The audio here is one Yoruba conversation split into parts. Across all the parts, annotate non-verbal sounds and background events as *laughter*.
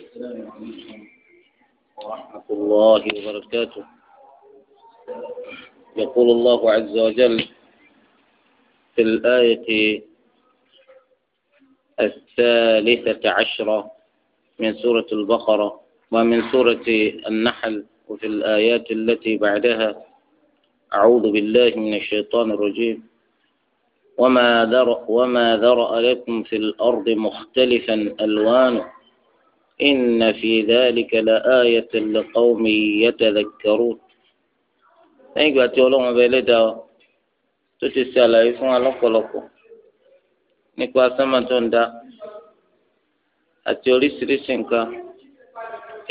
السلام عليكم ورحمة الله وبركاته يقول الله عز وجل في الآية الثالثة عشرة من سورة البقرة ومن سورة النحل وفي الآيات التي بعدها أعوذ بالله من الشيطان الرجيم وما ذرأ, وما ذرأ لكم في الأرض مختلفا ألوانه إن في ذلك لآية لقوم يتذكرون lẹ́yìn ìgbà tí ọlọ́run ọba ẹlẹ́dàá ọ tó ti ṣe àlàyé fún wa lọ́pọ̀lọpọ̀ nípa sánmà tó ń dá àti oríṣiríṣi nǹkan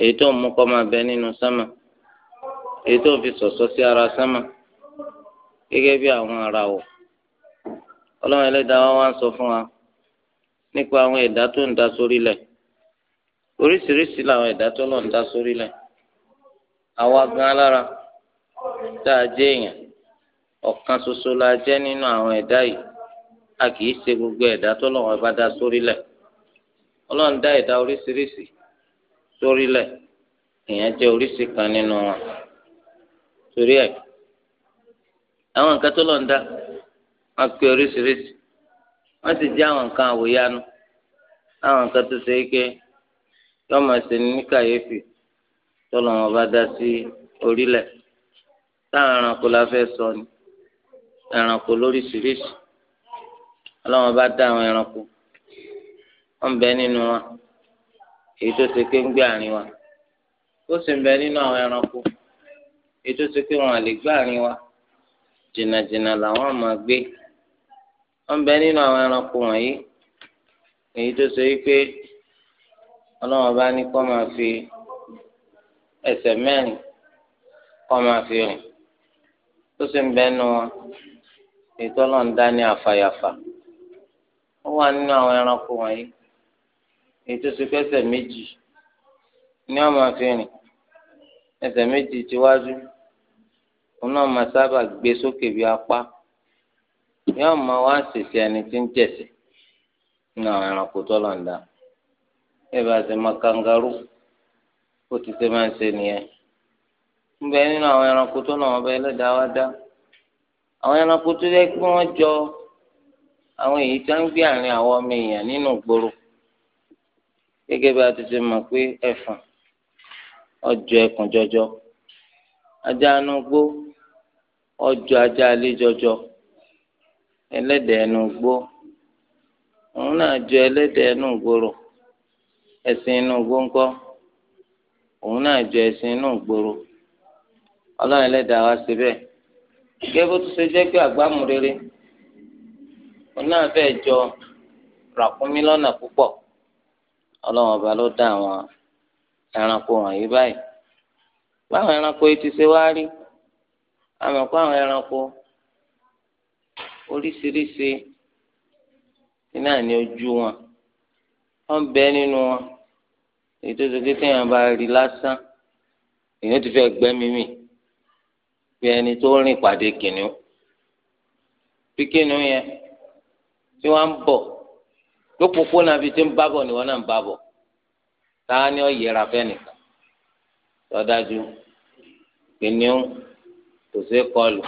èyí tó ń mú kó máa bẹ nínú sánmà èyí tó ń fi sọ̀sọ́ sí ara sánmà gẹ́gẹ́ bí àwọn ara wọ̀ ọlọ́run ẹlẹ́dàá wa wá ń sọ fún wa nípa àwọn ẹ̀dá tó ń dá sórí lẹ̀ oríṣiríṣi làwọn ẹ̀dá tó lọ́n dá sórí lẹ̀ àwa gan alára tá a jẹ́ èèyàn ọ̀kan ṣoṣo la jẹ́ nínú àwọn ẹ̀dá yìí a kì í ṣe gbogbo ẹ̀dá tó lọ́wọ́ bá da sórí lẹ̀ ọlọ́run dá ẹ̀dá oríṣiríṣi sórí lẹ̀ èèyàn jẹ́ oríṣi kan nínú wọn torí ẹ̀ àwọn nǹkan tó lọ́n dá. wọn pe oríṣiríṣi wọn sì jẹ àwọn nǹkan àwòyanu àwọn nǹkan tó ṣe é ké yọọ máa ṣe ní kàyéfì tọlọ wọn bá dá sí orílẹ̀ táwọn ẹranko la fẹ́ sọ ni ẹranko lóríṣiríṣi Ọlọ́run bá dá àwọn ẹranko wọn ń bẹ nínú wa èyí tó ṣe pé ń gbé àárín wa ó sì ń bẹ nínú àwọn ẹranko èyí tó ṣe pé wọn à lè gbé àárín wa jìnnàjìnnà làwọn máa gbé wọn bẹ nínú àwọn ẹranko wọ̀nyí èyí tó ṣe wípé Ọlọ́run bá ní kó máa fi ẹsẹ̀ mẹ́rin kó máa fi rìn tó sì ń bẹ nínú wọn èyí tó lọ́n dá ní àfàyàfà ó wà nínú àwọn ẹranko wọ̀nyí èyí tó ṣe pẹ́sẹ̀ méjì ní wọn máa fi rìn ẹsẹ̀ méjì tiwájú òun náà máa sábà gbé sókè bí apá. yóò máa wá sèse ẹni tí ń jẹsẹ nínú àwọn ẹranko tó máa ó ti ṣe máa ń ṣe nìyẹn ń nínú àwọn ẹranko tó náà wọn bẹ ẹlẹ́dàá wá dá àwọn ẹranko tó yẹ kí wọ́n jọ àwọn èyí tó ń gbé àárín àwọn ọmọ èèyàn nínú ìgboro gẹ́gẹ́ bí a ti ṣe mọ̀ pé ọjọ́ ẹkùn jọjọ ajá ọjọ́ ẹlẹ́dẹ̀ ẹnu gbó òun náà jọ ẹlẹ́dẹ̀ ẹnu gbòòrò ẹṣin inú gbóńkọ́ òun náà jọ ẹṣin inú gbòòrò ọlọ́run ẹlẹ́dàá wa ṣe bẹ́ẹ̀ bó tún ṣe jẹ́ pé àgbámúrere òun náà fẹ́ẹ́ jọ ràkúnmí lọ́nà púpọ̀ ọlọ́run ọba ló dá àwọn ẹranko báyìí báwọn ẹranko yìí ti ṣe wá rí kó àwọn ẹranko. oríṣiríṣi náà ní ojú wọn wọn bẹ nínú wọn èyí tó ṣe téèyàn bá rí lásán èyí ti fẹ́ gbẹ́mí mì bí ẹni tó rìn pàdé kìnìún bí kìnìún yẹn tí wọ́n ń bọ̀ lópòpó náà fi ti ń bábọ̀ ni wọ́n náà ń bábọ̀ tá ni ó yẹra fẹ́ nìkan tọ́dájú kìnìún kò sí kọlù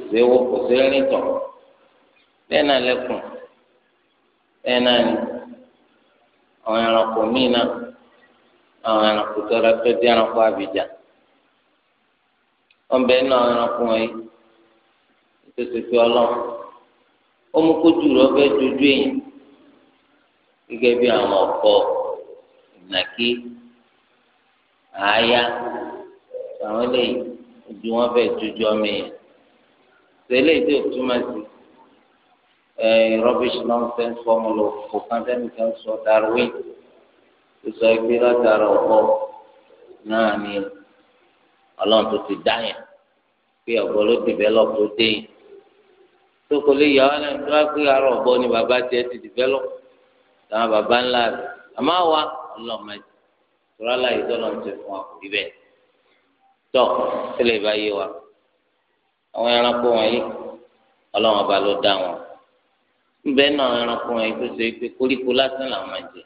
òsè wo òsè rìn tọ̀ bẹ́ẹ̀ náà lẹ́kùn bẹ́ẹ̀ náà ni àwọn ẹranko míì náà àwọn ẹranko tó rẹ tó dé ẹranko àbíjà wọn bẹ nínú àwọn ẹranko wọ̀nyí tó ti fi ọlọ́run ó mú kójú rẹ ọbẹ̀ dojú èyàn gẹ́gẹ́ bí àwọn ọ̀kọ́ ìnàkí àáyá àwọn eléyìí ojú wọn bẹ dojú ọmọ èyàn tẹ́lẹ̀ tí o túmọ̀ sí ẹ eh, rubbish nonsense formula kò kàn tẹ́lẹ̀ tí sọ Darwin tó sọ pé látara ọ̀pọ̀ náà ni ọlọ́run tó ti dá yẹn pé ọ̀pọ̀ ló develop tó dé yìí tó kò lè yà wọn lẹ́nu tó wá pé ara ọ̀bọ ni bàbá tiẹ̀ ti develop táwọn bàbá ńlá rẹ̀ àmọ́ wa ọlọ́mọ ẹ̀ tó rálá yìí tó lọ́n ti fún wa kò rí bẹ́ẹ̀ tọ́ tẹ́lẹ̀ bá yé wa àwọn ẹranko wọ̀nyí Ọlọ́run ọba ló dá wọn níbẹ̀ náà ẹranko wọ̀nyí tó ṣe pé koríko lásán làwọn máa jẹ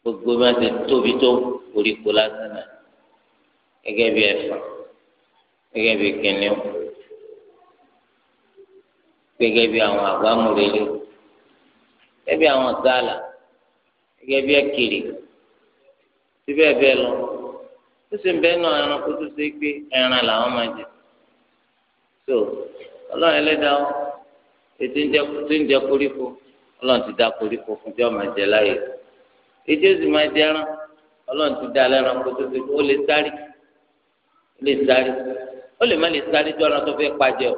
gbogbo máa ṣe tóbi tó koríko lásán náà gẹ́gẹ́ bí ẹ̀fọn gẹ́gẹ́ bí kìnìún gẹ́gẹ́ bí àwọn àgbámúrelé gẹ́gẹ́ bí àwọn gààlà gẹ́gẹ́ bí ẹkìrì síbẹ̀ bẹ́ẹ̀ lọ ó sì ń bẹ́ẹ̀ náà ẹranko tó ṣe pé ẹran làwọn máa jẹ. tó ọlọ́run ọ ètò ń jẹ koríko ọlọ́run ti dá koríko fún tí máa jẹ láàyè máa jẹ ẹran ti ẹran kó tó ti kó lè sáré lè sáré ó lè má o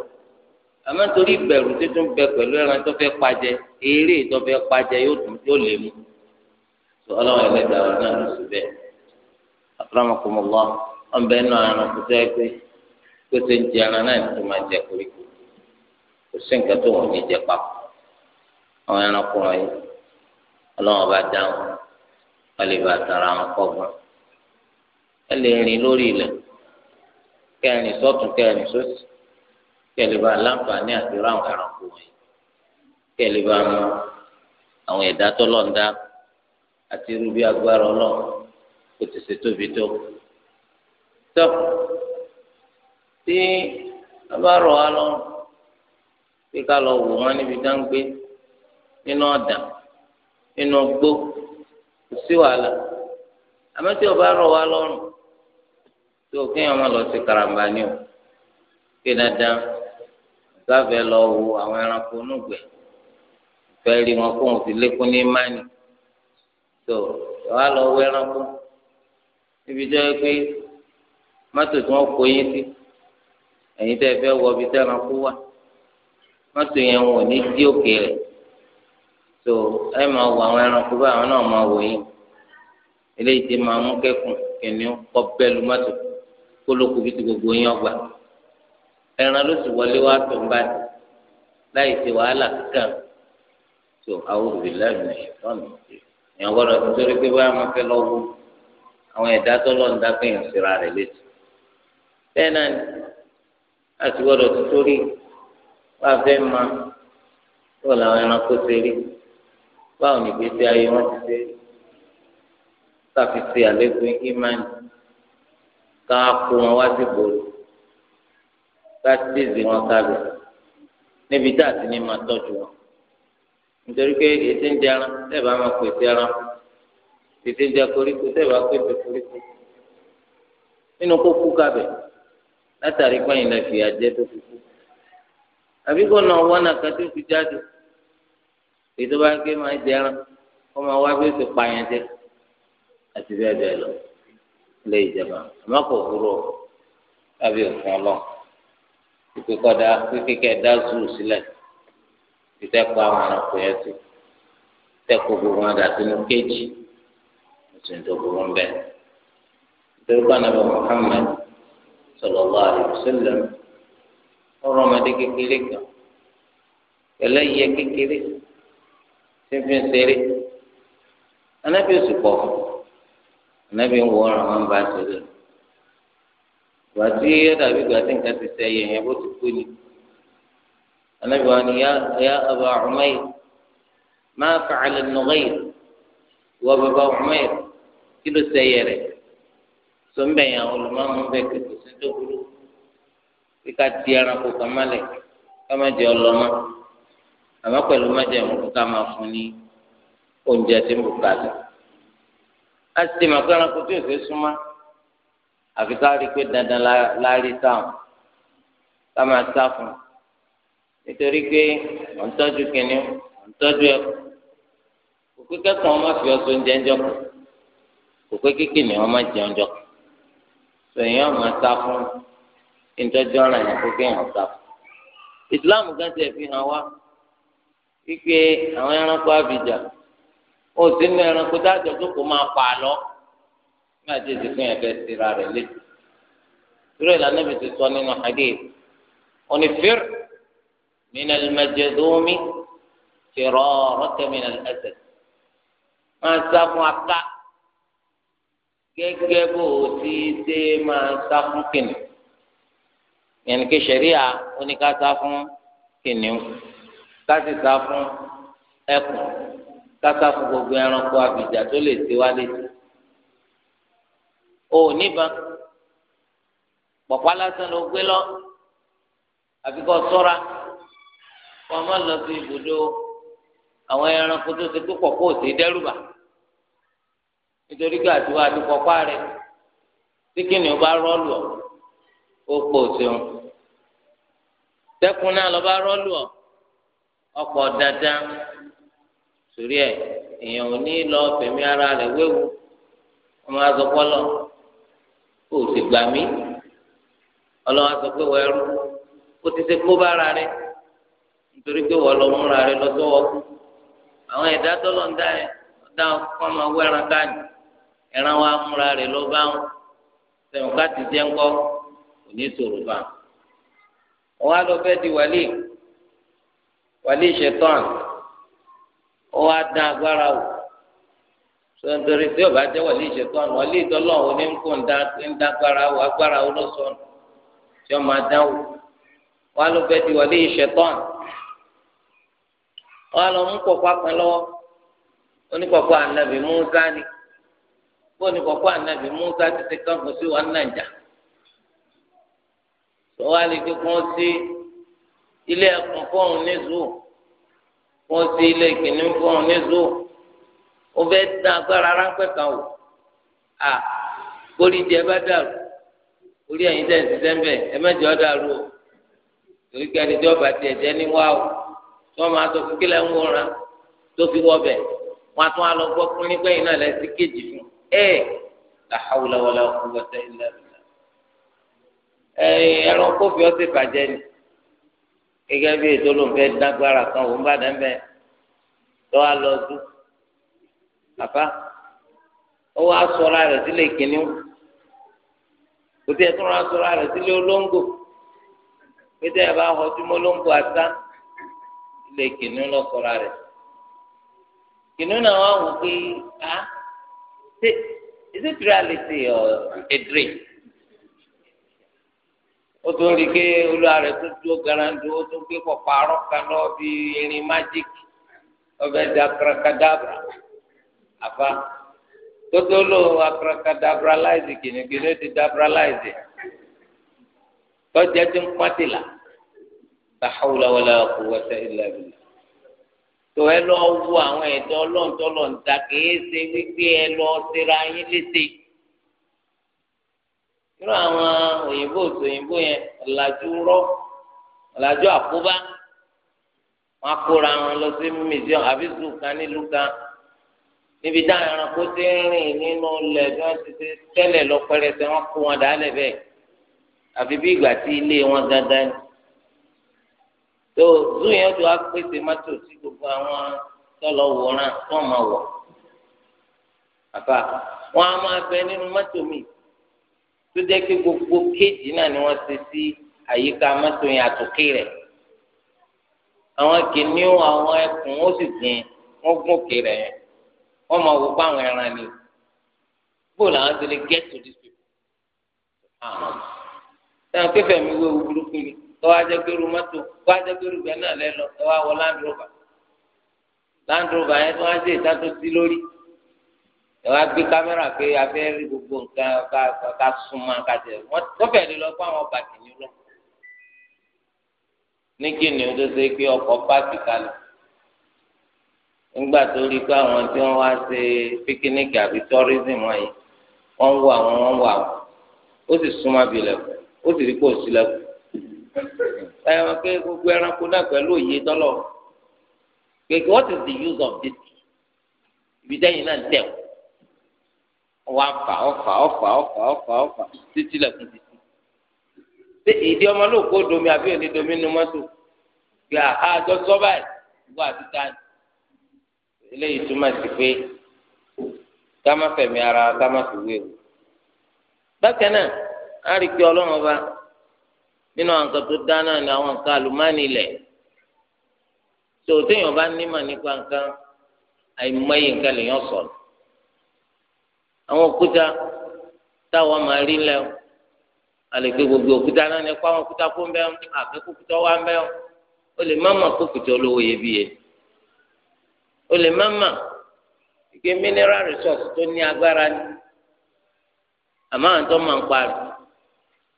àmọ́ torí ìbẹ̀rù tó tún bẹ pẹ̀lú ẹran tó fẹ́ pàjẹ́ eré tó fẹ́ pàjẹ́ yóò tún yóò lè mú tó ọlọ́run ẹlẹ́dàá náà ló tó ṣe ń jẹ ẹran náà tó máa jẹ koríko kò sí nǹkan tó wọn ò ní jẹ papọ̀ àwọn ẹranko wọn yìí ọlọ́wọ́n bá dá wọn wọ́n lè bá tara wọn kọ́gbọ́n ẹ lè rìn lórí ilẹ̀ kẹrin sọ́tún kẹrin sósì kẹlẹ́ bá láǹfààní àti rà àwọn ẹranko wọn yìí kẹlẹ́ bá mọ àwọn ẹ̀dá tọ́lọ̀ ń àti irú bí agbára ọlọ́run kò ti ṣe tóbi tó tí a bá rọ̀ wá lọ́rùn pé ká lọ wò wọ́n níbi tá ń gbé nínú ọ̀dà nínú gbó kò sí wàhálà àmọ́ tí o bá rọ̀ wá lọ́rùn tí o kéèyàn má lọ sí karambà ni o pé dandan gbàgbé lọ wo àwọn ẹranko onúgbẹ rí wọn kó wọn lékún ní tó wàá lọ wo ẹranko níbi jẹ́ pé mọ́tò tí ẹ̀yin tẹ́ fẹ́ wọ ibi tẹ́ran kú wà mọ́tò yẹn wò ní dí òkè rẹ̀ tó ẹ máa wọ àwọn ẹranko báyìí àwọn náà máa wò yín eléyìí ti máa mú kẹ́kùn kìnìún kọ́ bẹ́ẹ̀lú mọ́tò kólókù bí ti gbogbo yín ọgbà ẹran ló sì wọlé wá tó ń báyìí láì ṣe wàhálà kankan tó àwọn òbílẹ̀ mi lọ́nà èèyàn gbọ́dọ̀ tó torí pé báyà máa fẹ́ lọ́wọ́ àwọn ẹ̀dá tó lọ́nà dákẹ́ yẹn síra rẹ̀ létí bẹ́ẹ̀ náà láti gbọ́dọ̀ tuntun rí wá fẹ́ ma bọ́ọ̀ làwọn ẹranko ṣe rí báwo ni gbèsè ayé wọn ti ṣe rí káfi ṣe àlékún ìmánì ká kó wọn wá sí gbòòrò ká tẹ̀sí wọn kalẹ̀ níbi tá a ti ní máa tọ́jú wọn nítorí pé ètí ń jẹran tẹ́ẹ̀bá máa pèsè ẹran ètí ń jẹ koríko tẹ́ẹ̀bá pèsè koríko nínú kó kú kabẹ̀. látàrí pẹ́yìn lè fìyà jẹ tó fi kú àbí kò nà ọwọ́ nàka tó fi jáde ètò bá gé máa jẹran kó máa wá bí ó ti àti bẹ́ẹ̀ bẹ́ẹ̀ lọ lé ìjọba àmọ́ kò kúrò tàbí òfin ọlọ́run ìpè kọ́dà kékeré dá zuu sílẹ̀ ìtẹ́kọ̀ àwọn ẹranko yẹn sí ìtẹ́kọ̀ gbogbo wọn dà sínú kéjì oṣù tó gbogbo ń bẹ̀. sallallahu alaihi wasallam ọ̀rọ̀ ọmọdé kékeré kan pẹ̀lú ẹyẹ kékeré tí fi ń ṣeré anábì oṣù pọ anábì ń wọ ọ̀rọ̀ wọn bá ṣeré ìgbà tí ẹdàbí ìgbà tí nǹkan ti ṣe ẹyẹ yẹn bó ti kú ni anábì wọn ni ya Aba Umayr ma fa'ala an-Nughayr wa bàbá Umayr kí ló ṣe ẹyẹ rẹ̀ sọ ń bẹ̀yìn àwọn olùmọ̀ọ́mù ń bẹ̀ kẹ̀kẹ́ sí tó burú bí ká di ẹranko kan mọ́lẹ̀ ká má jẹ ọlọ́mọ àmọ́ pẹ̀lú májẹ̀mú ká máa fún ní oúnjẹ tí ń bù kalẹ̀ á sì ti mọ̀ pé ẹranko tí ò fẹ́ súnmọ́ àfi ká rí i pé dandan láárí táwọn ká máa sá fún un nítorí pé wọ́n tọ́jú kìnìún wọ́n tọ́jú ẹ̀kọ́ òkú kẹ́kọ̀ọ́ wọn má fi ọ̀sọ́ oúnjẹ ńjọ́ kan òkú kékeré ni wọ́n má jẹ oúnjẹ kan sèyàn máa sá fún ìtọ́jú ọ̀ràn yẹn kó kéèyàn sá fún. ìsìláàmù gan ti fi hàn wá wípé àwọn ẹranko àbíjà ó sì ní ẹranko dájọ́ tó kó máa pa lọ nígbà tí èsì fún yẹn fẹ́ síra rẹ̀ lé. ìrọ̀ ìlànà mi ti sọ nínú hadith onífẹ́r minal majadumi firaraka minal asad máa sá fún aká gẹ́gẹ́ bó o ti dé máa sá fún kìnnì yẹn ni kí sẹ̀ríà oníká sá fún kìnnì ká sì sá fún ẹkùn ká sá fún gbogbo ẹranko àbìjà tó lè ti wá létí o níbọn pọ̀pá lásán ló gbé lọ àfi kọ́ sọ́ra kọ́ ọ má lọ sí ibùdó àwọn ẹranko tó ti tó pọ̀ kó o sì dẹ́rù bà. nítorí pé àdúrà àdúkọ párẹ tí kìnìún bá rọlù ọ ó pò ṣeun tẹkùn náà lọ bá rọlù ọ ọpọ dandan sórí èèyàn ò ní lọ fẹ̀mí ara rẹ̀ wéwu ọmọ azọpọlọ kò sì gbà mí pé ẹrú ti ṣe kó bára nítorí pé lọ múra kú àwọn ẹ̀dá tọ́lọ̀ ń dá dá ọkọ wẹ́ran ẹran wa múra rẹ̀ bá ń sẹ̀wọ̀n ká jẹ́ ńkọ́ kò ní sòrò bá wọ́n á lọ fẹ́ di wàlí wàlí ṣetán ó wá dán agbára wò tí ọba jẹ́ wàlí ṣetán wàlí ìtọ́lọ́ òní ń kó ń dá agbára wò agbára wò tí máa dán wò wọ́n á lọ di lọ mú lọ́wọ́ ànábì bó ní kọ̀kọ́ ànábì Musa ti ti kán fún sí wa nàìjà tó wá lè kí wọ́n sí ilé ẹ̀kún fóun ní zoo wọ́n sí ilé ìkíní fóun ní zoo ó fẹ́ dán agbára ráńpẹ́ kan wò à kórì díẹ̀ bá dàrú orí ẹ̀yin tẹ̀ sí sẹ́ńbẹ̀ ẹ mẹ́jọ dàrú o torí kí ẹni tí ọba tiẹ̀ jẹ́ ní wá o tí wọ́n máa sọ fún kílẹ̀ ń wòran tó fi wọ́ bẹ̀ wọ́n á tún á lọ gbọ́ pínlẹ́ pẹ́yìn náà lẹ́sí kéjì fún un. ee eh, la hawla wala quwwata ila. billah ẹ̀yìn eh, ẹran kófì ọ̀sẹ̀ ni gẹ́gẹ́ bí ètò olóńfẹ́ dágbára kan òun bá dán tó wá lọ dún bàbá ó wá sọra sílé kò tí ẹ tún ra sọra rẹ̀ sílé olóńgò ẹ bá họ olóńgò sílé lọ sọra náà wà is it reality or a dream? ó tó rí i pé olúwa rẹ̀ tó dúró garandu ó tó gbé pọ̀ pààrọ̀ kan lọ bí erin májíkì ọbẹ̀ di akrakadabra àfa tó tó lò akrakadabralize kìnnìkìnnì ti dabralize tọ́jà ti ń pàtìlà la hawla wala quwwata illa billah tó ẹ lọ wo àwọn ẹ̀tọ́ ọlọ́ọ̀tọ́lọ̀ níta kìí ṣe wípé ẹ lọ ṣera yín léṣe irú àwọn òyìnbó òtòyìnbó yẹn ọ̀làjú rọ ọ̀làjú àkóbá wọn akóra wọn lọ sí mísíọ̀n àbí zùkà nílùú kan níbi táwọn ẹranko ti ń rìn nínú ilẹ̀ bí wọ́n ti ti tẹ́lẹ̀ lọ pẹrẹsẹ wọn kó wọn dálẹ̀ bẹ́ẹ̀ àfi bí ìgbà tí ilé wọn dandan ni tó zoo yẹn tó wá pèsè mọ́tò sí gbogbo àwọn tọ́lọ̀ wòran tó máa wọ̀ àbá wọn a máa bẹ nínú mọ́tò mi tó jẹ́ pé gbogbo kéèjì náà ni wọ́n ṣe sí àyíká mọ́tò yẹn àtòkè rẹ̀ àwọn kìnìún àwọn ẹkùn ó sì gbìn wọ́n gún òkè yẹn wọ́n máa wò pa àwọn ẹran ni bó làwọn ti lè get to this sẹ́wọ̀n pé fẹ̀mí wo ewu burúkú kọ́wá jẹ́ pé ru mọ́tò kọ́wá jẹ́ pé ru bẹ́ẹ̀ náà lẹ́ lọ kọ́wá wọ Land Rover Land Rover yẹn tó wá sí ìta tó sí lórí ẹ wá gbé kámẹ́rà pé a fẹ́ rí gbogbo nǹkan ká súnmọ́ ká tẹ̀ wọ́n tọ́fẹ̀ lè lọ fún àwọn bàtì ní lọ. ní kíni o tó ṣe pé ọkọ̀ páàkì kalẹ̀ nígbà tó rí pé àwọn tí wọ́n wá ṣe píkíníkì àbí tọ́rísìm wọ̀nyí wọ́n wọ àwọn wọ́n wọ àwọn ó sì súnmọ́ abilẹ̀kùn ó sì rí kó sílẹ̀kùn ẹ wọn pé gbogbo ẹranko náà pẹ̀lú òye dọ́lọ̀ pé what is the use of this ibi dẹ́yìn náà tẹ̀ wọ́n fà ọ̀fà ọ̀fà ọ̀fà ọ̀fà ọ̀fà títí lẹ́kùn títí ṣé ìdí ọmọ náà kó domi àbí òní domi nu mọ́tò pé àjọ sọ báyìí wọ́n àti tá eléyìí túmọ̀ sí pé ká má fẹ̀mí ara ká má fi wé o bákan náà a rí i pé ọlọ́run ọba nínú àwọn nǹkan tó dá náà ni àwọn nǹkan àlùmánì ilẹ̀ tó téèyàn bá nímọ̀ nípa nǹkan àìmọye nǹkan lèèyàn sọ̀rọ̀ àwọn òkúta táwọn máa rí lẹ́wọ̀ àlèkè gbogbo òkúta náà ni ẹ̀kọ́ àwọn òkúta kó ń bẹ́ àkẹ́kọ̀ọ́ òkúta wá ń bẹ́ ó lè má mà kó òkúta olówó iyebíye ó lè má mà ike mineral resource tó ní agbára ni àmọ́ àwọn tó máa ń parí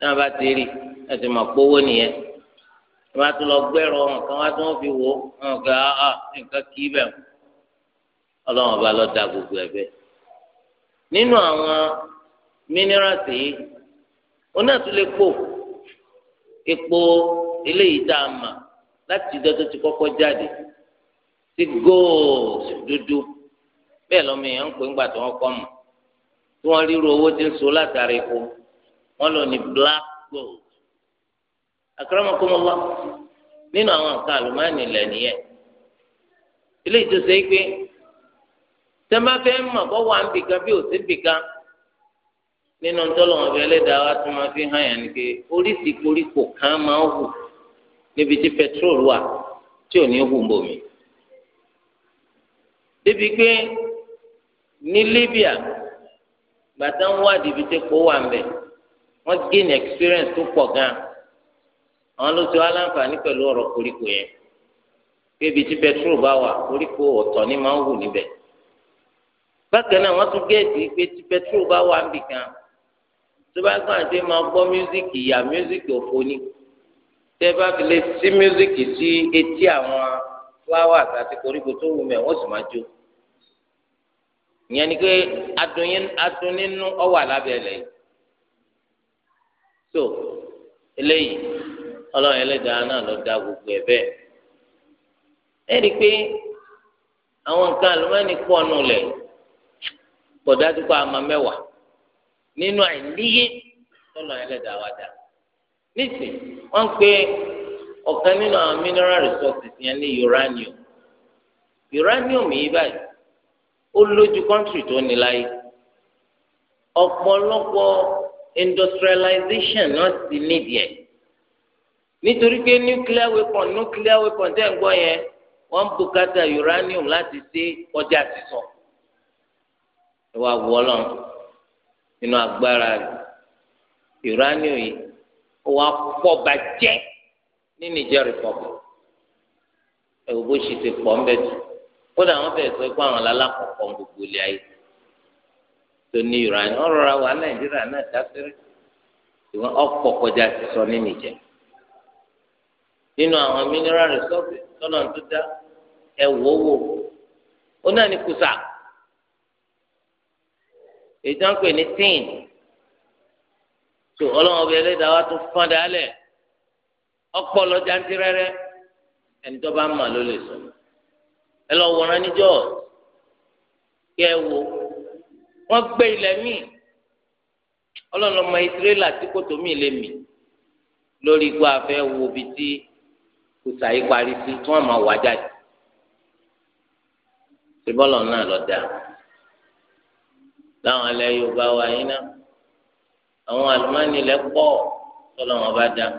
náà bá ti rí i ẹsẹ máa kpówó nìyẹn ẹ bá tún lọ gbẹrọ ọhún kan wá tí wọn fi wò ó ọhún kẹ ọ nǹkan kì í bẹ Ọlọ́run ọba lọ da gbogbo ẹ bẹ nínú àwọn mínírààsì yìí onátúlẹ kpó epo eléyìí tá a mà láti ìjọ tó ti kọ́kọ́ jáde sí góòsì dúdú bẹ́ẹ̀ lọ́mọ èèyàn ń pè ńgbà tí wọ́n kọ́ mọ̀ tí wọ́n ríro owó tí ń so látàrí epo wọ́n lò ní black gold akramakumullah nínú àwọn nǹkan àlùmáàní ilẹ̀ nìyẹn ilé ìjọsẹ pé tẹmá fẹ́ mọ̀ bọ wà ń bìkan bí òsín bìkan nínú fi hàn yàn ni oríṣi koríko kan máa hù níbi tí pẹtrol wà tí ní hù débi pé ní Libya gbàtà ń wà ń wọn experience gan àwọn ló ti wá láǹfààní pẹ̀lú ọ̀rọ̀ koríko yẹn pébi tí pẹtrol bá wà koríko ọ̀tọ̀ ni máa ń wù níbẹ̀ bákan náà wọ́n tún géètì pé tí pẹtrol bá wà ń bì kan tó bá gbọ́n àti máa gbọ́ mísíkì ìyá mísíkì òfo ni tẹ́ bá fi lè sí mísíkì sí etí àwọn fúláwà àti koríko tó wù mẹ́ wọ́n sì máa jó ìyẹn ni pé adùn nínú ọwà lábẹ́ ẹ̀ so eléyìí. ọlọ́run ẹlẹ́dàá náà lọ dá gbogbo ẹ̀ bẹ́ẹ̀. ẹ pé àwọn nǹkan àlùmọ́ọ́nì pọ̀ ninu lẹ̀ kò dájú pé àmọ́ mẹ́wàá nínú àìníyé ẹlẹ́dàá wa pe ọ̀kan nínú mineral resources yẹn ní uranium uranium yìí báyìí ó lójú kọ́ńtì tó ní láyé ọ̀pọ̀lọpọ̀ industrialization náà sì nídìí nítorí pé nuclear weapon nuclear weapon tẹ̀ ń gbọ́ yẹn wọ́n bùkátà uranium láti ṣe ọjà sísọ ẹ wá nínú agbára uranium yìí ó wá pọ̀ bàjẹ́ ní Niger Republic ẹ wò bó ṣe ti pọ̀ ń bẹ̀ kódà wọ́n fẹ́ẹ́ sọ pé àwọn alákọ̀ọ́kọ́ gbogbo ilé ayé tó ní uranium ọ̀rọ̀ ra wà Nàìjíríà náà dá sẹ́rẹ́ ìwọ̀n ọ̀pọ̀ kọjá sísọ ní Niger nínú àwọn mineral resources tọ́nà tó dá ẹ̀wọ́ wò ó náà ní kùsà èyí tó ń pè ní tin tó ọlọ́run ọbẹ̀ ẹlẹ́dàá wa tó fọ́n dálẹ̀ ọpọlọ jantirẹrẹ ẹni tó bá ń mà ló lè sọ ẹ lọ wòran níjọ kẹ wo wọn gbé ilẹ̀ míì ọlọ́run ọmọ ìtírélà tí kòtò míì lè mì lórí igbó afẹ́ wo bi tí kò sàyí parí sí tí wọ́n máa wà jáde ìbọ́lọ̀ náà lọ dáa láwọn alẹ́ yorùbá wa yín náà àwọn àlùmọ́ọ́nì ilẹ̀ pọ̀ tọ́lọ̀ wọn bá dáa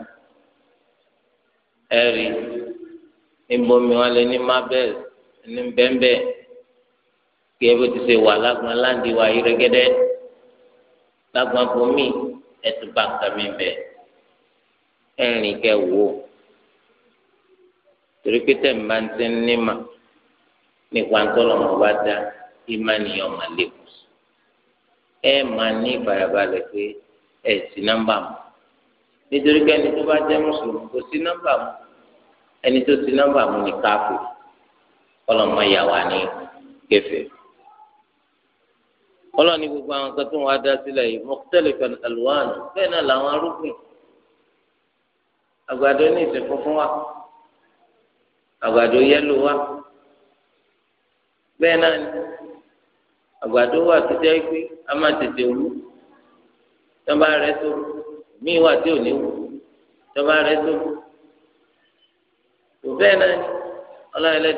ẹ̀rí níbomi wọn lé ní mabel ní bẹ́ńbẹ́ kí ẹ bó ti ṣe wà lágbọn láǹdí wa yìí rẹ́gẹ́dẹ́ lágbọn bomi ẹtùbà kàmí bẹ́ẹ̀ ẹ̀rìn kẹ́ wò ó torí pé tẹ̀ máa ń ti ní mà nípa ńtọ́lọ́mọ bá dá ìmánìyàn mà lékún ẹ máa ní ìfàyàbalẹ̀ pé ẹ sí nọ́mbà mu nítorí pé ẹni tó bá jẹ́ mùsùlùmí kò sí nọ́mbà mu ẹni tó sí nọ́mbà mu ní káfí ọlọ́mọ yà wá ní kẹfẹ́ ọlọ́ni gbogbo àwọn kan tó ń wá dá sílẹ̀ yìí mukhtalifan alwanu bẹ́ẹ̀ náà làwọn arúgbìn àgbàdo ní ìsìn funfun wa àgbàdo yẹlò wa bẹ́ẹ̀ náà ni àgbàdo wa ti jẹ́ pé a máa tètè wú tọ́ba rẹ̀ tó míì wà tí ò ní wú tọ́ba rẹ̀ tó kò bẹ́ẹ̀ náà ni ọlọ́run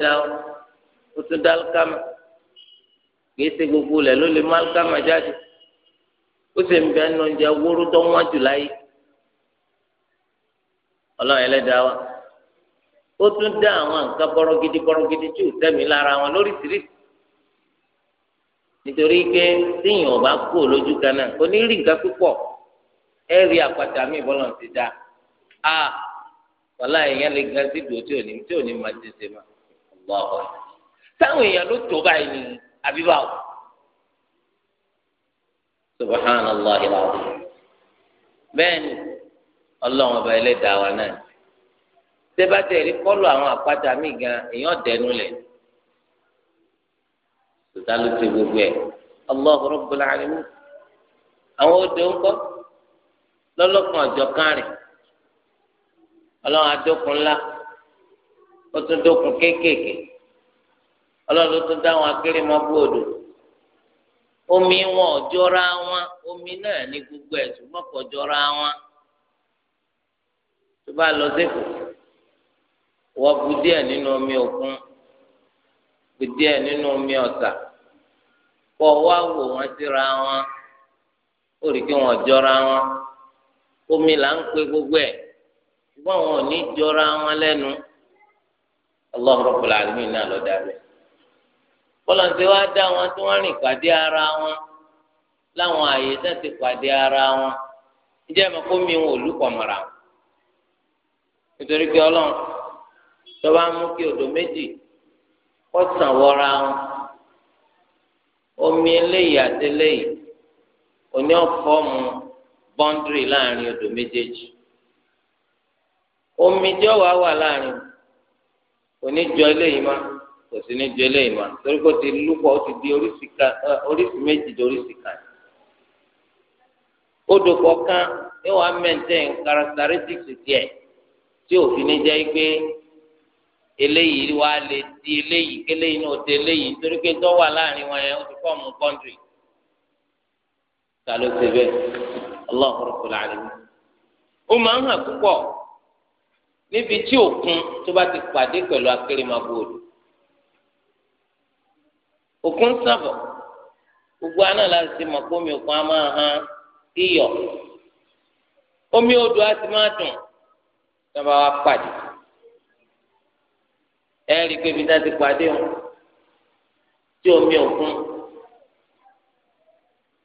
ó tún dá kámà kìí ṣe gbogbo rẹ̀ ló lè má kámà jáde ó sì ń bẹ́ẹ̀ nù oúnjẹ wóró tó wọ́n jù láyé ọlọ́run wa ó tún dá àwọn nǹkan kọrọgidi kọrọgidi tí ò sẹ́mi lára wọn lóríṣiríṣi nítorí pé tíyàn ọba kú lójú kan náà kò ní rí nǹkan púpọ̀ ẹ rí àpàtà mi bọ́lọ̀ ti dá a wàhálà èèyàn lè ga sí ìdúró tí ò ní tí ò ní máa tètè máa wà wà táwọn èèyàn ló tó báyìí ní àbíbáwò subahana allah ilaahu bẹ́ẹ̀ni Ọlọ́run ọba ẹlẹ́dàá wa náà tẹ́bátẹ́ rí kọ́lù àwọn àpáta míì gan èèyàn dẹnu lẹ̀ tòtá ló ti gbogbo ẹ̀ Allahu Rabbul Alamin àwọn odò ńkọ́ lọ́lọ́kan ọ̀jọ̀ kárìn ọlọ́run adókun ńlá ó tún dókun kéékèèké ọlọ́run ló tún dá wọn akéré mọ́ bú odò omi wọn ọ̀jọ́ra wọn omi náà ní gbogbo ẹ̀ ṣùgbọ́n wọn tó bá lọ sí kòkó. wọ́n bu díẹ̀ nínú omi òkun bu díẹ̀ nínú omi ọ̀sà kọ́ wá wò wọ́n síra wọn ó rí kí wọ́n jọra wọn omi là ń pe gbogbo ẹ̀ ṣùgbọ́n wọn ò ní jọra wọn lẹ́nu Allah Rabbul Alamin náà ló dá rẹ̀ kọ́lọ́ǹtì dá wọn tí wọ́n rìn pàdé ara wọn láwọn àyè tán ti pàdé ara wọn ìjẹ́ ẹ̀mọ́ kó mi wọn ò lùpọ̀ mọ́ra nítorí pé ọlọ́run. tọ́ba mú kí odò méjì kó sàn wọra wọn omi eléyìí àti eléyìí oní ọ̀fọ́ọ̀mù bọ́ńdìrì láàrin odò méjèèjì omi jọ wàá wà láàrin òní jọ eléyìí má kò sí ní jọ eléyìí má torí kó ti lúpọ̀ ó ti di oríṣi méjì di oríṣi kan odò kọ̀ọ̀kan yóò wá mẹ́ntẹ́n karakitaritiks tiẹ̀ tí òfin ní jẹ́ pé eléyìí wá lè di eléyìí kéléyìí náà di eléyìí torí pé tó wà láàrin wọn yẹn ó ti fọ́ọ̀mù kọ́ńtì ta ló ti bẹ́ẹ̀ Allahu Rabbul Alamin. ó máa ń hàn púpọ̀ níbi tí òkun tó bá ti pàdé pẹ̀lú akérèmọ́bòòlù òkun sábọ̀ gbogbo aná la ti mọ̀ pé omi òkun á máa hàn iyọ̀ omi odò á ti máa dùn tí wọ́n bá wá pàdé ẹ rí i pé ibi tá a ti pàdé o tí omi òkun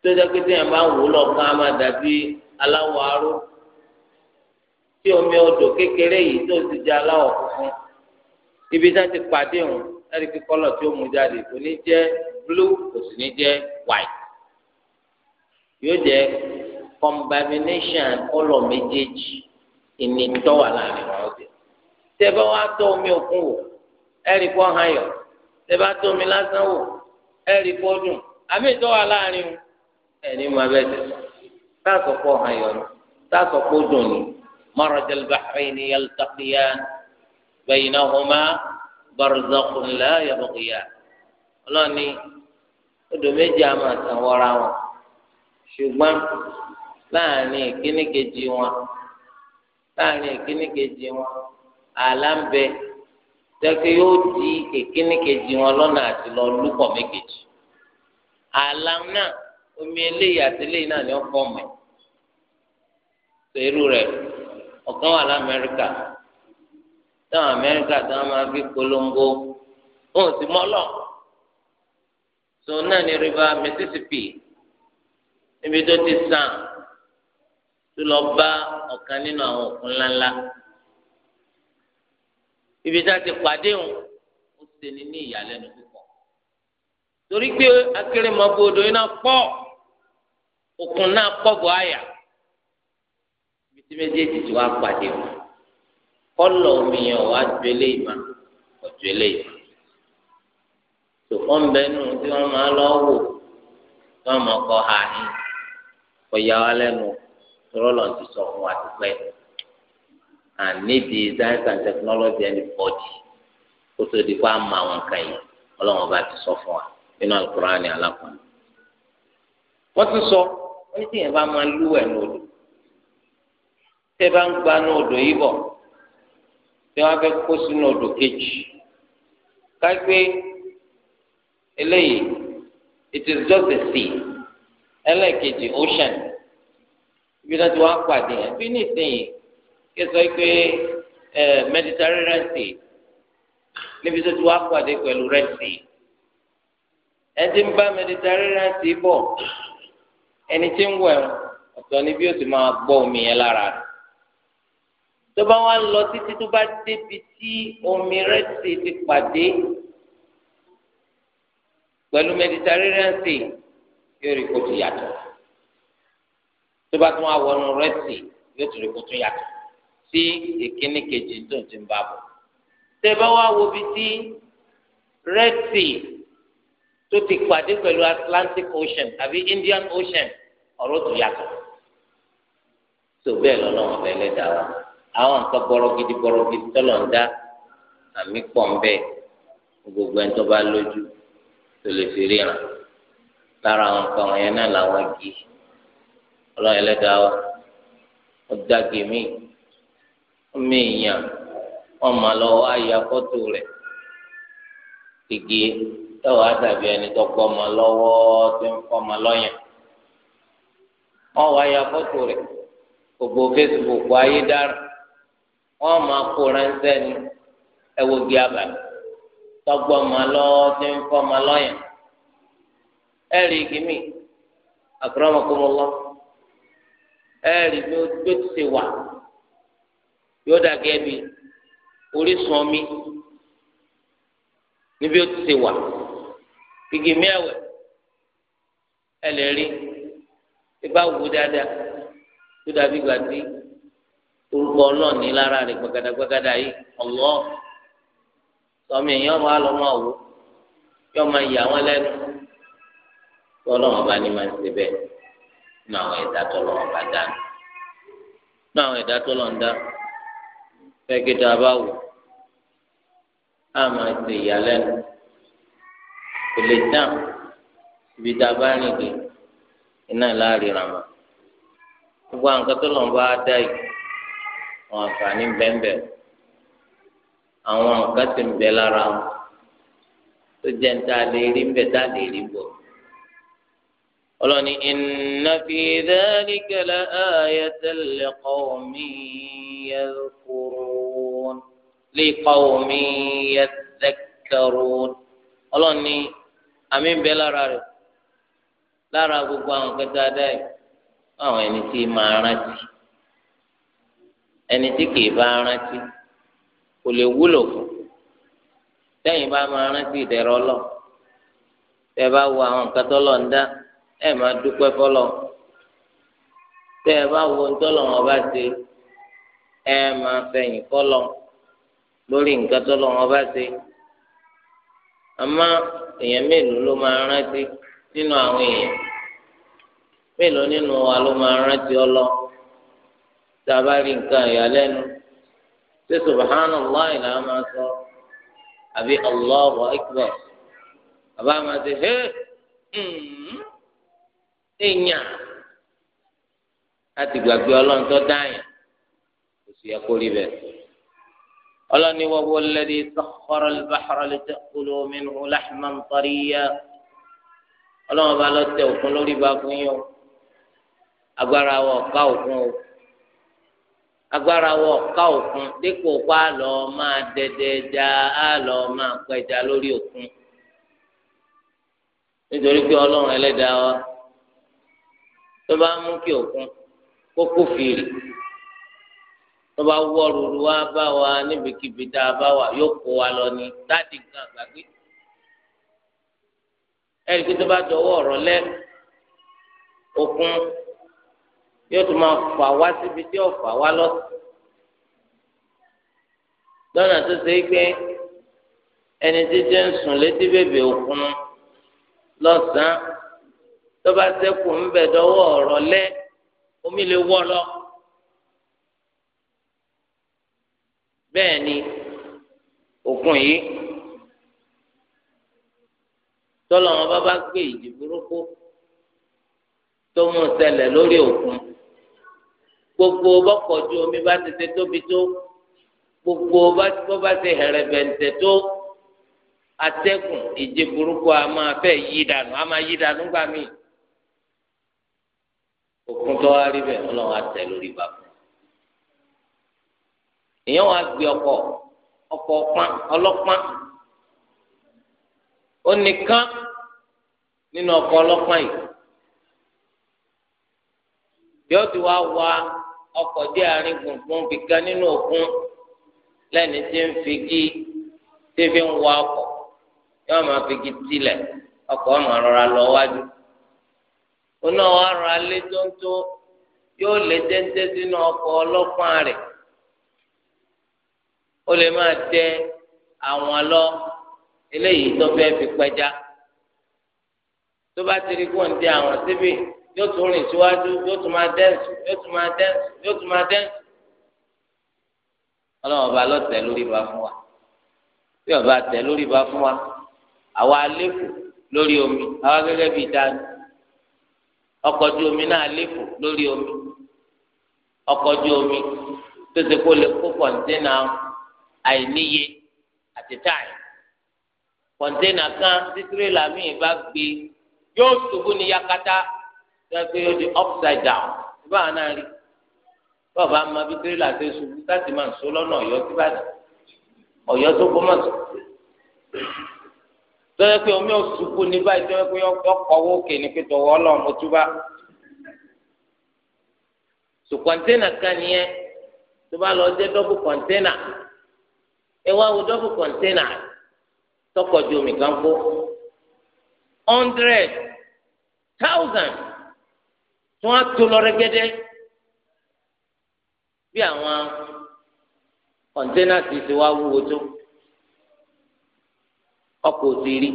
tó jẹ́ pé téèyàn bá wò ó lọ́kàn á máa dàbí aláwọ̀ aró tí omi odò kékeré yìí tó ti jẹ́ aláwọ̀ funfun ibi tá a ti pàdé o ẹ rí i pé kọ́lọ̀ tí ó mú jáde kò ní jẹ́ blue kò sì ní jẹ́ white yóò jẹ́ combination kọ́lọ̀ méjèèjì ìní tọ́wà láàrin wọn ọ̀dẹ̀ tẹ́ bá wá tọ́ omi òkun wò ẹ̀rì kọ́ hàn yọ tẹ́bá tó mi lásán wò ẹ̀rì kọ́ dùn àmì ìtọ́wà láàrin ẹ̀ní mu abẹ́ tẹ̀ táàsọ̀ kọ́ hàn yọ ni táàsọ̀ kọ́ dùn ni marajal bahrain yaltaqiyan baynahuma barzakhun la yabghiyan ọlọ́ni odò méjì a máa tàn wọn ṣùgbọ́n láàrin ìkíníkejì wọn láàrin ìkíníkejì wọn àlá tẹ́kẹ́ yóò di èkínníkejì wọn lọ́nà àti lọ lúpọ̀ méjèèjì àlàm náà omi eléyìí àti eléyìí náà ni wọ́n fọ́ ọmọ ẹ̀ tó irú rẹ̀ ọ̀kan wà lamẹ́ríkà táwọn amẹ́ríkà táwọn máa fi polongo òun sì mọ́lọ̀ tó náà ní rìbá mississippi níbi tó ti sàn tó lọ bá ọ̀kan nínú àwọn òkun ńláńlá. ibi tá a ti pàdé wọn ó ṣeni ní ìyàlẹ́nu púpọ̀ torí pé akérèmọ́bòdò iná pọ òkun náà pọ bọ̀ àyà ibi tí méjèèjì ti wá pàdé wọn kọ́lọ̀ ju eléyìí mà ọ̀jọ̀ eléyìí mà tó wọ́n bẹ́ẹ̀ nù tí wọ́n máa lọ́ọ́ wò tí wọ́n máa kọ́ ààyè ọ̀yà wa lẹ́nu and need the science and technology anybody kó tó di kó a mọ àwọn nǹkan yìí ọlọ́run bá ti sọ fún wa nínú alukóra ni alákùnrin. wọ́n ti sọ wọ́n ní tíyẹn bá máa lúwẹ̀ lódò tẹ́ bá ń gba ní odò yìí bọ̀ tí wọ́n fẹ́ kó sínú odò kejì kágbé eléyìí it is just a sea ẹlẹ́ẹ̀kejì ocean ibi náà ti wá pàdé ẹ̀ bí nísìnyí kí ẹ sọ pé Mediterranean sea níbi tó ti wá pàdé pẹ̀lú Red Sea ẹ ti ń bá Mediterranean sea bọ̀ ẹni tí ń wọ̀ ẹ̀ ọ̀tọ̀ ni bí ó ti máa gbọ́ omi yẹn lára rẹ̀ tó bá wá lọ títí tó bá débi tí omi Red ti pàdé pẹ̀lú Mediterranean sea yóò rí kó ti yàtọ̀ tó bá tún wá wọnú Red yóò tún rí kó tún yàtọ̀ sí ìkíní kejì tó ti ń bá bọ̀. tẹ́ wá wo bí tí Red Sea tó ti pàdé pẹ̀lú Atlantic Ocean àbí Indian Ocean ọ̀rọ̀ tó yàtọ̀. tó bẹ́ẹ̀ lọ́nà ọ̀bẹ ẹlẹ́dàá wa àwọn nǹkan gbọ́rọ̀ gidi gbọ́rọ̀ gidi tọ́lọ̀ ń dá àmì pọ̀ ń bẹ́ẹ̀ gbogbo ẹni tó bá lójú tó lè fi ríran lára àwọn nǹkan wọ̀nyẹn náà làwọn igi ọlọ́run ẹlẹ́dàá wa ó dá gèmí ọmọ èèyàn ọmọ lọ wá ya fọ́tò rẹ̀ igi tọ́wọ́ àtàbí ẹni tó ọmọ lọ́wọ́ tó ń fọ́ ọmọ lọ́yàn wá ya fọ́tò rẹ̀ gbogbo Facebook ayé dára máa kó ọmọ lọ ń igi mi yóò dà gẹ́gẹ́ bí orísun omi níbi ó ti ṣe wà igi mẹ́wẹ̀ ẹ lè rí ẹ bá wù dáadáa tó dàbí gbà tí orúkọ ọlọ́ọ̀ni lára rẹ̀ gbàgàdàgbàgàdà yìí ọ̀lọ́ sọmi èèyàn máa lọ máa wò yọ máa yà wọn lẹ́nu tó ọlọ́wọ́n bá ní máa ń ṣe bẹ́ẹ̀ nínú àwọn ẹ̀dá tó ọlọ́wọ́n bá dá nínú àwọn ẹ̀dá tó ọlọ́wọ́n dá fẹ́kítà bá wù á máa ṣe ìyàlẹ́nu kò lè dán ibi tá a bá rìn dé iná láàrin ràmà gbogbo àwọn kan tó lọ́n bá dá yìí àwọn àǹfààní bẹ́ẹ̀nbẹ́ àwọn nǹkan ti ń bẹ lára wọn tó jẹ́ ń ta lè rí ń bẹ tá lè rí bọ̀ ọlọ́ni inna fi dhalika la ayatan liqawmin yadhkurun. liqawmin yadhakkarun ọlọ́run ní àmì ń bẹ lára rẹ̀ lára gbogbo àwọn kẹta dá yìí àwọn ẹni tí máa rántí ẹni tí kìí bá rántí kò lè wúlò fún tẹ́yìn bá máa rántí ìdẹ̀rọ̀ ọlọ́run tẹ́ bá wo àwọn nǹkan tọ́lọ̀ ń dá ẹ máa dúpẹ́ fọlọ́ tẹ́ bá wo bá ṣe máa fẹ̀yìn lórí nǹkan tó lọ́wọ́ bá ṣe àmọ́ èèyàn mélòó ló máa rántí nínú àwọn èèyàn mélòó nínú wa ló máa rántí ọlọ tá a bá rí nǹkan ìyàlẹ́nu ṣé subhanallah ìlà máa sọ àbí allahu akbar àbá máa ṣe hé mm-hmm, èèyàn láti gbàgbé ọlọ́run tó dáyàn kò sí bẹ́ẹ̀. ọlọ́ni wọ́wọ́ lẹ́dí sọ́kọ́rọ́ lùbáxọ́rọ́ lè tẹ́ kúló mínú láḥmà ń tọ́rí yá ọlọ́wọ́n bá lọ tẹ òkun lórí ba fún yín o agbára wọ ká òkun o agbára wọ ká òkun dípò pa lọ máa dẹdẹ já á lọ máa pẹja lórí òkun nítorí pé ọlọ́run ẹlẹ́dàá wa tó bá mú kí òkun kó kófìrì tọba wọrùrù wa bá wa níbikíbi tá a bá wa yóò kó wa lọ ní dáàdì gan gbàgbé ẹni pé tó bá dọwọ́ ọ̀rọ̀ lẹ òkun yóò tún máa fà wá síbi tí yóò fà wá lọ lọ́nà tó ṣe é pé ẹni tí jẹ́ ń sùn létí bèbè òkun lọ́sàn-án tó bá sẹ́kù ń bẹ̀ dọwọ́ ọ̀rọ̀ lẹ omi lè wọ́ lọ. bẹ́ẹ̀ ni òkun yìí tọ́lọ̀ wọn bá bá gbé ìjì burúkú tó mú ṣẹlẹ̀ lórí òkun gbogbo bọ́kọ̀jú omi bá ti ṣe tóbi tó gbogbo bó bá ṣe hẹ̀rẹ̀bẹ̀ǹtẹ̀ tó atẹ́kùn ìjì burúkú a máa fẹ́ yí dànù a máa yí dànù gbà mí òkun tó wá rí bẹ́ẹ̀ ọlọ́run á tẹ̀ lórí bàbá. èèyàn wá gbé ọkọ̀ ọkọ̀ ọlọ́pàá ó nìkan nínú ọkọ̀ ọlọ́pàá yìí bí ó ti wá wá ọkọ̀ dé àárín gbùngbùn bìkan nínú òkun lẹni tí ń gí tí fi ń wa ọkọ̀ yóò máa gí ọkọ̀ máa rọra lọ wájú rọra lé tó ń tó yóò lé téńté sínú ó lè máa dẹ àwọn lọ eléyìí tó fẹ́ fi pẹja tó bá ti rí kóun dẹ àwọn síbì yóò tún rìn síwájú yóò tún máa dẹ́nsì yóò tún máa dẹ́nsì yóò tún máa dẹ́nsì ọlọ́run ọba lọ́tẹ̀ lórí ba fún wa bí ọba tẹ̀ lórí ba fún wa àwa lẹ́kọ̀ọ́ lórí omi àwa gẹ́gẹ́ bíi dání ọkọ̀ ojú omi náà lẹ́kọ̀ọ́ lórí omi ọkọ̀ ojú omi tó ti kó lè kó kọ̀ǹtínà àìníye àti táì kọ̀ńténà kan tí tirẹ̀là míì bá gbé yóò ṣubú ní yakata gbẹgbẹ yóò di upside down ìbá àná rí bọ́ọ̀bá máa bí tirẹ̀là ti ṣubú láti máa ń so lọ́nà ọ̀yọ́ tí bá ọ̀yọ́ tó kọ́ mọ̀ tó tọ́jà pé omi òṣùkú ní báyìí tọ́jà pé ọkọ̀ owó kè ní pẹ̀tọ̀ wọ́ ọlọ́run mo túbá. sùn kọ́ńténà kan nìyẹn tó bá lọ jẹ́ dọ́bù kọ́ńténà ẹ wá wo dọ́bù kọ̀ńténà tọkọ̀jú omi kan kó hundred thousand tí wọ́n á tó lọ rẹ́gẹ́dẹ́ bí àwọn kọ̀ńténà ti ti wá wúwo tó ọkọ̀ òsèré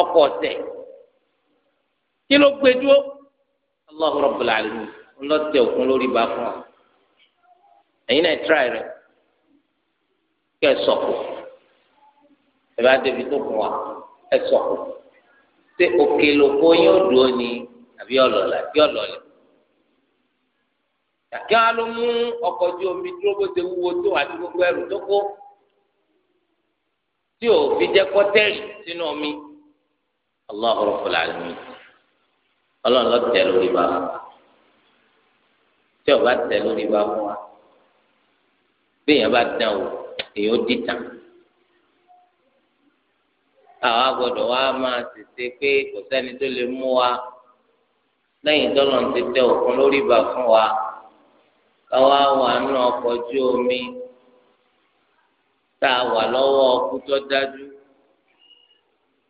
ọkọ̀ ọ̀sẹ̀ kí ló gbé dúró Allahu Rabbul Alamin ńlọ́tẹ̀ òkun lórí bá fún ọ ẹ̀yin náà tíráì rẹ̀ kẹ sọkò ẹ bá débi tó kù wa ẹ sọkò ṣé òkèlè oko yóò dúró ni àbí ọlọlà àbí ọlọlẹ kí wọn ló mú ọkọ̀ ojú omi dúró bó ṣe wúwo tó àti gbogbo ẹrù tó kó tí ò fi jẹ kọtẹrì sínú omi Allahu Rabbul Alamin Ọlọ́run ló tẹ lórí bá wa tí ọba tẹ lórí bá wa bí èèyàn bá dán o èyí ó dìtàn àwa gbọ́dọ̀ wa máa tètè pé kò sẹ́ni tó lè mú wa lẹ́yìn tọlọ ń tètè òkun lórí ìbà fún wa káwa wà nù ọkọ̀ ojú omi tá a wà lọ́wọ́ ọkú tó dájú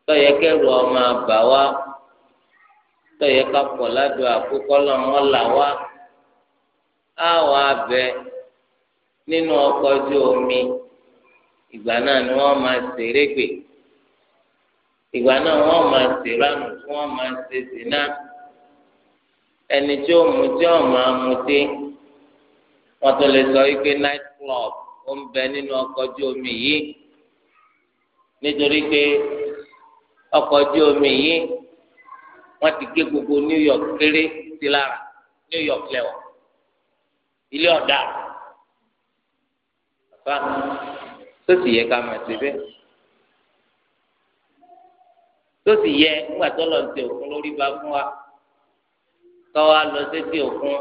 tọyẹ kẹrù ọmọ àbá wa tọyẹ kápọ̀ ládùú àkókò lọ́wọ́ là wa á wà bẹ nínú ọkọ̀ ojú omi ìgbà náà ni wọ́n máa ṣeré gbè ìgbà náà wọ́n máa ṣèrànù tí wọ́n máa ṣe sínà ẹni tí ó mu tí ó máa mutí wọ́n tún lè sọ wípé night club ó ń bẹ nínú ọkọ̀ ojú omi yìí nítorí pé ọkọ̀ omi yìí wọ́n ti gé gbogbo New York kéré sí lára New York lẹ́wọ̀n ilé ọ̀dà tó sì yẹ ká máa ṣe bẹ́ẹ̀ tó sì yẹ nígbà tó lọ sí òkun lórí bá fún wa kọ́ wa lọ sétí òkun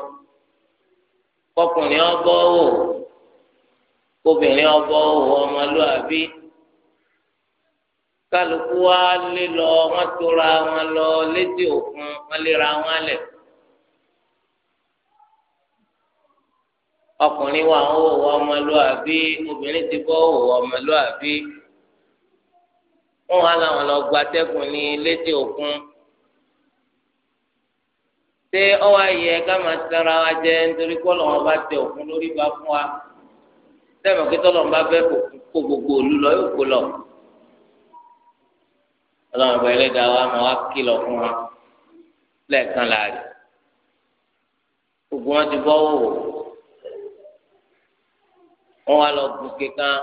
kọkùnrin ọbọ̀ wò kóbìnrin ọbọ̀ wò ọmọlúwàbí kálukú wa lé lọ wọ́n tóra wọn lọ létí òkun wọ́n léra wọn lẹ̀ fún. ọkùnrin wa ń wò wọ ọmọlúwàbí obìnrin ti bọ́ wò wọ ọmọlúwàbí wọn wà láwọn lọ gba atẹ́gùn ní létí òkun ṣé ọwọ́ ayẹ ká máa tẹ̀ra wa jẹ nítorí kọ́ lọ́wọ́ bá tẹ òkun lórí bá fún wa sẹ́mi kí tọ́lọ́mù bá fẹ́ kó gbogbo òlu lọ yóò kó lọ ọlọ́run ọba ẹlẹ́dàá wa máa wá kìlọ̀ fún wa lẹ́ẹ̀kan láàrin gbogbo wọn ti bọ́ wò wò wọn wá lọ gòkè kan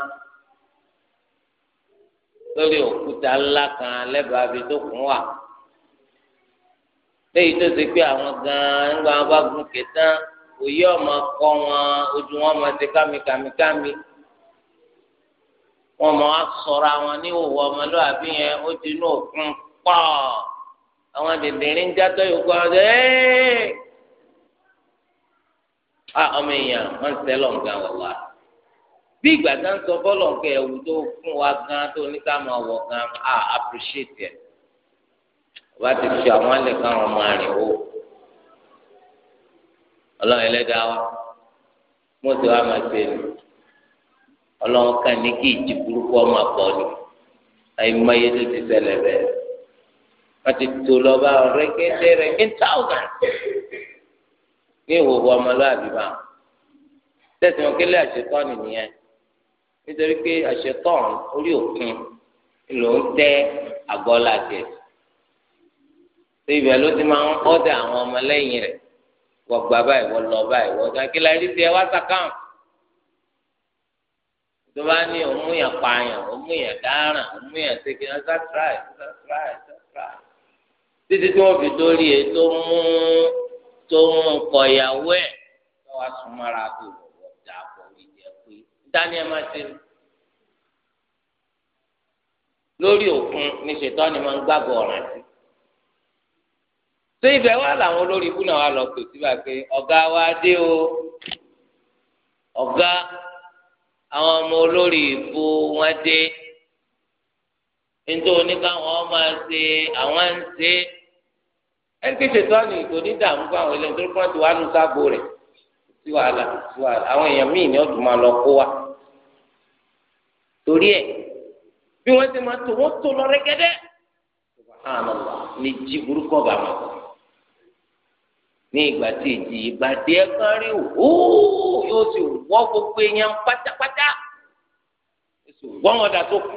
lórí òkúta ńlá kan lẹ́bàá ibi tó kún wà léyìí tó ṣe pé àwọn gan-an nígbà wọn bá gòkè tán òye ọmọ kọ wọn ojú wọn máa ṣe kámikàmikámi wọn máa sọra wọn ní òwò ọmọlúwàbí yẹn ó ti inú òkun pọ̀ àwọn dèdèrè ń játọ yòókù àwọn ṣe ẹ́ẹ́ ah, ọmọ èèyàn wọn ń sẹ́lọ̀ ń gan wọ̀ wá bí ìgbà tá ń sọ bọ́lọ̀ nǹkan ẹ̀wù tó fún wa gan tó ní ká máa wọ̀ gan a appreciate ẹ̀ ọba ti fi àwọn alẹ́ káwọn máa rìn wò ọlọ́run ẹlẹ́dàá wa mo ti wá máa ṣe ni ọlọ́run kàn ní kí ìjì burúkú ọmọ àpọ̀ ni àìmọye tó ti ṣẹlẹ̀ bẹ́ẹ̀ wọ́n ti tó lọ́ba rẹ́gẹ́dẹ́ rẹ́gẹ́ táwọn ní ìhòòhò ọmọlúwàbí bá tẹ̀sán kílẹ̀ àṣetọ́ nìyẹn nítorí pé àṣetọ́n orí òkun ló ń tẹ́ àgọ́ láti ẹ̀ tó ibẹ̀ ló ti máa ń ọ́dà àwọn ọmọlẹ́yìn rẹ̀ wọ́n gba báyìí wọ́n lọ báyìí wọ́n gba kí láyé ti ẹ wá sàkàn tó bá ní òmùyàn pààyàn òmùyàn dáràn òmùyàn ṣèkìlá sátráì sátráì sátráì títí tí wọ́n fi dórí ẹ tó mú tó mú kọ̀yàwó ẹ̀ tó wá sùn mọ́ra tó tani ẹ máa ṣe lórí òkun ní ṣètọ́ni máa ń gbàgbọ́ ọ̀ràn sí ṣé ibẹ̀ wà làwọn olórí ibú náà wà lọ pè síbà pé ọ̀gá wa dé o ọ̀gá àwọn ọmọ olórí ibú wọn dé nítorí oníkàwọn máa ṣe àwọn ń ṣe ẹnìkí ṣètọ́ni ìtò ní dààmú fún àwọn ilé nítorí pọ́ńtì wà lù sáàbò rẹ̀ sí wàhálà sí wàhálà àwọn èèyàn míì ni ó tún máa lọ kó wa torí ẹ bí wọn ti máa tó wọn tó lọ rẹgẹdẹ subhanallah ní jí burúkú ọba máa bọ ní ìgbà tí èjì ìbàdí ẹ kan rí òhóó yóò sì wọ gbogbo èèyàn pátápátá yóò sì wọ wọn dà tó kù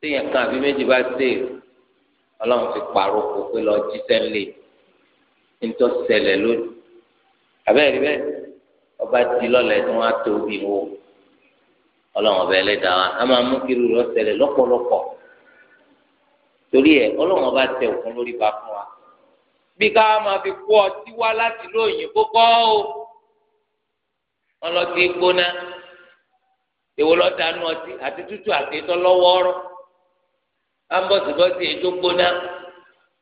téèyàn kan àbí méjì bá dé Ọlọ́run ti pàrọ̀ kó pé lọ jí sẹ́ńlẹ̀ nítọ́ ṣẹlẹ̀ lónìí àbẹ́rẹ́ bẹ́ẹ̀ ọba ti lọ́lẹ̀ tí wọ́n á tóbi wò ọlọ́run ọba ẹlẹ́dàá wa a máa mú kiri rẹ̀ ṣẹlẹ̀ lọ́pọ̀lọpọ̀ torí ẹ̀ ọlọ́run ọba tẹ òkun lórí ba fún wa bí ká máa fi kó ọtí wá láti lóyìn kókó o ọlọ́tí gbóná èwo lọ́ta nú ọtí àti tútù àti ètò lọ́wọ́ọ́rọ́ ambọ̀sibọ́sì ètò gbóná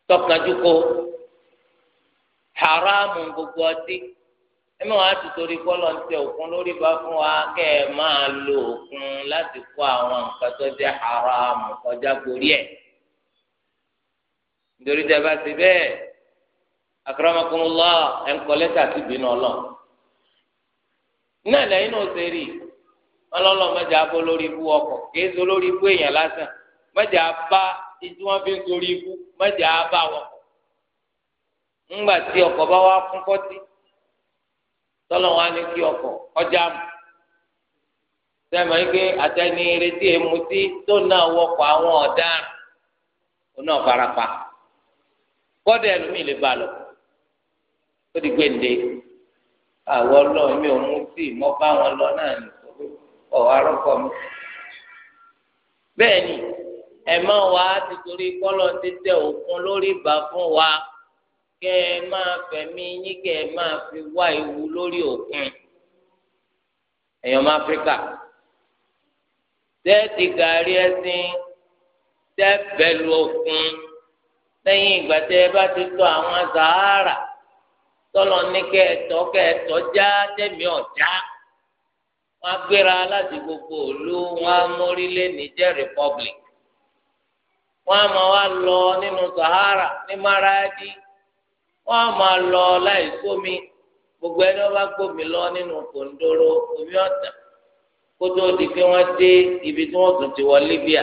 tọkàdúkọ haramu gbogbo ọtí ẹ mọ̀ wá ti torí kọ́lọ̀ ń tẹ òkun lórí bá fún wa kẹ́ ẹ máa lo òkun láti kó àwọn nǹkan tó jẹ́ haramu kọjá gorí ẹ̀ nítorí tẹ bá ti bẹ́ẹ̀ akramakumullah ẹ̀ ń kọ́ lẹ́tà sí ìbínú ọlọ́ náà lẹ́yìn náà ṣe rí ọlọ́lọ́ mẹ́jọ abọ́ lórí ibú ọkọ̀ kìí so lórí ibú èèyàn lásán mẹ́jọ abá tí wọ́n fi ń sorí ibú mẹ́jọ abá wọ̀ ńgbà tí ọkọ̀ bá wá fún fọ́tí tọ́lọ̀ wọn á ní kí ọkọ̀ ọjà mù sẹ́mi wípé àtẹni retí emutí tó náà wọkọ̀ àwọn ọ̀daràn ó náà farapa kọ́dà ẹlòmíì lè ba lọ ó di gbèǹde àwọn ọlọ́run mi ò mú tí mo bá wọn lọ náà ní ọ̀hún arọ́kọ̀ mi. bẹ́ẹ̀ ni ẹ̀ máa wá ti torí kọ́lọ́ ti tẹ òkun lórí ìbá fún wa. kẹ ẹ máa fẹ̀mí yín kẹ ẹ máa fi wá ewu lórí òkun èèyàn ọmọ áfíríkà tẹ́ẹ̀tì gàrí ẹṣin tẹ́ẹ̀bẹ̀lú òkun lẹ́yìn ìgbà tẹ́ ẹ bá ti tọ àwọn sahara tọ́lọ̀ ní kẹ́ ẹ tọ́ kẹ́ ẹ tọ́ já tẹ̀mí ọ̀já wọ́n gbéra láti gbogbo òlu wọn mórílẹ̀ Niger Republic wọ́n á máa wá lọ nínú sahara ní Maradi. Ni wọ́n máa lọ láì gbómi gbogbo ẹni wọ́n bá gbómi lọ nínú kòńdóró omi ọ̀tàn kó tó di pé wọ́n dé ibi tí wọ́n tún ti wọ Libya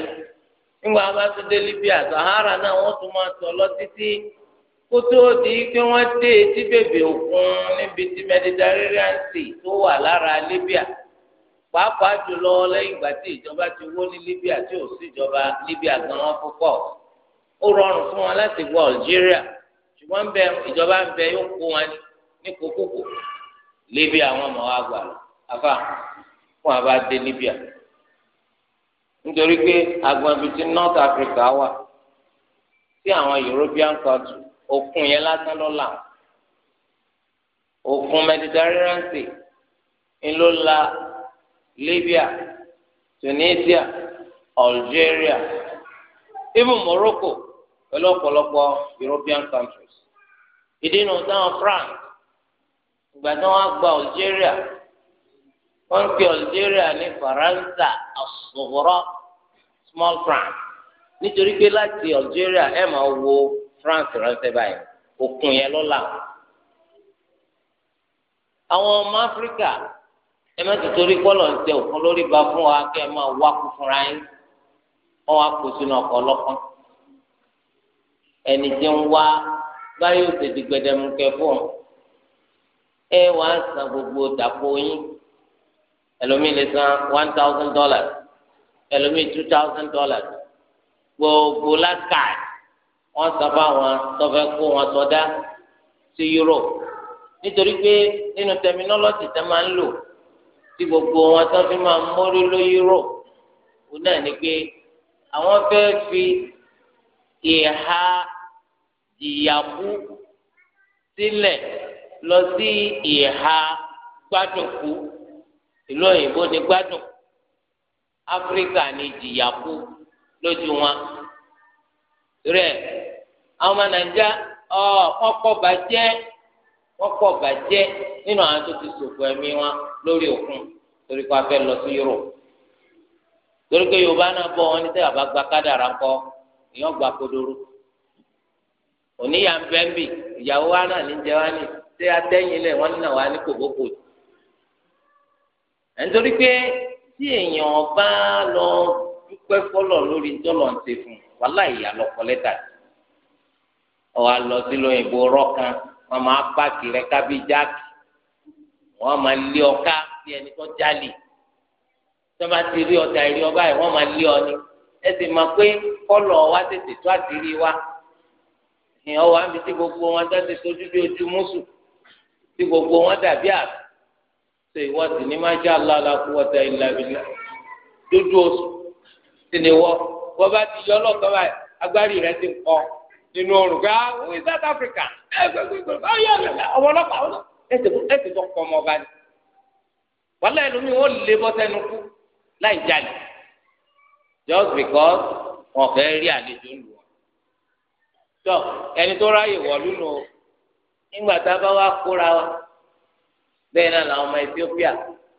nígbà wọ́n bá tún dé Libya Sahara náà wọ́n tún máa tọ̀ lọ títí kó tó di pé wọ́n dé etí bèbè òkun níbi tí Mediterranean Sea tó wà lára Libya pàápàá jùlọ lẹ́yìn ìgbà tí ìjọba ti wó ní Libya tí ò sí ìjọba Libya gan-an ó rọrùn fún wọn láti wọ Algeria ṣùgbọ́n ń bẹ ìjọba ń bẹ yóò kó wọn ní kókókó libya àwọn ọmọ wa gbà lọ afa fún wa bá dé libya nítorí pé agbọ̀nbi ti north africa wà sí àwọn european country òkun yẹn lásán lọ́la òkun mediterranean sea ńlọ la libya tunisia algeria even morocco pẹ̀lú ọ̀pọ̀lọpọ̀ European countries ìdí nu táwọn France ìgbà tí wọ́n gba Algeria wọ́n ń pè Algeria ní Faransa asọ̀rọ̀ small France nítorí pé láti Algeria ẹ̀ máa wo France ránṣẹ́ báyìí òkun yẹn lọ́la àwọn ọmọ Áfíríkà ẹ má ti torí kọ́lọ̀ ń tẹ òkun lórí ba fún wa kẹ́ ẹ máa wá kú fúnra yín wọ́n wá kó sínú ọkọ̀ ọlọ́pàá ẹni tí ń wá báyọ̀ ṣe di gbẹdẹmukẹ fún ẹ wá san gbogbo dàpọ̀ yín ẹlòmíì lè san one thousand dollars ẹlòmíì two thousand dollars gbogbo lákàtí wọ́n san fáwọn tọ́fẹ́ kó wọn sọdá sí Europe nítorí pé nínú tẹminọ́lọ́jì tẹ́ máa ń lò tí gbogbo wọn tán fi máa mórí ló Europe òun náà ni pé àwọn fẹ́ fi ìhà jìyàkú sílẹ̀ lọ sí ìhà gbádùnkú ìlú òyìnbó ni gbádùn áfíríkà ni jìyàkú lójú wọn rẹ àwọn ọmọ nàìjíríà ọ wọn kọ bàjẹ́ wọn kọ bàjẹ́ nínú àwọn tó ti ṣòfò ẹ̀mí wọn lórí òkun torí kó a fẹ́ lọ sí Europe torí pé yorùbá náà bọ wọn ní sẹ àbá gba kádàrá kọ èèyàn gba kodoro oníyà ń bẹ́ bì ìyàwó wa náà ní jẹ wá ní ṣé atẹ́yìn lẹ̀ wọ́n nínà wá ní kòkókò. nítorí pé tí èèyàn bá lọ dúpẹ́ fọlọ̀ lórí tọ́lọ̀ ń ṣe fún wàhálà ìyá lọ́kọ lẹ́tà lọ àlọ́ sílùú òyìnbó rọ́ọ̀kan wọ́n máa pààkì rẹ wọ́n máa lé ọká ẹni tó jálè ti rí ọjà ìrí ọba yìí wọ́n máa lé ọ wa tètè tó wa ìyẹn wà níbi tí gbogbo wọn dá ti sojú bí ojú mùsù tí gbogbo wọn dàbí àbí ṣe ìwọ́sì ní masha Allah la quwwata illa billah dúdú oṣù tí ni wọ́ wọ́n bá ti yọ lọ́kọ́ báyìí agbárí rẹ̀ ti kọ́ nínú oòrùn pé ah South Africa ẹ gbẹgbẹgbẹ ọyọ ọmọ ọlọ́pàá ọlọ́ ẹ ti bọ́ kọ́ ọmọ ọba ni wàhálà ẹlòmíì wọ́n lè bọ́ sẹ́nu kú láì jalè just because wọ́n fẹ́ rí àlejò ń tọ ẹni tó ráyè wọ̀lú nù o nígbà tá a bá wá kóra wa bẹ́ẹ̀ náà làwọn ọmọ Ethiopia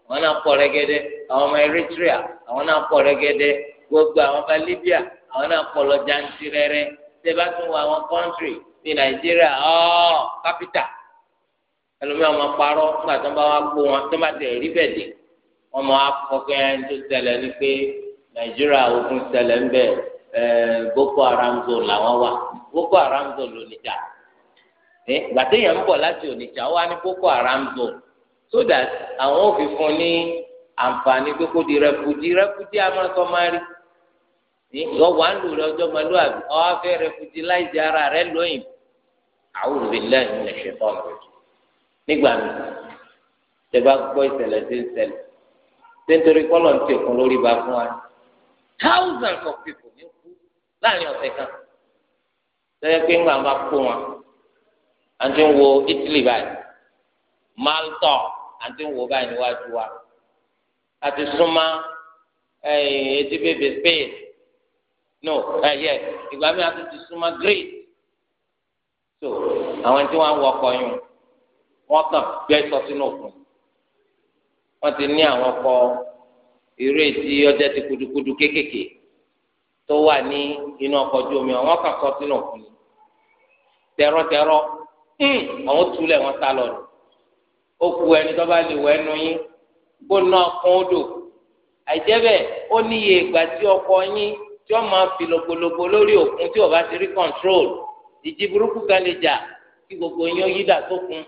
àwọn náà pọ̀ rẹ́gẹ́dẹ́ àwọn ọmọ Eritrea àwọn náà pọ̀ rẹ́gẹ́dẹ́ gbogbo àwọn ọmọ Libya àwọn náà pọ̀ lọ jantirẹrẹ tẹ́ bá tún wọ àwọn kọ́ńtírì ní Nàìjíríà ọ́ọ́ kápítà ẹlòmíràn máa parọ́ nígbà tó ń bá wá wọn tó bá tẹ̀ rí Boko Haram zone lónìjà ẹ gbàtẹ́yìn ń bọ̀ láti Onitsha wá ní Boko Haram zone so that àwọn ò fi fún ní àǹfààní pé kó di rẹpùdí rẹpùdí amọ̀tọ́ máa rí ìwọ wà ń lò rẹ ọjọ́ mọlúwàbí ọ wá fẹ́ rẹpùdí láìsí ara rẹ lóyìn àwọn òbílẹ̀ ìlẹ̀ ṣe tọ́nu nígbà mi tẹ bá gbọ́ ìṣẹ̀lẹ̀ tí ń ṣẹlẹ̀ tí ń torí kọ́lọ̀ ba fún wa thousands of people ní kú láàrin ọ̀sẹ̀ kan sẹ́yìn pé ńgbà bá kó wọn àti ń wo Italy báyìí Malta àti ń wo báyìí níwájú wa àti súnmọ́ eh, etí bèbè Spain no ẹ̀yẹ eh, ìgbà mi àti ti súnmọ́ Greece so àwọn tí wọ́n wọ ọkọ̀ yìí wọ́n kàn bẹ́ẹ̀ sọ sínú òkun wọ́n ti ní àwọn ọkọ̀ eré tí ọjọ́ ti kudukudu kéékèèké tó wà ní inú ọkọ̀ ojú omi àwọn kan sọ sínú òkun ni tẹ̀rọ̀tẹ̀rọ̀ hmm, àwọn túlẹ̀ wọn sá lọ rẹ̀ ó ku ẹni tó bá lè wọ ẹnu yín kó ná ọkàn odò àìjẹ́ bẹ́ẹ̀ ó níye ìgbà tí ọkọ̀ yín tí ó máa fi lògbòlògbò lórí òkun tí ó bá ti rí control ìjì burúkú kan lè jà kí gbogbo yín ó yídà sókun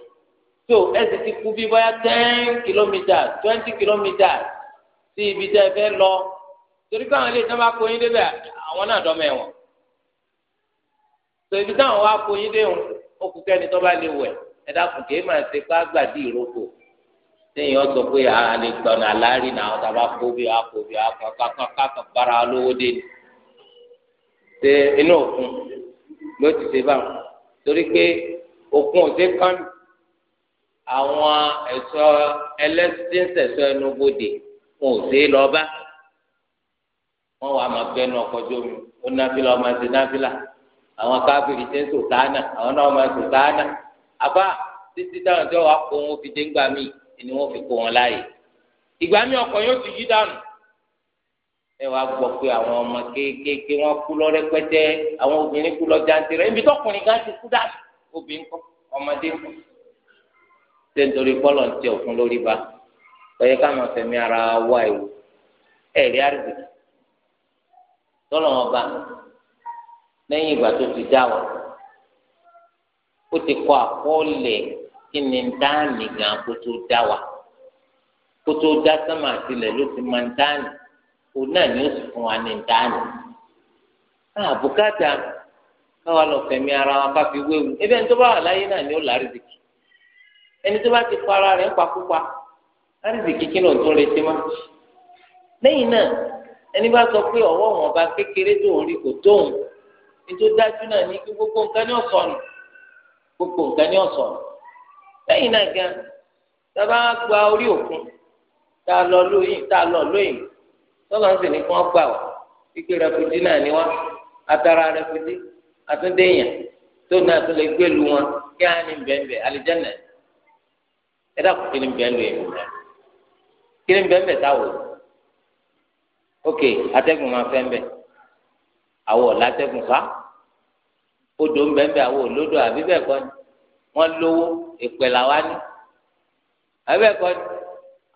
tó ẹ sì ti kú bí bóyá ten kilometres twenty kilometres sí ibi tẹ́ fẹ́ lọ torí pé àwọn ilé ìtàn bá kóyin débẹ̀ àwọn náà dọ́mọ ẹ̀wọ̀n tòbí táwọn wá kóyin dé wọn ó kú kẹ́ni tó bá lè wẹ̀ ẹ dákun kéé máa ṣe pé àgbàdì ìrókò téèyàn sọ pé a lè gbọ̀nà aláàrí náà tá a bá kó bí a kó bí a kó kákan bára lówó dé ni ṣe inú òkun ló ti ṣe báwọn torí pé òkun ò ṣe kánú àwọn ẹ̀ṣọ́ ẹlẹ́sìn ṣẹ̀ṣọ́ ẹnubodè wọn ò ṣe lọ́ọ́ bá wọn wà máa bẹnu ọkọjọ mi ó náfìlà ọmọ ẹsẹ náfìlà àwọn káfíìrì tẹ ń sò sáánà àwọn náà máa sò sáánà àbá títí táwọn tí wọn kó wọn fi dé ńgbà mí ni wọn fi kó wọn láàyè ìgbà mí ọkọ yóò ti yí dànù ẹ wàá gbọ́ pé àwọn ọmọ kéékèèké wọn kú lọ rẹpẹtẹ àwọn obìnrin kú lọ jantere ibi tọkùnrin kan ti kú dànù obìnrin kọ ọmọdé kọ ṣé nítorí bọlọ ń tẹ òfin lórí ba ọyẹ káwọn fẹmi ara wa ìwò ẹrí àrùbìkì tọ́lọ́wọ́n bá lẹ́yìn ìgbà tó ti dá wa ó ti kọ àkọọ́lẹ̀ kí ni dáàmì gan kó tó dá wa kó tó dá sánmà àtìlẹ̀ ló ti máa ń dáàmì òun náà ni ó sì fún wa ní dáàmì àbùkátà káwa lọ fẹ̀mí ara wa ká fi wéwu ebi ẹni tó bá wà láyé náà ni ó lárìsìkì ẹni tó bá ti pa ara rẹ̀ ń pa púpa lárìsìkì kí ló ń tó retí mọ́ lẹ́yìn náà ẹni bá sọ pé ọwọ́ wọn bá kékeré tó ń rí kò tóun nítorí dájú náà ní kí gbogbo nǹkan ní ọ̀sán nù gbogbo nǹkan ní ọ̀sán nù lẹ́yìn náà gan tábà gba orí òkun tá a lọ lóyìn tá a lọ lóyìn tọ́lá ń sì ní kí wọ́n gbà wá wípé rẹpìtì náà ni wá atara rẹpìtì àtúndéyàn tó náà tó lè gbé lu wọn kí á ní bẹ́ẹ̀nbẹ́ alìjẹ́nà ẹ̀dá kò kí ni bẹ́ẹ̀ lu èèyàn kí ni bẹ́ẹ̀nbẹ́ ok atẹ́gùn máa fẹ́ mbẹ́ àwọ̀ látẹ́gùn fa odò ń bẹ́ẹ̀ bẹ́ẹ̀ àwọ̀ olódò àbí bẹ́ẹ̀ kọ́ ni wọ́n lówó ìpè làwa ní àbí bẹ́ẹ̀ kọ́ ni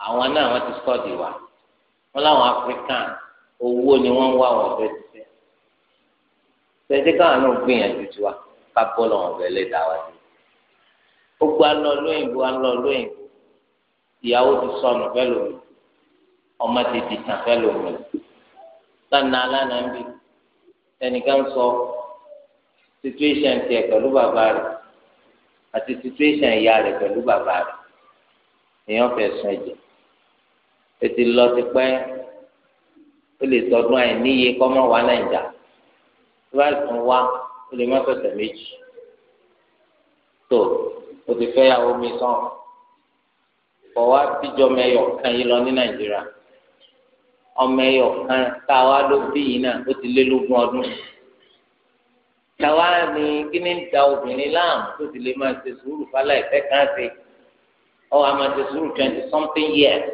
àwọn náà wọ́n ti sọ́ọ̀dì wa wọ́n láwọn African owó ni wọ́n ń wá wọn fẹ́ ti fẹ́ sẹ́dí káwọn náà gbìyànjú tiwa ká bọ́ọ̀lù wọn fẹ́ lé dáwà sí ó gba lọ lóyìnbó á lọ lóyìnbó ìyàwó ti sọnù fẹ́ lómi ọmọ ti dìtàn fẹ́ lómi lánàá alánàá ń bì ẹnìkan sọ situation tiẹ̀ pẹ̀lú bàbá rẹ̀ àti situation ìyá rẹ̀ pẹ̀lú bàbá rẹ̀ èèyàn fẹ́ sun ẹ̀jẹ̀ ètò lọ ti pẹ́ ó lè tọdún àìníye kọ́mọ́ wà nàìjà tó bá tún wá ó lè má tọ̀tẹ̀ méjì tó o ti fẹ́ yàwó mi sàn kọ́ wá bíjọ́ mẹ́yọ̀ kan yìí lọ ní nàìjíríà ọmọ ẹyọ kan táwa ló bí yìí náà ó ti lé lógún ọdún táwa ni kí ni ń da obìnrin láàmú tó ti lè máa ṣe sùúrù fálá ìfẹ́ kan ṣe ọwọ́ a máa ṣe sùúrù twenty something years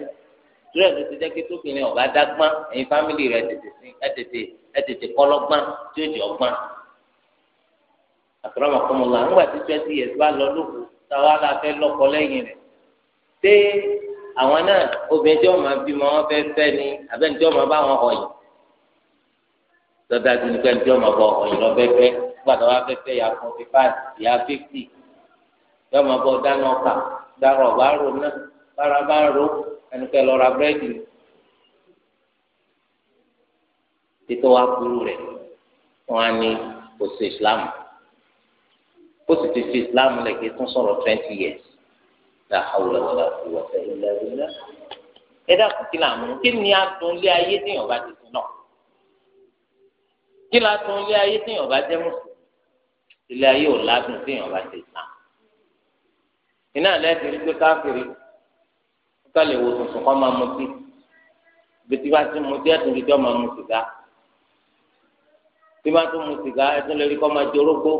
túrẹ̀ tó ti jẹ́ kí tóbìnrin ọ̀gá dágbọ́n ẹ̀yin fámìlì rẹ̀ tètè sí ẹ̀ tètè ẹ̀ tètè kọ́lọ́gbọ́n tí ó jẹ́ ọgbọ́n àtúrọ̀mọ̀ kọ́mọlá ńgbà tí twenty years bá lọ lóko táwa la fẹ́ lọ́kọ lẹ́yìn rẹ̀ ṣé àwọn náà obìnrin tí wọn máa bímọ wọn fẹẹ fẹ ni abẹni tí wọn máa bá wọn họ yìí lọdà tó ní pẹ̀lú tí wọn máa bọ họ yìí lọ fẹẹ fẹ gbàdá wa fẹẹ fẹ yà fún fífà yà fífì tí wọn máa bọ dáná ọkà dárò ọba rò náà bára bá rò ẹnikẹ́ lọ ra búrẹ́dì títọ́ wa kúrú rẹ̀ wọn á ní kò sí islam kó sì ti fi islam lẹ̀ kí tún sọ̀rọ̀ twenty years la hawla wala quwwata illa billah ẹ dákun kí là ń mú kí ni adùn lé ayé téèyàn bá ti sùn náà kí la tún lé ayé téèyàn bá jẹ mùsùlùmí ilé ayé ò ládùn téèyàn bá ti sàn iná lẹ́sìn rí pé káfíìrì ká lè wo tuntun kọ́ máa mutí bìtì bá ti mutí ẹ̀tún lè jọ́ máa mu sìgá bí bá tún mu sìgá ẹ̀tún lè rí kọ́ máa jorógbó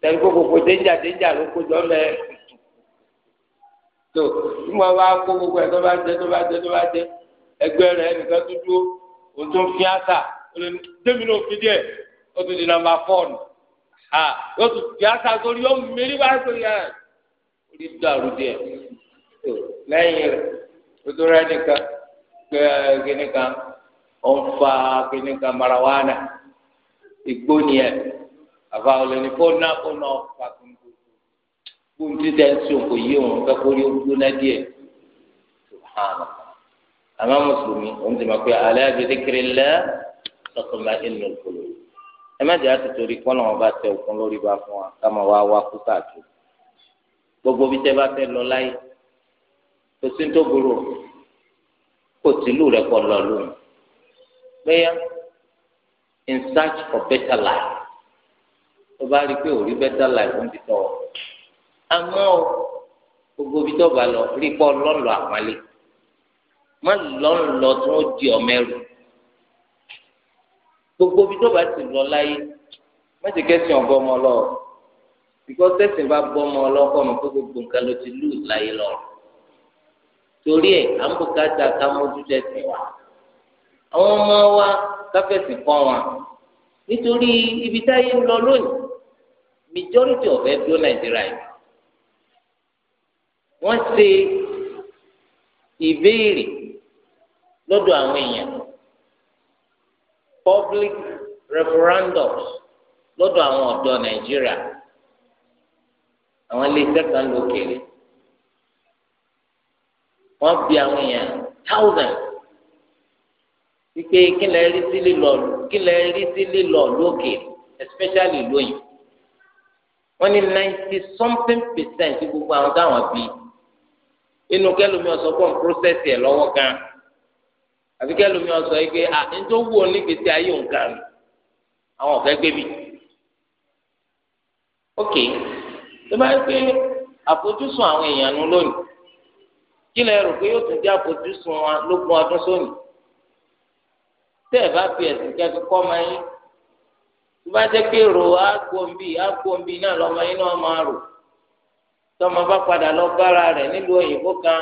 tẹ̀lé gbogbo dénjà dénjà ló kó jọ lẹ́ẹ̀ tó nígbà wá kó gbogbo ẹ̀ tó bá jẹ tó bá jẹ tó bá jẹ ẹgbẹ́ rẹ̀ nìkan dúdú o tó fi àṣà tẹ́mi náà fi díẹ̀ o tún di nàmbà fọ́ọ̀nù à yóò tún fi àṣà sórí yóò mérí wá sórí yàrá orí dàrú díẹ̀ tó lẹ́yìn rẹ̀ o tó rẹ̀ nìkan kẹ́ẹ̀kẹ́nìkan ọ̀ ń fa kẹ́nìkan marawana igbó nìyẹn àbá olè ní fóònù náà fóònù náà fà kún gbogbo ti dẹ́ sí òkò yìí òun fẹ́ kó yóò gbóná díẹ̀ subhana àmọ́ mùsùlùmí òun ti mọ̀ pé alẹ́ àbẹ̀dẹ́kẹrẹ lẹ́ lọ́kùnrin máa ń lọ kọlọ ẹ má jẹ́ àti torí kọ́nà wọn bá tẹ òkun lórí bá fún wa ká máa wá wá kú káàkiri gbogbo bí tẹ bá fẹ́ lọ láyé kò sí tó burú kò tìlú rẹ kọ lọ lónìí bẹ́ẹ̀ in search for better life tó bá rí i pé ò rí better life ń ti tọ̀ ọ́ àmọ́ gbogbo ibi tó bá lọ rí pọ́ lọ́nlọ́ àpálẹ́ má lọ́nlọ́ tó ń di ọ̀mẹ́rù gbogbo ibi tó bá ti lọ láyé má ti kẹ́sìn ọ̀bọ ọmọ lọ bíkọ́ sẹ́sìn bá bọ́ ọmọ ọlọ́kọ́ ọmọ pé gbogbo nǹkan ló ti lù láyé lọ torí ẹ̀ à ń bùkátà ká mójútó ẹ̀sìn wa àwọn ọmọ wa káfẹ́sìn kọ́ wọn nítorí ibi táyé ń lọ lónìí majority of ẹ̀ dó nàìjíríà yìí wọ́n ṣe ìbéèrè lọ́dọ̀ àwọn èèyàn public referendums lọ́dọ̀ àwọn ọ̀dọ́ nàìjíríà àwọn iléeṣẹ́ kan lókèrè wọ́n bi àwọn èèyàn thousand wípé kí lẹ rí sí lílọ kí lẹ rí sí lílọ lókèrè especially lóyìn wọ́n ní ninety something percent gbogbo àwọn táwọn bíi inú kẹlòmí ọsọ pọ̀ ń prósẹ́sì ẹ̀ lọ́wọ́ gan àbí kẹlòmí ọsọ yìí pé à ń tó wù ọ nígbèsè ayé nǹkan àwọn ọ̀fẹ́ gbé mi. ok tó bá yẹ pé àfojúsùn àwọn èèyàn nu lónìí kí lẹ rò pé yóò tún jẹ́ àfojúsùn wa lógún ọdún sónìí tẹ́ ẹ bá fi ẹ̀sìn kẹ́kẹ́ kọ́ ọmọ yín tó bá jẹ́ pé rò á gbòǹbì á gbòǹbì náà lọ́mọ yín náà máa rò tọmọ bá padà lọ bára rẹ̀ nílùú òyìnbó kan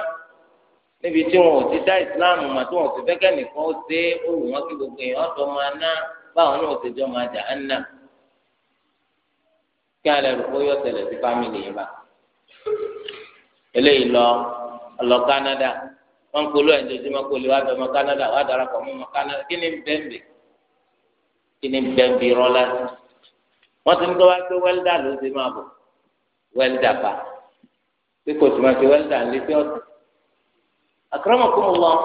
níbi tí wọn ò ti dá ìsìláàmù mà tí wọn ò sì fẹ́ kẹ́nìkan ó ṣe é ó wù wọn kí gbogbo èèyàn ọ̀dọ́ máa ná báwọn náà ṣe jọ máa jà á nà kí alẹ́ rò ó yọ tẹ̀lẹ̀ sí fámìlì yìí bá eléyìí lọ lọ Canada wọn kò lóyún ojoojúmọ́ kó lè wá bẹ ọmọ Canada wá darapọ̀ mọ́ ọmọ Canada kí ni bẹ́ẹ̀nbẹ́ kí ni bẹ́ẹ̀nbẹ́ rọ́lá wọn ti ń gbọ́ wá pé wẹ́lda ló ti máa bọ̀ wẹ́lda pa pé kò tìmọ̀ sí wẹ́lídà ń lé sí ọ̀sẹ̀. àkàràmọ̀kùnmọ̀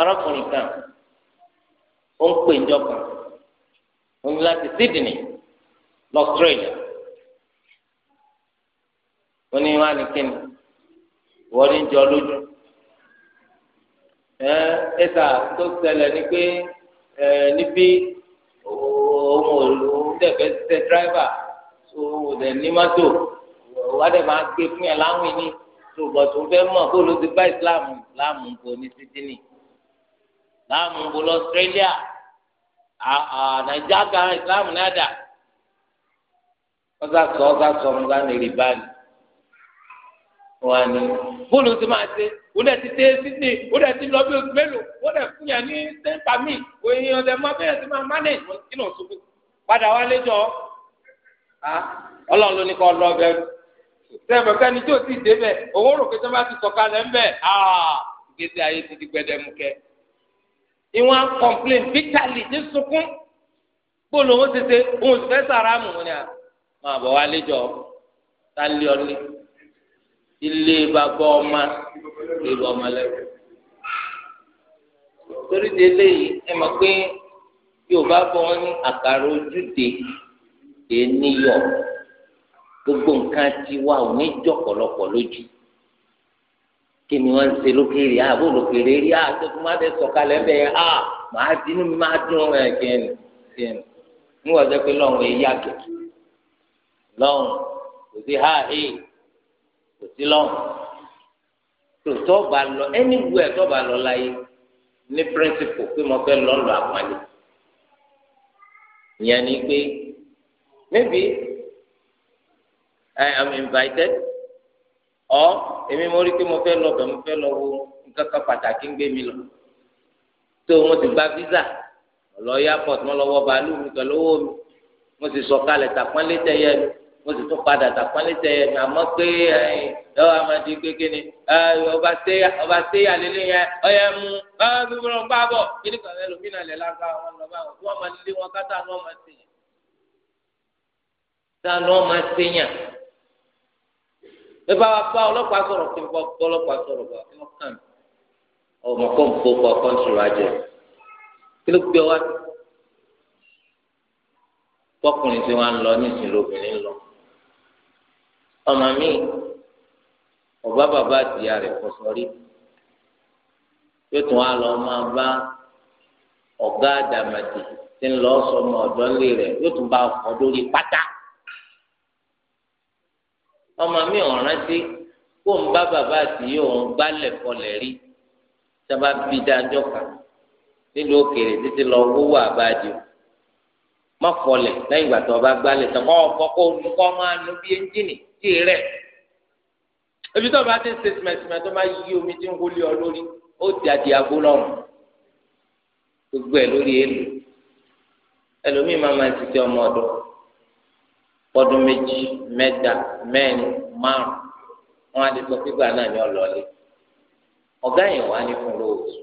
arákùnrin kan ó ń pè njọ́ kan ó ń láti Sydney l'Australia ó ní wá ní kíni wọ́n ní jọ lójú ẹ ẹ sà tó ṣẹlẹ̀ ni pé ẹ níbí òun ò lò ó dẹ̀ fẹ́ ṣe dráìvà tó ò dẹ̀ ní mọ́tò wá dẹ̀ máa ké fún yẹn láwìn ní ṣùgbọ́n tó fẹ́ mọ̀ kó ló ti bá ìsìláàmù ìsìláàmù ń bo ní sídínì ìsìláàmù ń bo lọ Australia nàìjíríà kan ìsìláàmù náà dà ọ̀sà sọ ọ̀sà sọ ọmọ gánà èrè báyìí wọn ni bóòlù ti máa ṣe wọ́n dẹ̀ ti dé sídìní wọ́n dẹ̀ ti lọ bí oṣù mélòó wọ́n dẹ̀ fún yàn ní sẹ́ńpà míì òyìn máa bẹ́ẹ̀ ti máa manage wọ́n kí lóò ṣubú padà wálé jọ ọlọ́run ló ní kọ́ ọ lọ bẹ́ẹ̀ sẹ́ẹ̀mọ̀ kẹ́ni tí ò sì débẹ̀ òun rò pé tí wọ́n bá ti sọ̀kalẹ̀ ń bẹ̀ ah, ìgbésí ayé ti di gbẹdẹmukẹ́. ìwọ̀n á kọ̀m̀plẹ̀n bítàlì ní sunkún bóòlù òun ti ṣe òun sì fẹ́ sàrà mù ní à máa bọ̀ wá léjọ tá lé ọ ní ilé bàbá ọmọ ìlú ọmọ lẹ́wọ̀. torí de eléyìí ẹ mọ̀ pé yóò bá bọ́ ní àkàrà ojúde ènìyàn gbogbo nǹkan ti wá òní jọ pọ̀lọpọ̀ lójú kí ni wọ́n ń ṣe lókèrè ààbò lókèrè rí àtọ́ tó má bẹ́ẹ̀ sọ̀kalẹ̀ bẹ́ẹ̀ à màá dínú mi máa dún ẹ̀ kẹ́ni kẹ́ni ń wọ́n sọ pé lọ́run èyí àgbẹ̀ lọ́run kò sí ha ẹ̀ kò sí lọ́run tó tọ́ba lọ ẹni wù ẹ̀ tọ́ba lọ láyé ní pírẹ́sìpù pé mo fẹ́ lọ́ọ̀lọ́ àpàlẹ́ ìyẹn ni pé níbi. I am invited or èmi mo rí pé mo fẹ́ lọ bẹ̀ mo fẹ́ lọ wo nǹkan kan pàtàkì ń gbé mi lọ tó mo ti gba visa lọ airport mo lọ wọ bàálù mi pẹ̀lú owó mi mo sì sọ kalẹ̀ tàpọ́nlé tẹ̀yẹ mi mo sì tún padà tàpọ́nlé tẹ̀yẹ mi àmọ́ pé ẹ̀yìn lọ́wọ́ amadi kéke ni ọba ṣe ọba ṣe àlele yẹn ọyẹ mu ọyẹ mi lọ bá bọ̀ kí ni kàwé lómi náà lẹ̀ lágbá wọn lọ bá wọn tí wọ́n wọn kátà ní wọ́n máa ṣèyàn ẹ bá wa bá ọlọ́pàá sọ̀rọ̀ kí n bá ọlọ́pàá sọ̀rọ̀ bá kí wọ́n kàn mí ọmọ kọ́ ń kó kọ́ kọ́ńtì rájẹ kí ló gbé wá sí tọkùnrin tí wọn lọ nísìnyí lóbìnrin lọ ọmọ mi ọba bàbá àtìyá rẹ̀ kọ sọrí yóò tún máa bá ọgá àdàmàdì tí ń lọ sọmọ ọ̀dọ̀ ńlẹ rẹ̀ yóò tún bá ọkọ lórí pátá ọmọ mi ò rántí kó ń bá bàbá àti òun gbálẹ̀ kọlẹ̀ rí sábà bí dájọ́ kan nílùú òkèèrè títí lọ wówó àbájọ mọ́kọlẹ̀ lẹ́yìn ìgbà tó bá gbálẹ̀ tán kọ́ ọkọ kó nukọ́ máa nu bí ẹ́ńjìnì tí ì rẹ̀ ebi tó bá ti ń ṣe tìmẹ̀tìmẹ̀ tó bá yí omi tí ń wọlé ọ lórí ó di adìẹ abó lọ́rùn gbogbo ẹ̀ lórí èlò ẹlòmíì máa máa ti tẹ ọmọ ọdún fọdún méjì mẹ́ta mẹ́rin márùn wọn á ti sọ pípa náà ní ọlọlẹ ọgá yẹn wà ní fún lóòótọ́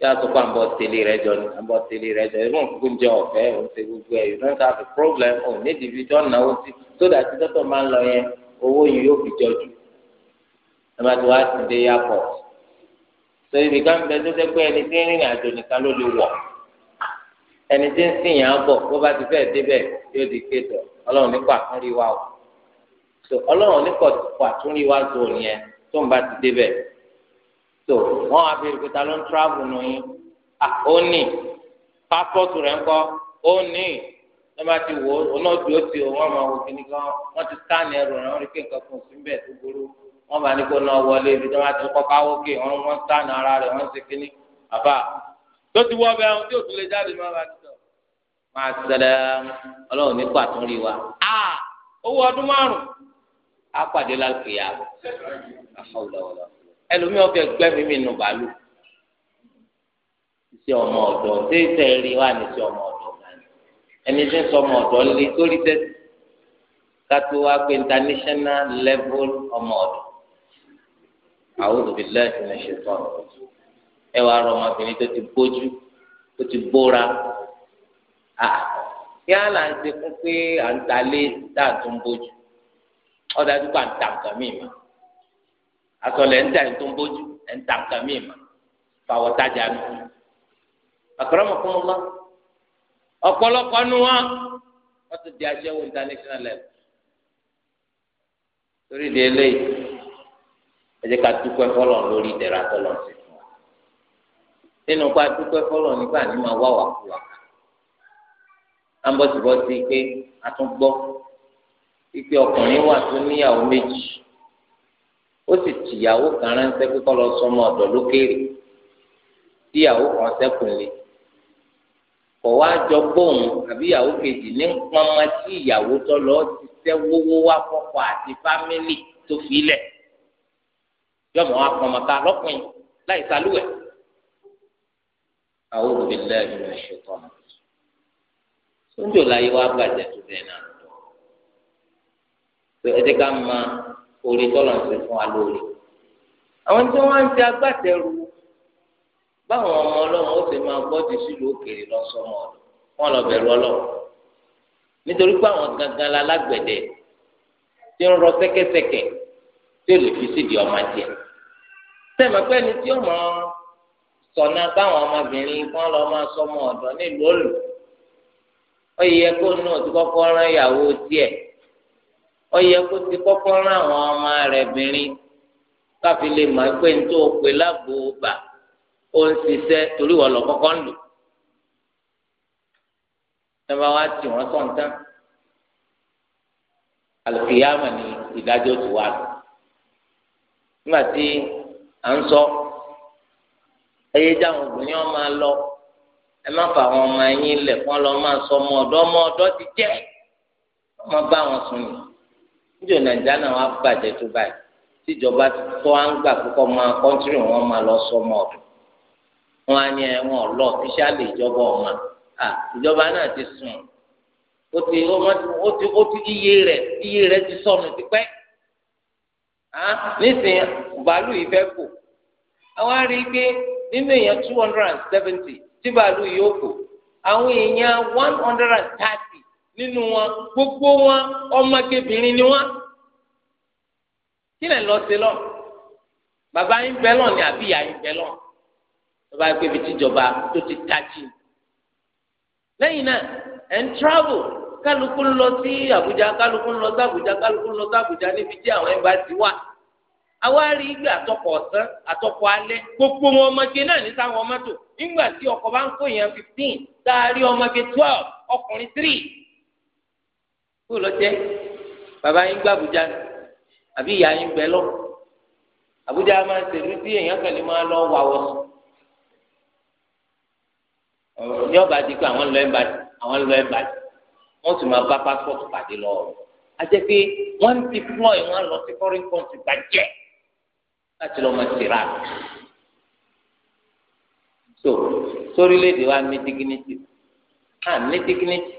yóò tó kó àbọ̀ tẹ̀lé rẹ jọ ní àbọ̀ tẹ̀lé rẹ jọ irú nǹkan jẹ ọ̀fẹ́ òun ṣe gbogbo ẹ̀ you don't have a problem òun ní ìdìbí tó ń náwó sí sódà tí dọ́tọ̀ máa ń lọ yẹn owó yìí yóò fi jọjú ẹ̀ma tó wá ti dé airport so ibi ká ń bẹ tó jẹ́ pé ẹni tí ń rìnrìn àjò nìkan ló lè wọ̀ ẹni tí ń sìn yàn á bọ̀ bó bá ti fẹ́ débẹ̀ yóò di kéètò ọlọ́run nípa àtúnrí wa o so ọlọ́run nípa àtúnrí wa zò yẹn tó ń bá ti débẹ̀ so wọ́n á bèrè pé ta ló ń tíráàbù nù yín à ó nì pápọ́tù rẹ̀ ń kọ́ ó nì wọ́n bá ti wò ó náà dúró ti o wọ́n máa wò kíní kan wọ́n ti skáàni ẹrù rẹ̀ wọ́n rí pé nǹkan kan bẹ́ẹ̀ tó burú wọ́n bá ní kó náà wọlé ibi tí wọ́n ti kọ́ káwókè wọ́n wọ́n skáàni ara rẹ̀ wọ́n ti kíní bàbá tó ti wọ́ bẹ́ẹ̀ tí òtún lè jáde máa bá ti sọ. máa sẹlẹ̀ ọlọ́run ní pàtó rí wa. owó ọdún márùn-ún á pàdé lálùkìyà ẹlòmíì ọ̀fẹ́ gbẹ́mí mi nù bàálù. ìṣe ọmọ ọ̀dọ́ ṣé ìṣe rí wa ní ìṣe ọmọ ọ̀dọ́ ẹni tí ń sọ ọmọ ọ̀dọ́ lé sórí tẹ́sí kátó wá pé international level ọmọ ọ̀dọ́. àwọn òbí lẹ́yìn ti ń ṣe fọ́ọ̀nù ẹ wàá rọ ọmọbìnrin tó ti bójú tó ti bóra à kí á là ń ṣe fún pé à ń talé dáàtún bójú ọ̀dà dúpọ̀ à ń ta nǹkan mìíràn mọ́ àtọ̀lẹ̀ ń ta ẹ̀ tó ń bójú ẹ̀ ń ta nǹkan mìíràn fàwọ̀ tajà nù. àkàràmọ̀kọ́mọ́lá ọ̀pọ̀lọpọ̀ nu wọn wọ́n ti di aṣẹ́wó international level torí di eléyìí ẹ jẹ́ ká dúpẹ́ fọlọ́ lórí ìdẹ̀ra tọ́lọ́ nínú kó adúpẹ́ fọlọ́ nígbà ní máa wá wàkúwà à ń bọ́sibọ́sí pé a tún gbọ́ pípé ọkùnrin wà tó níyàwó méjì ó sì tìyàwó kan ránṣẹ́ pé kó lọ sọmọ ọ̀dọ̀ lókèrè tíyàwó kan sẹ́kùn lé kọ̀ wá jọ gbóhùn àbí ìyàwó kejì ní pọ́nmọ́ tí ìyàwó tọ́ lọ ti tẹ́ wówó wá fọ́kọ àti fámílì tó fi lẹ̀ yọmọ wa pọ́nmọ́ ká lọ́kùnrin láì sálúwẹ̀ẹ́. أعوذ بالله من الشيطان الرجيم سنجو لا يوابع جاتو بينا فإذا كان ما orí tọ́lọ̀ ń sè fún wa lórí. àwọn tí wọ́n ń ti agbátẹrù báwọn ọmọ ọlọ́run ó sì máa gbọ́dì sílùú òkèèrè lọ sọmọ ọ̀dọ̀ wọn lọ bẹ̀rù ọlọ́run nítorí pé àwọn gangan la lágbẹ̀dẹ tí ń rọ sẹ́kẹ́sẹ́kẹ́ tí ò lè fi sídìí ọmọ jẹ. sẹ́mi pé tí ó mọ sọ̀nà táwọn ọmọbìnrin kan lọ máa sọmọ ọ̀dọ́ nílùú òlù ó yẹ kó náà ti kọ́kọ́ rán ìyàwó tiẹ̀ ó yẹ kó ti kọ́kọ́ rán àwọn ọmọ rẹ̀ bìnrin káfí lè mọ̀ pé ní tó pè lágbo bà ó ń ṣiṣẹ́ torí wọ́n lọ kọ́kọ́ ń lò nígbà wá tì wọ́n sọ̀ ń tán àlùkìyàmọ̀ ni ìdájọ́ ti wà lọ nígbà tí à ń sọ ẹyẹ jẹ́ àwọn obìnrin ọmọ alọ ẹ má fà àwọn ọmọ yín lẹ̀ kán lọ máa sọ ọmọ ọ̀dọ́ ọmọ ọ̀dọ́ ti jẹ́ ọmọ bá wọn sùn ní níjọ nàìjíríà náà wàá bàjẹ́ tó báyìí tíjọba tó à ń gbà púpọ̀ máa kọ́ńtírì wọn máa lọ sọ ọmọ ọ̀dọ́ wọn á ní ẹwọn lọ fíṣàlì ìjọba ọmọ à ìjọba náà ti sùn ó ti ó ti ó ti iye rẹ̀ iye rẹ̀ ti sọnù tipẹ́ nísìnyí bàálù yìí fẹ́ kù àwọn á nínú èèyàn two hundred and seventy tí bàálù yóò kó àwọn èèyàn one hundred and thirty nínú wọn gbogbo wọn ọmọkébìnrin ni wọn kí lè lọ sí lọ bàbá yín bẹ lọ ni àbí ìyá yín bẹ lọ bàbá yín pé ibi tó ti tají lẹ́yìn náà ẹ travel kálukú ń lọ sí Àbújá kálukú ń lọ sí Àbújá kálukú ń lọ sí Àbújá níbi tí àwọn ẹ ti wà àwa rí igbá àtọkọ ọ̀sán àtọkọ alẹ́ gbogbo wọn ọmọge náà ní sáwọn mọ́tò nígbà tí ọkọ bá ń kó èèyàn fifteen tá a rí ọmọge twelve ọkùnrin three kó lọ jẹ bàbá yín gbà Àbújá àbí ìyá yín bẹ lọ Àbújá máa ń tẹ̀lé tí èèyàn kàn lè máa lọ wà wọ sùn ní ọba di pé àwọn lọ ẹmbàdì àwọn lọ ẹmbàdì wọn sì máa bá pásítọ̀tù pàdé lọ àjẹpé wọn ti fúlọ̀ ẹ̀ wọn lọ sí foreign country gbàjẹ́ láti lọ́ọ́ máa tìrà. so sórílẹ̀-èdè wa ní dignity a ní dignity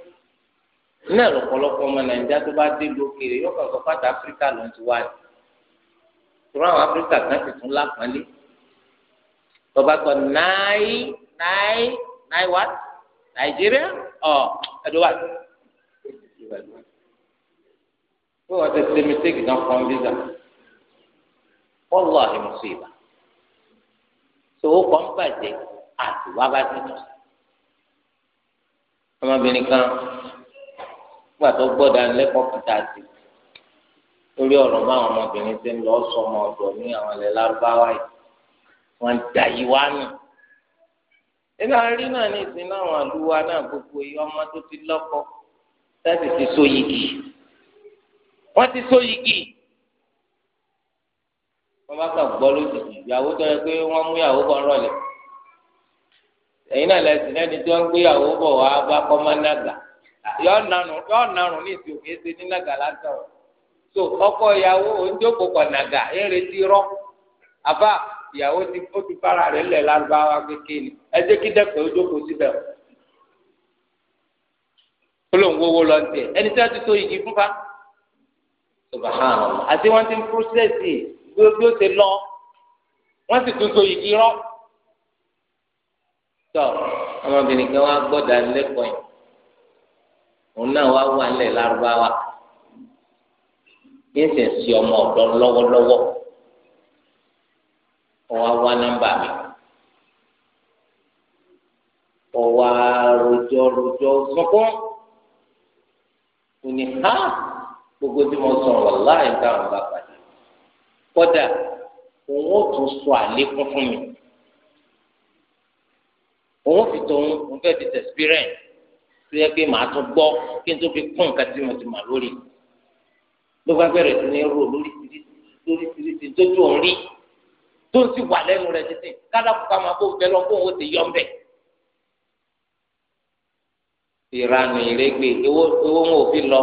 náà lọ́pọ̀lọpọ̀ ọmọ nàìjíríà tó bá dé lókèrè yóò kàn sọ pàtó áfíríkà ló ń ti wá ní. ìṣòro àwọn áfíríkà kan sì tún lápọ́nlé tọba sọ náì náì náì wá nàìjíríà ọ̀ ẹ̀dùn wá pé wọ́n ti ṣe mistake náà fún visa wallahi musiba sowó kan bàjẹ́ àti wá bá ti tún ọmọbìnrin kan gbà tó gbọ́dọ̀ lẹ́kọ̀ọ́ kìtà sí lórí ọ̀rọ̀ mọ́ àwọn ọmọbìnrin tí ń lọ sọmọ ọ̀dọ̀ ní àwọn ilẹ̀ lárúbáwá yìí wọ́n ń dà yí wá nù nínú àárí náà ní ìsìn náà àwọn àlùwà náà gbogbo yìí ọmọ tó ti lọ́kọ láti ti so yìgì wọ́n ti so yìgì wọn bá kàn gbọ́ lójijì ìyàwó tó yẹ pé wọ́n mú ìyàwó bọ̀ rọ̀lẹ́ ẹ̀yin náà lẹ́sìn lẹ́ni tí wọ́n ń gbé ìyàwó bọ̀ wá bá kọ́ máa nàgà yọ nàrùn ní ìsìn òkè ṣe ní nàgà lásán o so ọkọ ìyàwó oúnjẹ́kọ̀ kọ̀ nàgà eré ti rọ́ àbá ìyàwó ti ó ti bára rẹ̀ lẹ̀ lárúbáwá kékeré ni ẹ jẹ́ kí dẹ́pẹ́ ojókòó síbẹ̀ o olóńgbòwò lọ tiẹ̀ ẹni tí wọ́n ti tó yìí fún fa àti wọ́n ti ń prọ́sẹ̀sì bí ó bí ó ṣe lọ wọ́n sì tún so yìí rọ́. tọ́ ọmọbìnrin kan wá gbọ́dọ̀ lẹ́kọ̀ọ́ yìí òun náà wá wà nílẹ̀ lárúbáwá kí n sì ń si ọmọ ọ̀dọ́ lọ́wọ́lọ́wọ́ ọwọ́ wá nọ́mbà mi ọwọ́ rojọ́ rojọ́ sọ́kún òní ha gbogbo tí mo sọ̀rọ̀ láì dáhùn bá pàdé kódà òun ó tún sọ àlékún fún mi òun fi tòun òun fẹ́ fi tẹ̀sípírẹ̀ǹ tó yẹ pé màá tún gbọ́ kí n tó fi kún nǹkan tí mo ti mà lórí ló bá bẹ̀rẹ̀ sí ní rò lóríṣiríṣi tó tó ń rí tó ń sì wà lẹ́nu rẹ̀ títí kádàkù ká máa kó bẹ́ẹ̀ lọ kóun ó ti yọ ń ìranù ìrẹ́gbẹ̀ ewó wọn ò fi lọ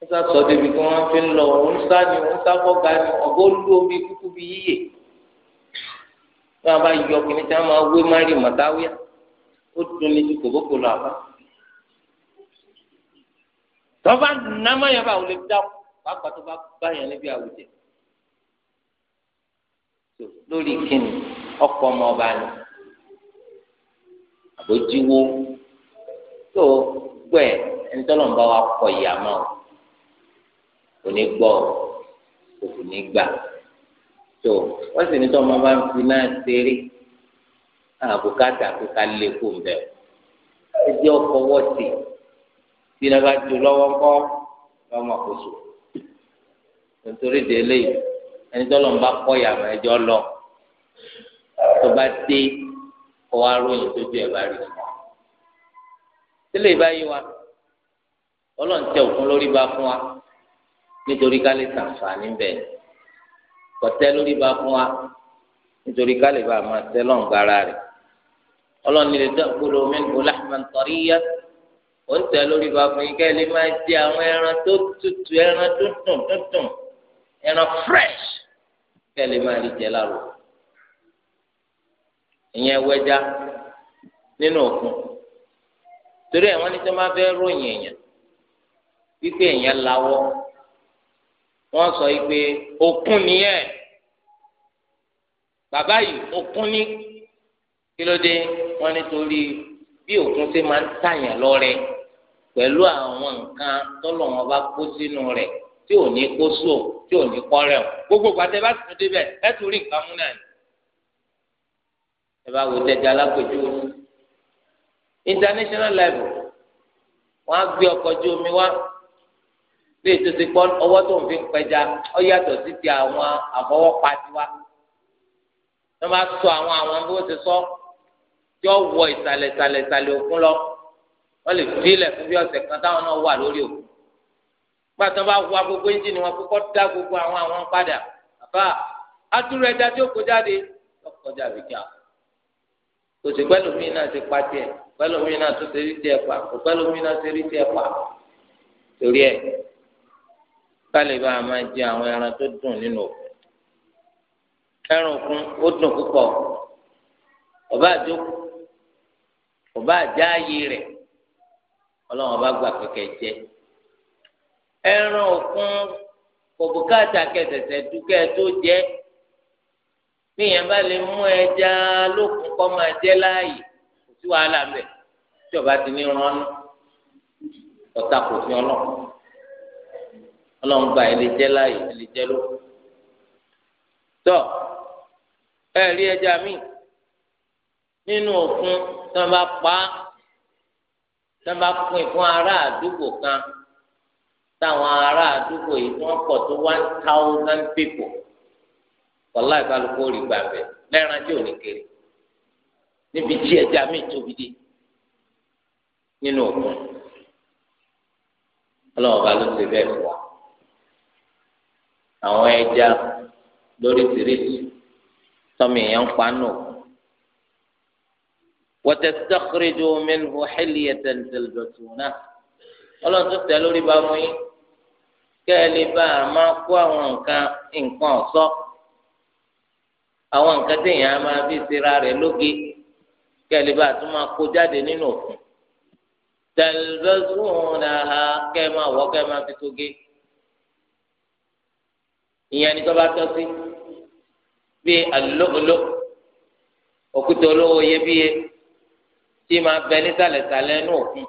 wọ́n sá sọ débi kí wọ́n fi ń lọ òun sá ni òun sá fọ́gà ni ọ̀gá olú omi kúkú bí yíyè wọ́n bá yọ kìíní tí wọ́n máa wé mari mọ̀táwíà ó dùn ní ju kòbókò lọ àbá tọ́ba nàmáyàbá ò lè dákú pàápàá tó bá báyàn níbi àwùjẹ lórí kíni ọkọ ọmọ ọba ni àbójúwó tó gbẹ ẹnitọ́lọ́mbà wa kọ ìyá máa o kò ní gbọ́ kò sì ní gbà tó wọ́n sì ní tó ọmọ bá ń fi náà ṣeré àbùkátà pé ká lè kó ń bẹ̀ ọ́ ẹ jẹ́ ọkọ̀ wọ́ọ̀tì tí náà bá ju lọ́wọ́ ńkọ́ lọ́mọ kò sùn nítorí délé ẹni tó lọ́n bá kọ́ yàrá ẹjọ́ lọ tó bá dé kọ́ wa ròyìn tó ju ẹ̀ bá rí sùn wa ọlọ́run tẹ òkun lórí bá fún wa nítorí ká lè sàǹfààní bẹ́ẹ̀ kọ̀tẹ́ lórí ba fún wa nítorí ká lè bá a máa tẹ́ lọ́ǹgara rẹ̀ ọlọ́ni lè dán kúrò mẹ́nu láhùmá nítorí yá ó ń tẹ́ lórí ba fún yín ká lè máa jẹ àwọn ẹran tó tutù ẹran tó dùn ẹran fresh ká lè máa rí jẹ láàrú ìyẹn wẹja nínú òkun torí ẹ̀ wọ́n ní sọ ma fẹ́ ròyìn èèyàn wípé èèyàn lawọ́ wọ́n sọ yìí pé òkun nìyẹn bàbá yìí òkun ní kí ló dé wọ́n nítorí bí òkun ṣe máa ń tàyàn lọ́rẹ pẹ̀lú àwọn nǹkan tọ́lọ̀ wọn bá kó sínú rẹ̀ tí ò ní kó sóò tí ò ní kọ́ rẹ̀ gbogbo pàtẹ́ bá tún débẹ̀ ẹ tún rí nǹkan mú náà ni. ẹ bá wo tẹ́tẹ́ alápèjúwe international level wọ́n á gbé ọkọ̀ ojú omi wá bí ètò ti pọ́ ọwọ́ tó ń fi pẹja ọ yàtọ̀ sí ti àwọn àfọwọ́pa tiwa wọ́n máa sọ àwọn àwọn bí wọ́n ti sọ tí wọ́n wọ ìsàlẹ̀ ìsàlẹ̀ ìsàlẹ̀ òkun lọ wọ́n lè fi ilẹ̀ fún bí ọ̀sẹ̀ kan táwọn náà wà lórí òkun gbà tí wọ́n bá wọ agogo ẹ́ńjìnì wọn kókó dá gbogbo àwọn àwọn padà àbá atúrò ẹja tí ó kó jáde lọ́kọjá àbíkà kò sí pẹ́lú mi náà ti pa tiẹ̀ pẹ́lú mi náà tó ti rí tiẹ̀ pa kò pẹ́lú mi náà ti rí tiẹ̀ pa torí ẹ̀ kálíbà máa jẹ àwọn ẹran tó dùn nínú òkun ẹran òkun ó dùn púpọ̀ ọba àjókù ọba àjáàyè rẹ̀ ọlọ́run ọba gbà kẹ̀kẹ́ jẹ ẹran òkun kò bùkátà kẹsẹsẹ dúkẹ́ tó jẹ bíyẹn bá lè mú ẹja lókun kọ́ máa jẹ láàyè kò sí wàhálà mbẹ tí ọba ti ní rán ọ́nà fi ọlọ́run ọlọ́run gba ilé jẹ́ láàyè ilé jẹ́ ló. tọ́ ẹ rí ẹja mi nínú òkun tí wọ́n bá pa á tí wọ́n bá pín fún ará àdúgbò kan táwọn ará àdúgbò yìí tí wọ́n pọ̀ tó one thousand people wọ́lá ìbálòpọ̀ rí gbàgbẹ́ lẹ́ran tí ò ní kiri. níbi tí ẹja mi tóbi dé nínú òkun ọlọ́run ọba ló ṣe bẹ́ẹ̀ fún wa àwọn ẹja lórí tìrìtì tọ́mì yẹn ń pa nù. وتستخرجوا منه حلية تلبسونها ọlọ́run tó tẹ lórí bá mú yín kẹ́ ẹ lè bá a máa kó àwọn nǹkan nǹkan ọ̀ṣọ́ àwọn nǹkan téèyàn á máa fi ṣera rẹ̀ lóge kẹ́ bá a tún máa kó jáde nínú òfin tẹlifẹsùn náà kẹ́ máa wọ̀ kẹ́ máa fi tóge ìyẹn ni tó bá tọ́ sí bíi alólóòló òkúta olówó iyebíye tí máa bẹ nísàlẹ̀sàlẹ̀ ní òkun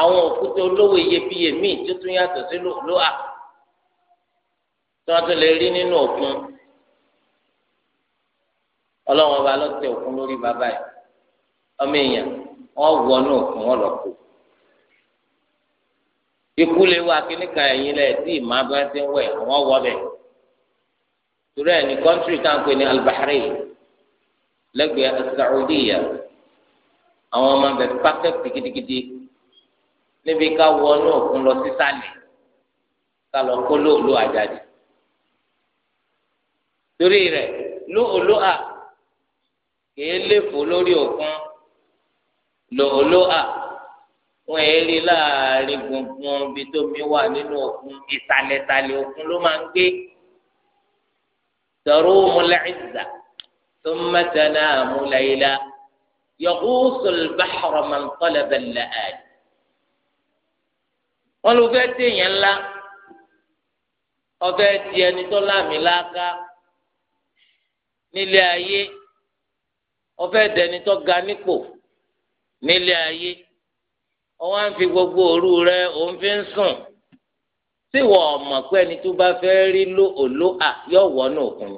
àwọn òkúta olówó iyebíye míì tó tún yàtọ̀ sí lóà tí wọ́n tún lè rí nínú òkun ọlọ́run ọba ló tẹ òkun lórí bàbá yìí ọmọ èèyàn wọ́n wọ inú òkun wọ́n lọ kó ikú lè wá kíní kan ẹ̀yìn lẹ̀ tí ìmọ̀ bá ti ń wẹ̀ àwọn wọ́ bẹ̀. torí ẹ̀ ní kọ́ńtírì tá à ń pè ní Al-Bahrain lẹ́gbẹ̀ẹ́ Saudiya àwọn ọmọ bẹ̀ pàkẹ́tì gidigidi níbi ká wọnú òkun lọ sísàlẹ̀ ká lọ kó lóòlù àjáde. torí rẹ̀ lóòlù à kìí léfò lórí òkun lóòlù à wọn èrè láàrin gbùngbùn ibi tó mi wà nínú òkun ìsàlẹ̀sàlẹ̀ òkun ló máa ń gbé tarumu al-izza thumma tanamu layla yaghusu al-bahra man wọn ló fẹ́ téèyàn ńlá ọbẹ̀ di ẹni tó láàmì láàká nílé ayé ọbẹ̀ dẹni tó ga nípò nílé ayé ọwọ́ à ń fi gbogbo òru rẹ òun fi ń sùn tí ìwọ ọmọ pé ẹni tó bá fẹ́ rí ló òló à yọ wọnú òkun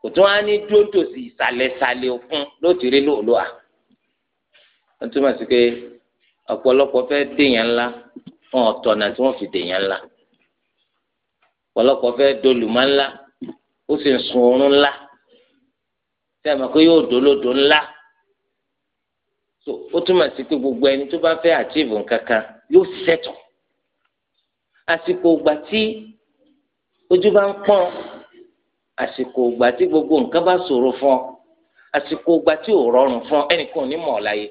kò tún á ní dúró tòsí ìsàlẹ̀sàlẹ̀ òkun ló ti rí ló òló à wọ́n túmọ̀ sí pé ọ̀pọ̀lọpọ̀ fẹ́ dèèyàn ńlá wọn ọ̀tọ̀nà tí wọ́n fi dèèyàn ńlá ọ̀pọ̀lọpọ̀ fẹ́ dolùmọ́ ńlá ó sì ń sun oorun ńlá sẹ́mi pé yóò dolódo ńlá so ó túmọ̀ sí pé gbogbo ẹni tó bá fẹ́ achieve nǹkan kan yóò ṣètò àsìkò ìgbà tí ojú bá ń pọ́n àsìkò ìgbà tí gbogbo nǹkan bá ṣòro fún ọ àsìkò ìgbà tí ò rọrùn fún ọ ẹnìkan ò ní mọ̀ ọ́ láyé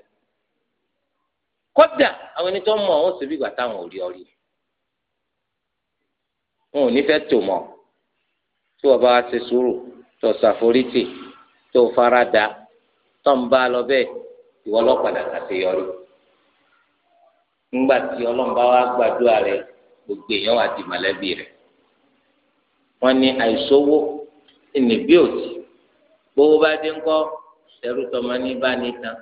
kódà àwọn ẹni tó mọ̀ ọ́n síbi ìgbà táwọn ò rí ọ rí wọn ò ní fẹ́ tò mọ́ tí wọ́n bá wá ṣe sùúrù tó ṣàforítì tó faradà tó ń bá lọ bẹ́ẹ̀. ìwọ lọ́padà àṣeyọrí ńgbà tí ọlọ́run bá gbàdúrà rẹ gbogbo èèyàn wà di mọ̀lẹ́bí rẹ wọ́n ní àìsówó ìnìbí òtí gbogbo bá dé ńkọ́ ẹrú tọmọ ní bá ní tán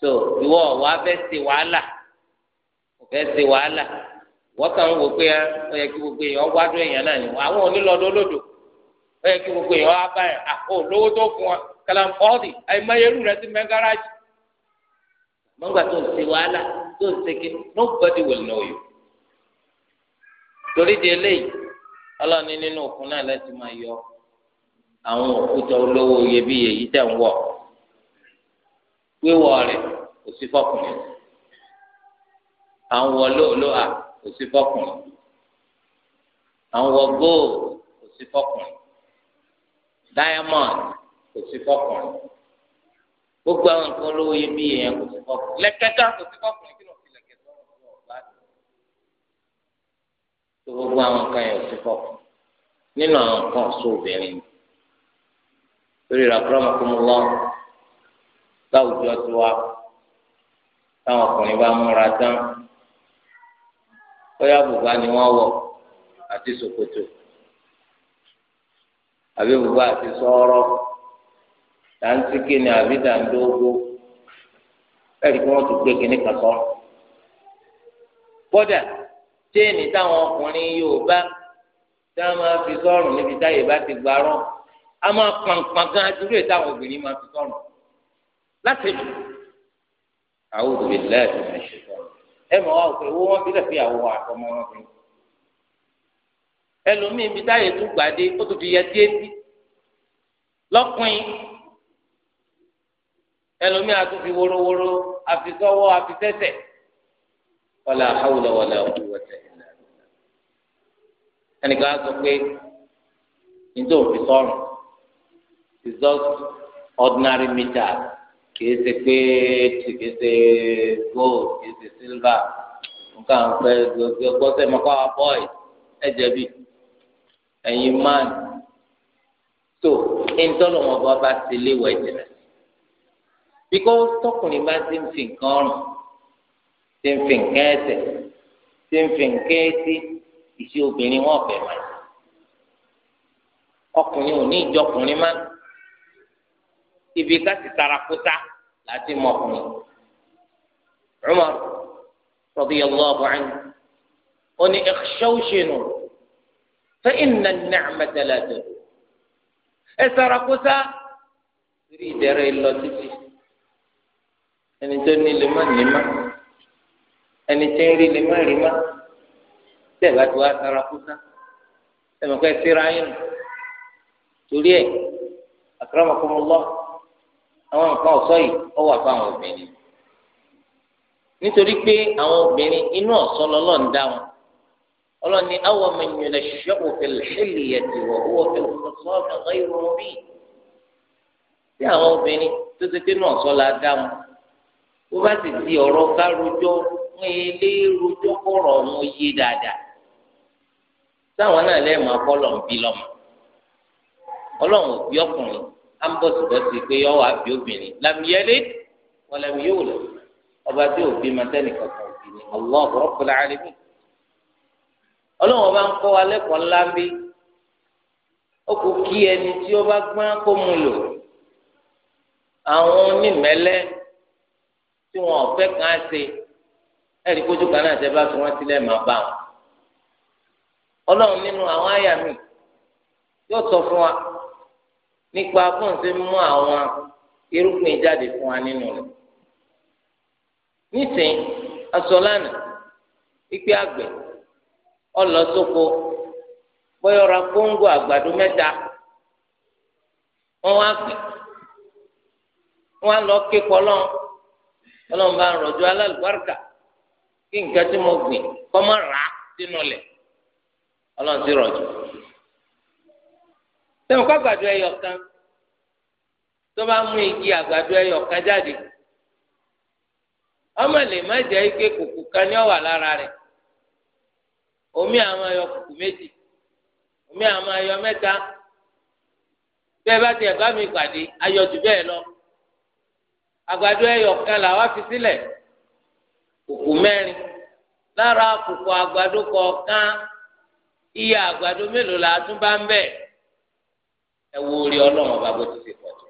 so ìwọ wàá fẹ́ ṣe wàhálà fẹ́ ṣe wàhálà wọ́n kàn ń wò pé ah, ó yẹ kí gbogbo èèyàn wá dún èèyàn náà ni àwọn onílọ́dọ́ lòdò ó yẹ kí gbogbo èèyàn wá àpò olówó tó fún wa kàlàm ọ́ọ̀dì àìmọyẹrù rẹ ti mẹ gáràjì. mọ́gbà tó ń ṣe wàhálà tó ń ṣe kí nobody will know you. torí di eléyìí ọlọ́ọ̀ni nínú òkun náà láti máa yọ àwọn òkúta olówó iyebíye yìí tẹ̀ ń wọ̀ wíwọ̀ rẹ̀ kò sí fọkùnrin àwọn wọ lóòlóà kò sí fọkùnrin àwọn wọ góòlù kò sí fọkùnrin diamond kò sí fọkùnrin gbogbo àwọn nǹkan olówó yẹ bí èèyàn kò sí fọkùnrin lẹkẹtà kò sí fọkùnrin kí ló fi lẹkẹtà ọ̀rọ̀ sí ọ̀gá tó gbogbo àwọn nǹkan yẹn kò sí fọkùnrin nínú àwọn nǹkan ọ̀ṣọ́ obìnrin lórí ìràkúrọ̀mọ̀ kó mo lọ láwùjọ tó wa táwọn ọkùnrin bá múra tán bóyá bùbá ni wọ́n wọ̀ àti ṣòkòtò àbí bùbá àti sọ́ọ́rọ́ dantike ni àbí dandogo ẹ̀rí kí wọ́n tún gbé kínní kan sọ. kódà téèni táwọn ọkùnrin yóò bá tí wọ́n máa fi sọ́rùn níbi táyé bá ti gbarọ́ a máa pàǹpàǹ gan adúrú ẹ̀ táwọn obìnrin máa fi sọ́rùn láti jù. àwọn òbí lẹ́ẹ̀dùn ẹ̀ ṣe sọ́rùn ẹ̀ mọ̀ wá òkè owó wọn fi lẹ́fẹ̀ẹ́ àwọ̀ àtọmọ́ wọn fi ẹlòmíín bí táyé tún gbàdé ó tún fi yẹ díẹ̀ sí lọ́kùnrin ẹlòmí àtúnfi worowóró àfisọ́wọ́ àfisẹ́sẹ̀ wala hawla wala quwwata illa billah ẹnìkan á sọ pé nítorí òfin sọrùn is just ordinary meter kìí ṣe pé kìí ṣe gold kìí ṣe silver nǹkan pẹ gbọsẹ mọkọ boy ẹjẹ bi ẹyin man so ntọ́lọ́wọ́n bá bá ti léwọ̀ ẹ̀jẹ̀ náà bíkọ́ tọkùnrin bá ti ń fi nǹkan ọrùn ti ń fi nǹkan ẹsẹ̀ ti ń fi nǹkan etí ìṣe obìnrin wọn ọ̀bẹ máa ọkùnrin ò ní ìjọkùnrin má ibi ká sì tara kúta láti mọ ọkùnrin Umar radiyallahu anhu ó ní ikhshawshinu fa inna an-ni'mata la ẹ tara kúta rí ìdẹrẹ lọ títí ẹni tó ní lè má ní má ẹni tó ń rí lè má rí má tẹ̀ bá ti wá sara kúta ẹ̀ mọ̀ kẹ́ síra yín torí ẹ̀ akramakumullah àwọn nǹkan ọ̀ṣọ́ yìí ó wà fún àwọn obìnrin nítorí pé àwọn obìnrin inú ọ̀ṣọ́ lọ́lọ́ ń dá wọn ọlọ́ni àwọn ọmọ ènìyàn lè òfin lẹ́lẹ̀ yẹtì wọ̀ owó ọ̀fẹ́ ọ̀ṣọ́ ọ̀gá ìrọ̀rùn bíi tí àwọn obìnrin tó ti pé inú ọ̀ṣọ́ la dá wọn bó bá sì di ọ̀rọ̀ ká rojọ́ wọn ilé rojọ́ kọ̀rọ̀ wọn yé dáadáa táwọn náà lẹ́ẹ̀ máa kọ́ lọ́n bí lọ́mọ ọlọ́run ò bí ọkùnrin á ń bọ̀ síbọ̀ sí pé yọ wá bí obìnrin làmìyẹ́lẹ́ wọn làmì yóò lọ ọba tí ò bí máa tẹ́nì kankan òbí ni Allahu Rabbul Alamin ọlọ́run ọba ń kọ́ wa lẹ́kọ̀ọ́ ńlá ń bí ó kò kí ẹni tí ó bá gbọ́n kó mu lò àwọn onímẹ́lẹ́ tí wọn ọ̀fẹ́ kan á ṣe ẹ̀rí kójú kan náà ṣe bá tí wọ́n sílẹ̀ máa bá wọn. ọlọ́run nínú àwọn àyà mi yóò sọ fún wa nípa fún ṣe mú àwọn irúgbìn jáde fún wa nínú rẹ nísìnyí asọ́lánà ìpè àgbẹ̀ ọlọ sóko bóyá kóńgò àgbàdo lọ ọlọ́run nrọ ń rọ̀jò alálùbáríkà kí nǹkan tí mo gbìn kọ́ mọ́ rà á sínú lẹ̀ ọlọ́run ti rọ̀jò. sẹ́wọ̀n kọ́ àgbàdo ẹyọ kan tó bá mú igi àgbàdo ẹyọ kan jáde ọmọ lè má jẹ́ ike kùkù kan ní ọ̀wà lára rẹ̀ omi àwọn ẹyọ kùkù méjì omi àwọn ẹyọ mẹ́ta bẹ́ẹ̀ bá bá mi àgbàdo ẹyọ kan làwa fi sílẹ̀ kùkù mẹ́rin lára kùkù àgbàdo kọ̀ọ̀kan iye àgbàdo mélòó la tún bá ń bẹ ẹ wo orí Ọlọ́run ọba bó ti ṣe pọ̀ tó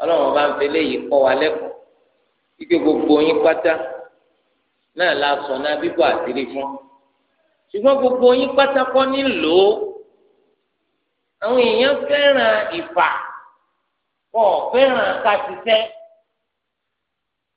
Ọlọ́run ọba ń fẹlẹ yìí kọ́ wa lẹ́kọ̀ọ́ ike gbogbo yín pátá náà la sọ náà bíbọ àtìrí fún ṣùgbọ́n gbogbo yín pátá kọ́ nílò àwọn èèyàn fẹ́ràn ìfà wọn fẹ́ràn kásìsẹ́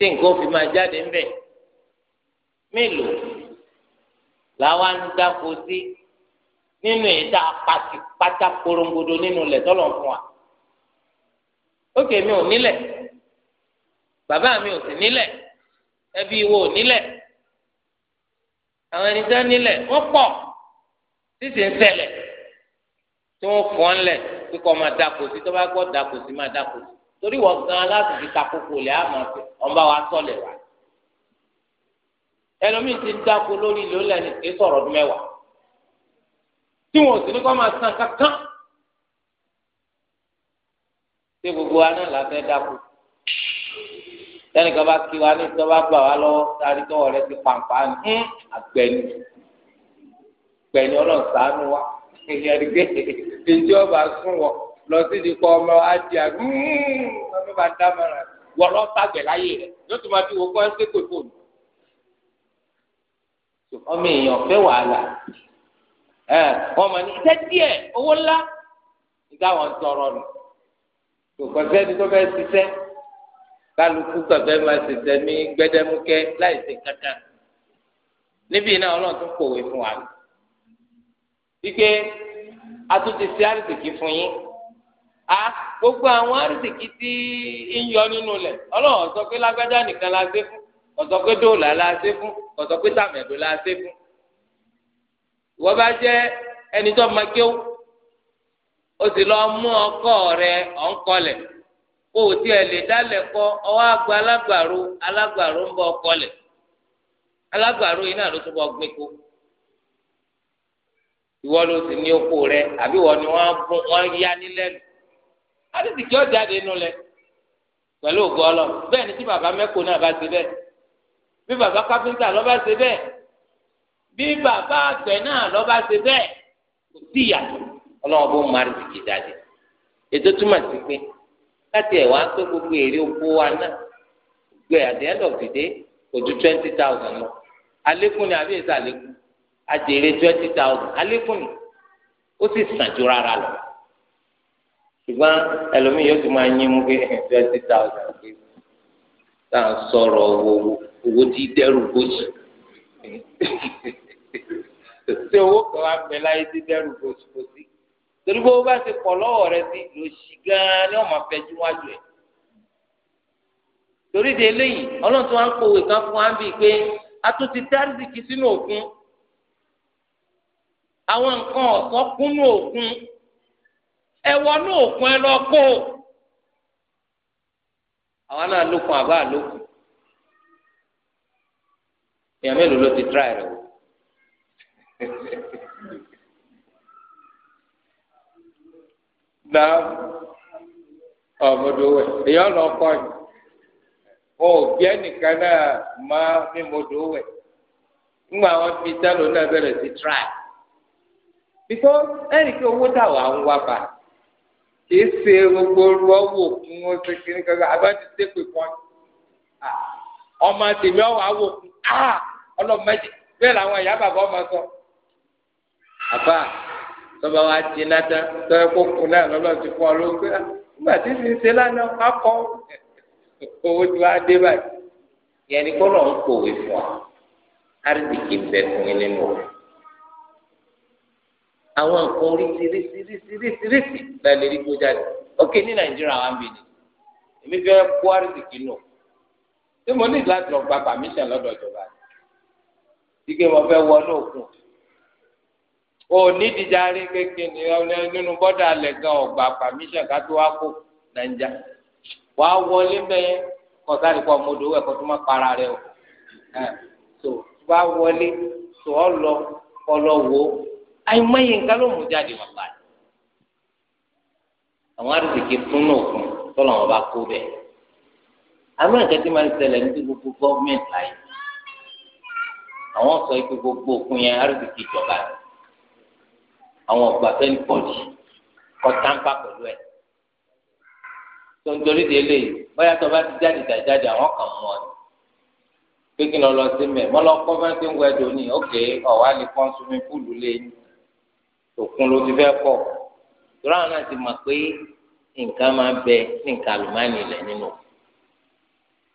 tí nǹkan fi máa jáde ńbẹ mélòó làwa ń dáko sí nínú ìdá pàtì pátá korongodo nínú ilẹ̀ tọ́lọ̀ fún wa ókè mi ò nílẹ̀ bàbá mi ò sì nílẹ̀ ẹbí wo ò nílẹ̀ àwọn ẹni tó nílẹ̀ wọ́n pọ̀ títí ń ṣẹlẹ̀ tí wọ́n fọ́n lẹ̀ kíkọ́ máa dáko sí tó bá gbọ́ dáko sí máa dáko sí torí wọ́n gan láti fi takoko lẹ́ àmọ́ fẹ́ wọ́n bá wa sọ̀lẹ̀ wa ẹlòmíì ti ń dáko lórí ìlú lẹ́nu kì í sọ̀rọ̀ ọdún mẹ́wàá tí wọn ò sì ní kó máa san kankan ṣé gbogbo wa náà la fẹ́ dáko tẹnìkan bá kí wa ní tó bá gbà wá lọ́wọ́ sáré tọwọ́ rẹ ti pàǹpà ní àgbẹ̀ni gbẹ̀ni ọlọ́run wa ìyẹn rí gbé ìjọba sún wọ́n lọ sí di kọ́ ọmọ àti àgbẹ̀ hmm, ọmọ bá dámọ̀ràn wọ̀rọ̀ sàgbẹ̀ láyé rẹ̀ yóò tún máa fi wò kọ́ ẹsẹ̀ pé fóònù. ọmọ èèyàn fẹ́ wàhálà ẹ ọmọ ní iṣẹ́ díẹ̀ owó ńlá ìgbà wọn ń tọrọ nù kò sẹ́ni tó fẹ́ ṣiṣẹ́ kálukú kàfẹ́ máa ṣiṣẹ́ ní gbẹ́dẹ́múkẹ́ láì ṣe kankan níbí náà ọlọ́run tún kòwé fún wa wípé a tún ti ṣe àrìsìkí fún yín. a gbogbo àwọn arísìkì tí ń yọ nínú lẹ̀ ọlọ́run sọ pé lágbájá nìkan la ṣe fún ọ̀sọ́ pé dóòlà la ṣe fún ọ̀sọ́ pé la ṣe fún. ìwọ bá ẹni tó máa kéwú ó sì lọ mú ọkọ rẹ ọ̀nkọlẹ̀ kó o tiẹ̀ lè dálẹ̀ kọ́ ọwọ́ àgbà alágbàro alágbàro ń bọ alágbàro yìí náà ló àdìsíkì ọ̀jáde inú lẹ pẹ̀lú ògo ọlọ bẹ́ẹ̀ ni tí bàbá mẹ́kò náà bá ṣe bẹ́ẹ̀ bí bàbá káfíńtà lọ́ bá ṣe bẹ́ẹ̀ bí bàbá àgbẹ̀ náà lọ́ bá ṣe bẹ́ẹ̀ kò sí ìyàtọ̀ ọlọ́wọ́ bó ń marí ti kì jáde ètò túmọ̀ sí pé láti ẹ̀ wá gbogbo èrè oko wa náà gbé àti end of the day kò twenty thousand lọ àlékún ni àbí èsì àlékún àjèrè twenty thousand àlékún ni ó sì sàn ju rárá lọ ṣùgbọ́n ẹlòmíì yóò ti máa yín mú pé twenty thousand pé tá à ń sọ̀rọ̀ owó owó tí dẹ́rù bójì tí owó kan wá bẹ láyé tí dẹ́rù bójì kò sí torí bó bá ti pọ̀ lọ́wọ́ rẹ sí lòsì gan-an ni wọ́n máa fẹjú wájú ẹ̀ torí de eléyìí ọlọ́run tí wọ́n á kọ̀wé kan fún wa bíi pé a tún ti dárísìkì sínú òkun àwọn nǹkan ọ̀sán kúnnú òkun. Ewọ wọnú òkun ẹ lọ kó àwọn náà àbá èèyàn ti rẹ ọmọdé wẹ èèyàn lọ kọ o bí ẹnìkan náà máa mọdé wẹ ńgbà wọn fi náà kìí ṣe gbogbo ru ọwọ òkun ó ṣe kiri kankan àgbàtí tẹpẹ kan ọmọ tèmi ọwọ awọ òkun ọlọmọ méjì bẹ́ẹ̀ làwọn ìyá bàbá ọmọ sọ. àbá tọba wa di náta ti fún ọ ló gbé nígbà àwọn nǹkan oríṣiríṣiríṣiríṣi lálẹ́ rí kó jáde ok ní nàìjíríà wà ń bì ní èmi fẹ́ kó àrísìkì nù tí mo ní láti lọ gba permission lọ́dọ̀ ìjọba ike mo fẹ́ wọ òkun o ní ìdíjarí kékeré nínú bọ́dà alẹ̀ gan ọ̀gbà permission ká tó wá kó nàìjà wà á wọlé bẹ́ẹ̀ kọ̀sáàdì kọ́ ọmọdé owó ẹ̀kọ́ tó má para rẹ o tó bá wọlé tó ọ lọ kọ lọ wò ó àìmọye nǹkan ló mú jáde wọn báyìí àwọn arìsìkì fún òkun tọ́lọ̀ wọn bá kó bẹ́ẹ̀ àmọ́ nǹkan tí máa ń ṣẹlẹ̀ ní gbogbo gọ́ọ̀mẹ̀ntì láyé àwọn sọ ikú gbogbo òkun yẹn arìsìkì ìjọba àwọn ọgbà fẹ́ẹ́ pọ̀jù kọ́ táǹpà pẹ̀lú ẹ̀ tó ń torí de lè bóyá tó bá ti jáde jáde àwọn kan mú ọ ni pé kí n lọ lọ sí fẹ́ẹ́ tí ń wẹ̀ dòní ókè ọ̀wá lè kọ́ swimming lé yín òkun ló ti fẹ́ kọ̀ tóra náà ti mọ̀ pé nǹkan máa bẹ ní nǹkan àlùmáàní ilẹ̀ nínú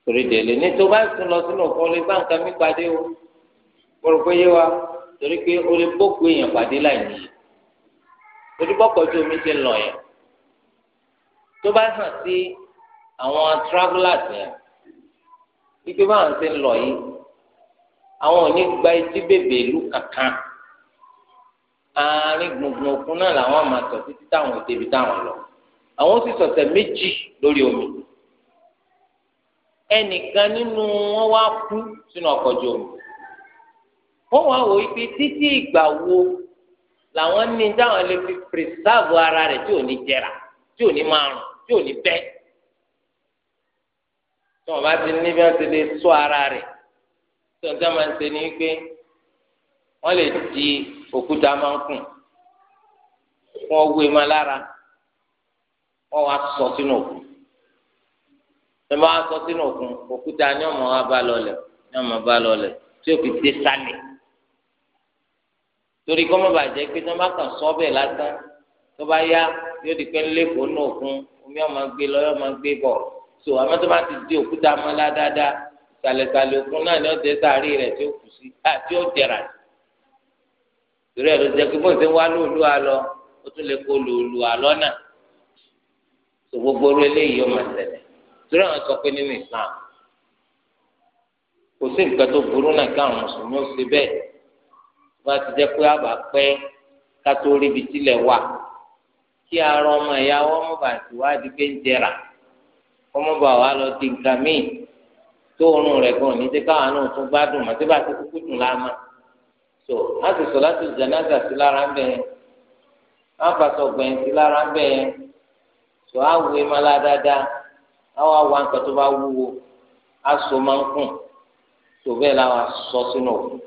torí délé ní tó bá tún lọ sínú òkun lè bá nǹkan mi pàdé o mo rò pé yé wa torí pé o lè bókú èèyàn pàdé láì níyì torí bọ́kọ̀ tí omi ti lọ yẹn tó bá hàn sí àwọn travelers yẹn wípé báwọn ti ń lọ yìí àwọn ò ní gba etí bèbè ìlú kankan àárín gbùngbùn òkun náà làwọn máa tọ̀ títí táwọn débi táwọn lọ àwọn sì sọ̀tẹ̀ méjì lórí omi ẹnìkan nínú wọn wá kú sínú ọkọ̀ ojú omi wọ́n wá wò ó pé títí ìgbà wo làwọn ní táwọn lè fi pírísàvù ara rẹ̀ tí ò ní jẹrà tí ò ní máa rùn tí ò ní bẹ́ tí wọ́n bá ti ní bí wọ́n ti lè sọ ara rẹ̀ tí wọ́n ti máa ń ṣe ni pé wọ́n lè di òkúta máa ń kùn wọn wé ma lára wọn wá sọ sínú òkun wọn bá sọ sínú òkun òkúta ni ọmọ wa bá lọlẹ ni ọmọ bá lọlẹ tí o fi dé sálẹ̀ torí kọ́ mọ́ bàjẹ́ pé tí wọ́n bá kàn sọ bẹ́ẹ̀ lásán tó bá yá yóò di pé ńlẹ́kọ̀ọ́ náà kún omi ọmọ gbé lọ ọmọ gbé bọ̀ so àmọ́ tó bá ti di òkúta mọ́lá dáadáa ìsàlẹ̀sàlẹ̀ òkun náà ni ó dé sáré rẹ̀ tí ó kù sí àti ó dẹ̀ra sí torí ẹ̀ ló jẹ́ pé bóyá wá lóòlù àlọ́ ó tún lè kó lòlù àlọ́ náà tó gbogbo orí eléyìí ọmọ ìṣẹ̀lẹ̀ torí àwọn sọ pé nínú Islam kò sí nǹkan tó burú náà kí àwọn mùsùlùmí ó ṣe bẹ́ẹ̀ wọ́n ti jẹ́ pé àbá pẹ́ ká tó rí ibi tílẹ̀ wà kí ara ọmọ ẹ̀yà ọmọ bá ti wá di pé ń jẹrà ọmọ bá wa lọ di nǹkan míì tó oorun rẹ̀ gan ní ti káwọn náà tún gbádùn mọ́ tí bá ti kúkú dùn láàmú so a ti sọ̀látù jánásà sí lára ń bẹ̀ yẹn a fà sọ̀gbẹ̀ sí lára ń bẹ̀ yẹn so a wé mọ́lá dáadáa a wá wá nǹkan tó bá wúwo a so máa ń kùn tó bẹ́ẹ̀ la wá sọ sínú òkú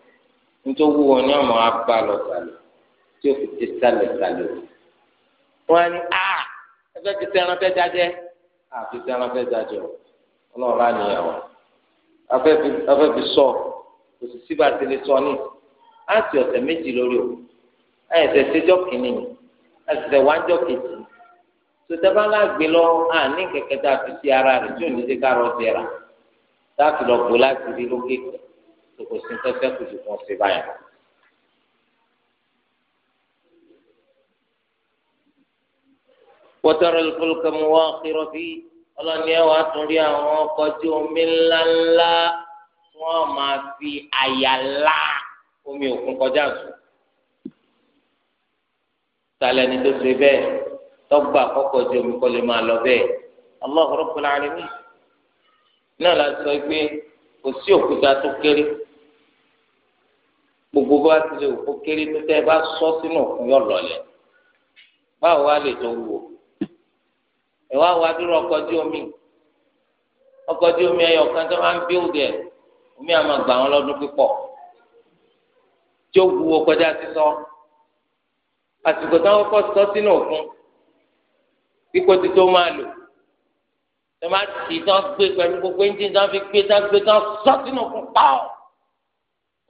nítorí wúwo ní ọmọ abá lọ sàlẹ̀ tí o fi ti sàlẹ̀ sàlẹ̀ o wọn á a ẹgbẹ́ ti tẹ ẹran fẹ́ jáde a fi tẹ ẹran fẹ́ jáde o ọlọ́run á nìyẹn o afẹ́ fi sọ kò sì síbi àti sọ ní á sì ọ̀sẹ̀ méjì lórí o ẹ̀sẹ̀ ṣẹjọ́ kìíní ẹ̀sẹ̀ wájọ́ kejì sotaba la gbé lọ àní kẹkẹ tá a fi ti ara rẹ tí ò ní ṣe ká rọ ti ra tá a fi lọ bò láti rí lókè tòkò sí tẹ́tẹ́ kùtù kan ṣe báyìí. wọ́tọ́rọ̀ ìfọlùkọ́ mu wá kírọ́ fi ọlọ́ni ẹ̀ wàá tún rí àwọn ọkọ̀ tí omi ńláńlá wọ́n máa fi àyà láà omi òkun kọjá sùn sálẹ̀ ni tó ṣe bẹ́ẹ̀ tọ́gbà kọ́kọ́ tí omi kọ́ lè máa lọ bẹ́ẹ̀ Allahu Rabbul Alamin náà la sọ pé kò sí òkúta tó kéré gbogbo bá ti lè òkú kéré tó tẹ́ bá sọ sínú òkun yọ lọ́lẹ̀ báwo wá lè tó wò ẹ wá wá dúró ọkọ̀ tí omi ọkọ̀ tí omi ẹyọ tó máa ń bí omi àmàgbà wọn lọ́dún pípọ̀ tí ó wúwo kọjá sísọ àsìkò táwọn kọ sọ sínú òfin kíkó ti tó máa lò tó máa tì í tán gbé pẹ̀lú gbogbo ẹ̀ńjìn tán fi gbé tán gbé tán sọ sínú òfin pààwọ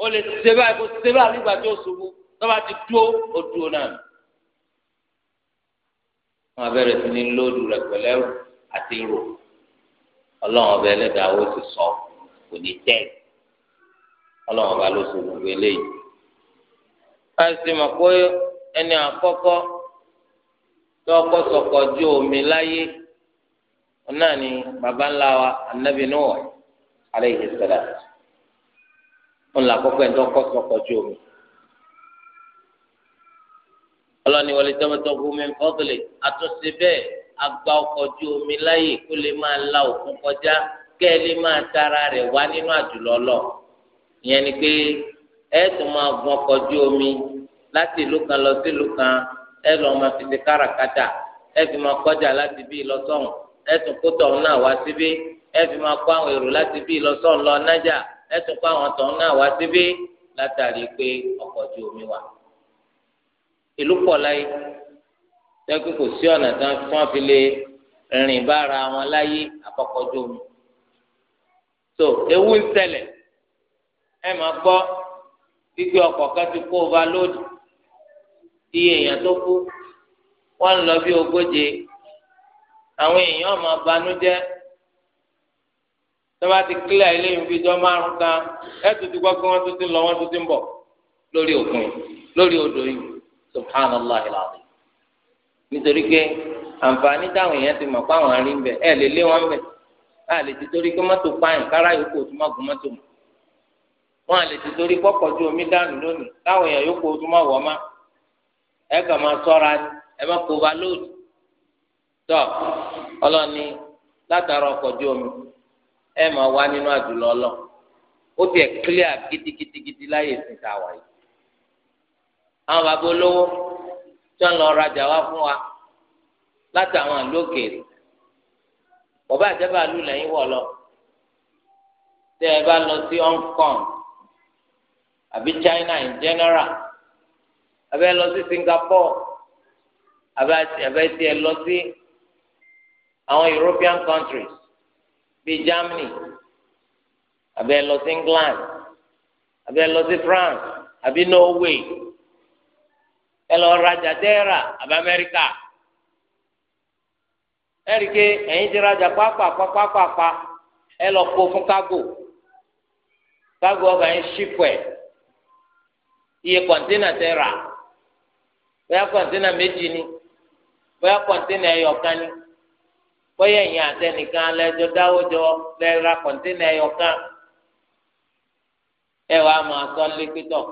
ó lè ṣe báyìí kó ṣe báyìí nígbà tó ṣubú tó bá ti dúó ó dúó náà wọn abẹ́rẹ́ sí ní lóòdù rẹ̀ pẹ̀lẹ́ àti rò ọlọ́run ọbẹ̀ ẹlẹ́dàá ó ti sọ kò ní tẹ́ ọlọ́run ọba ló ṣe gbogbo eléyìí a sì mọ̀ pé ẹni àkọ́kọ́ tó ọkọ́ sọ̀kọ̀ ju omi láyé náà ni baba ńlá wa anabi Nuh alayhi salam wọn là kọ́kọ́ ẹni tó ọkọ́ sọ̀kọ̀ ju omi. ọlọ́ni wọlé tọ́mọtọ́gbọ́n mi fọ́tòlẹ̀ àtúnṣe bẹ́ẹ̀ agba ọkọ̀ ju omi láyè kó lè máa la òkun kọjá kẹ́ ẹ lè máa tara rẹ̀ wá nínú àjùlọ ìyẹn ni pé ẹ tún máa gun ọkọ̀ ju omi láti ìlú kan lọ sí ìlú kan ẹ lọ máa fi ṣe káràkátà ẹ fi máa kọjá láti bí ìlọsọ̀hún ẹ tún kó tọ̀hún náà wá síbí ẹ fi máa kó àwọn èrò láti bí ìlọsọ̀hún lọ nájà ẹ tún kó àwọn tọ̀hún náà wá síbí látàrí pé ọkọ̀ ojú omi wà. ìlú pọ̀ láyé tẹ́kí kò sí ọ̀nà tí wọ́n fi lè rìn bára wọn láyé àkọ́kọ́ ojú omi. so ewu ń ṣẹlẹ̀ ẹ máa gbọ́ gbígbé ọkọ̀ kan overload iye èèyàn tó kú wọ́n ń lọ bí ogóje àwọn èèyàn máa banújẹ́ tọ́ba ti kílẹ̀ eléyìí fi jọ márùn kan ẹ̀ tó ti gbọ́ pé wọ́n tó ti lọ wọ́n tó ti ń bọ̀ lórí òkun lórí odò yìí subhanallah ilaahi nítorí pé àǹfààní táwọn èèyàn ti mọ̀ pé àwọn arí ń bẹ̀ ẹ̀ lè lé wọn bẹ̀ á lè ti torí pé mọ́tò pààyàn kára yòókù tó má gun mọ́tò mọ́ wọn á lè ti torí pọ́pọ̀ ju omi dànù lónìí táwọn èèyàn yòókù tó má wọ̀ ọ́ má ẹ kàn máa sọ́ra ni ẹ má kó ba lóòdì tọ́ ọlọ́ni látara ọkọ̀ ojú omi ẹ máa wá nínú àdúrà ọlọ́ ó tiẹ̀ clear gidigidigidi láyè sí ta yìí àwọn bàbá olówó tí wọ́n lọ rajà wá fún wa látàwọn àlọ́ òkèèrè bàbá àjẹbà lù lẹ́yìn wọ̀ lọ tẹ́ ẹ bá lọ sí Hong Kong àbí China in general. abẹ́ lọ sí Singapore abẹ́ tiẹ̀ lọ sí àwọn European countries bíi Germany abẹ́ lọ sí England abẹ́ lọ sí France àbí Norway ẹ lọ rajà dẹ́ra àbí Amẹ́ríkà ẹ̀ríkẹ́ ẹ̀yin ti rajà pápápápápá ẹ lọ kó fún kágò kágò ọba yẹn ṣípò ẹ̀ iye kọ̀ǹtínà tẹ́ bóyá kọ̀ǹtínà méjì ni bóyá kọ̀ǹtínà ẹyọkan ni bóyá ẹ̀yìn àtẹnìkan lẹ́jọ́ dáwọ́jọ lẹ́ra kọ̀ǹtínà ẹyọkan ẹ wàá máa sọ ń lé pétọ̀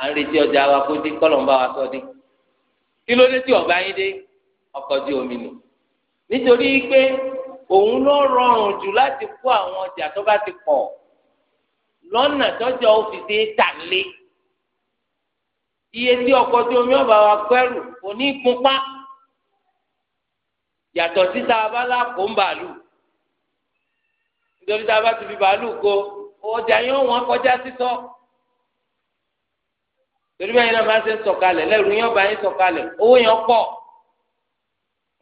à ń retí ọjà wa kó dé kọ́lọ̀mbà wa sọ dé kí ló dé tí ọba yín dé ọkọ̀ di omi nù nítorí pé òun ló rọrùn jù láti kó àwọn ọjà tó bá ti pọ̀ lọ́nà tọ́jà ó tà lé iye tí ọkọ̀ tí omi ọba wa kẹrù òní ìpúnpá yàtọ̀ sí tá a bá lápò ń bàálù nítorí tá a bá ti fi bàálù ko ọjà yẹn wọn kọjá sísọ torí bẹ́ẹ̀ náà máa ṣe ń sọ̀kalẹ̀ lẹ́rù yẹn ọba yẹn sọ̀kalẹ̀ owó yẹn pọ̀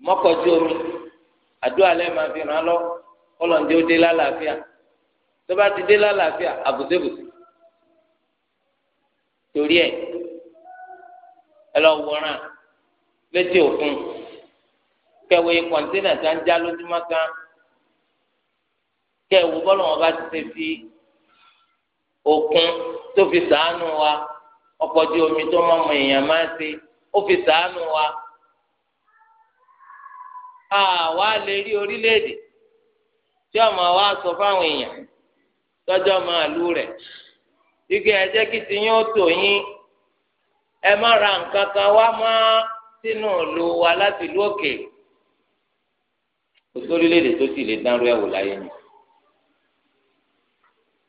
mọ́kọ̀ omi àdúrà lẹ́ẹ̀ máa fi ràn án lọ kọ́lọ́ǹdé ó dé lálàáfíà tó bá ti dé lálàáfíà àbùsẹ̀bùsẹ̀ torí ẹ̀. ẹ lọ wòran létí òkun kẹwé kọ̀ǹtínà tá ń já kan kẹwò fi òkun tó fi wa ọkọ̀ omi tó ọmọ èèyàn máa ń ṣe ó fi wa àwa lè rí orílẹ̀ tí ọmọ wa sọ fáwọn èèyàn tọ́jọ́ máa rẹ ike ó tò ẹ má ra nǹkan kan wá má sínú ìlú wa láti ìlú òkè kò sórílẹ̀-èdè tó sì lè dánrú ẹ̀wò láyé ni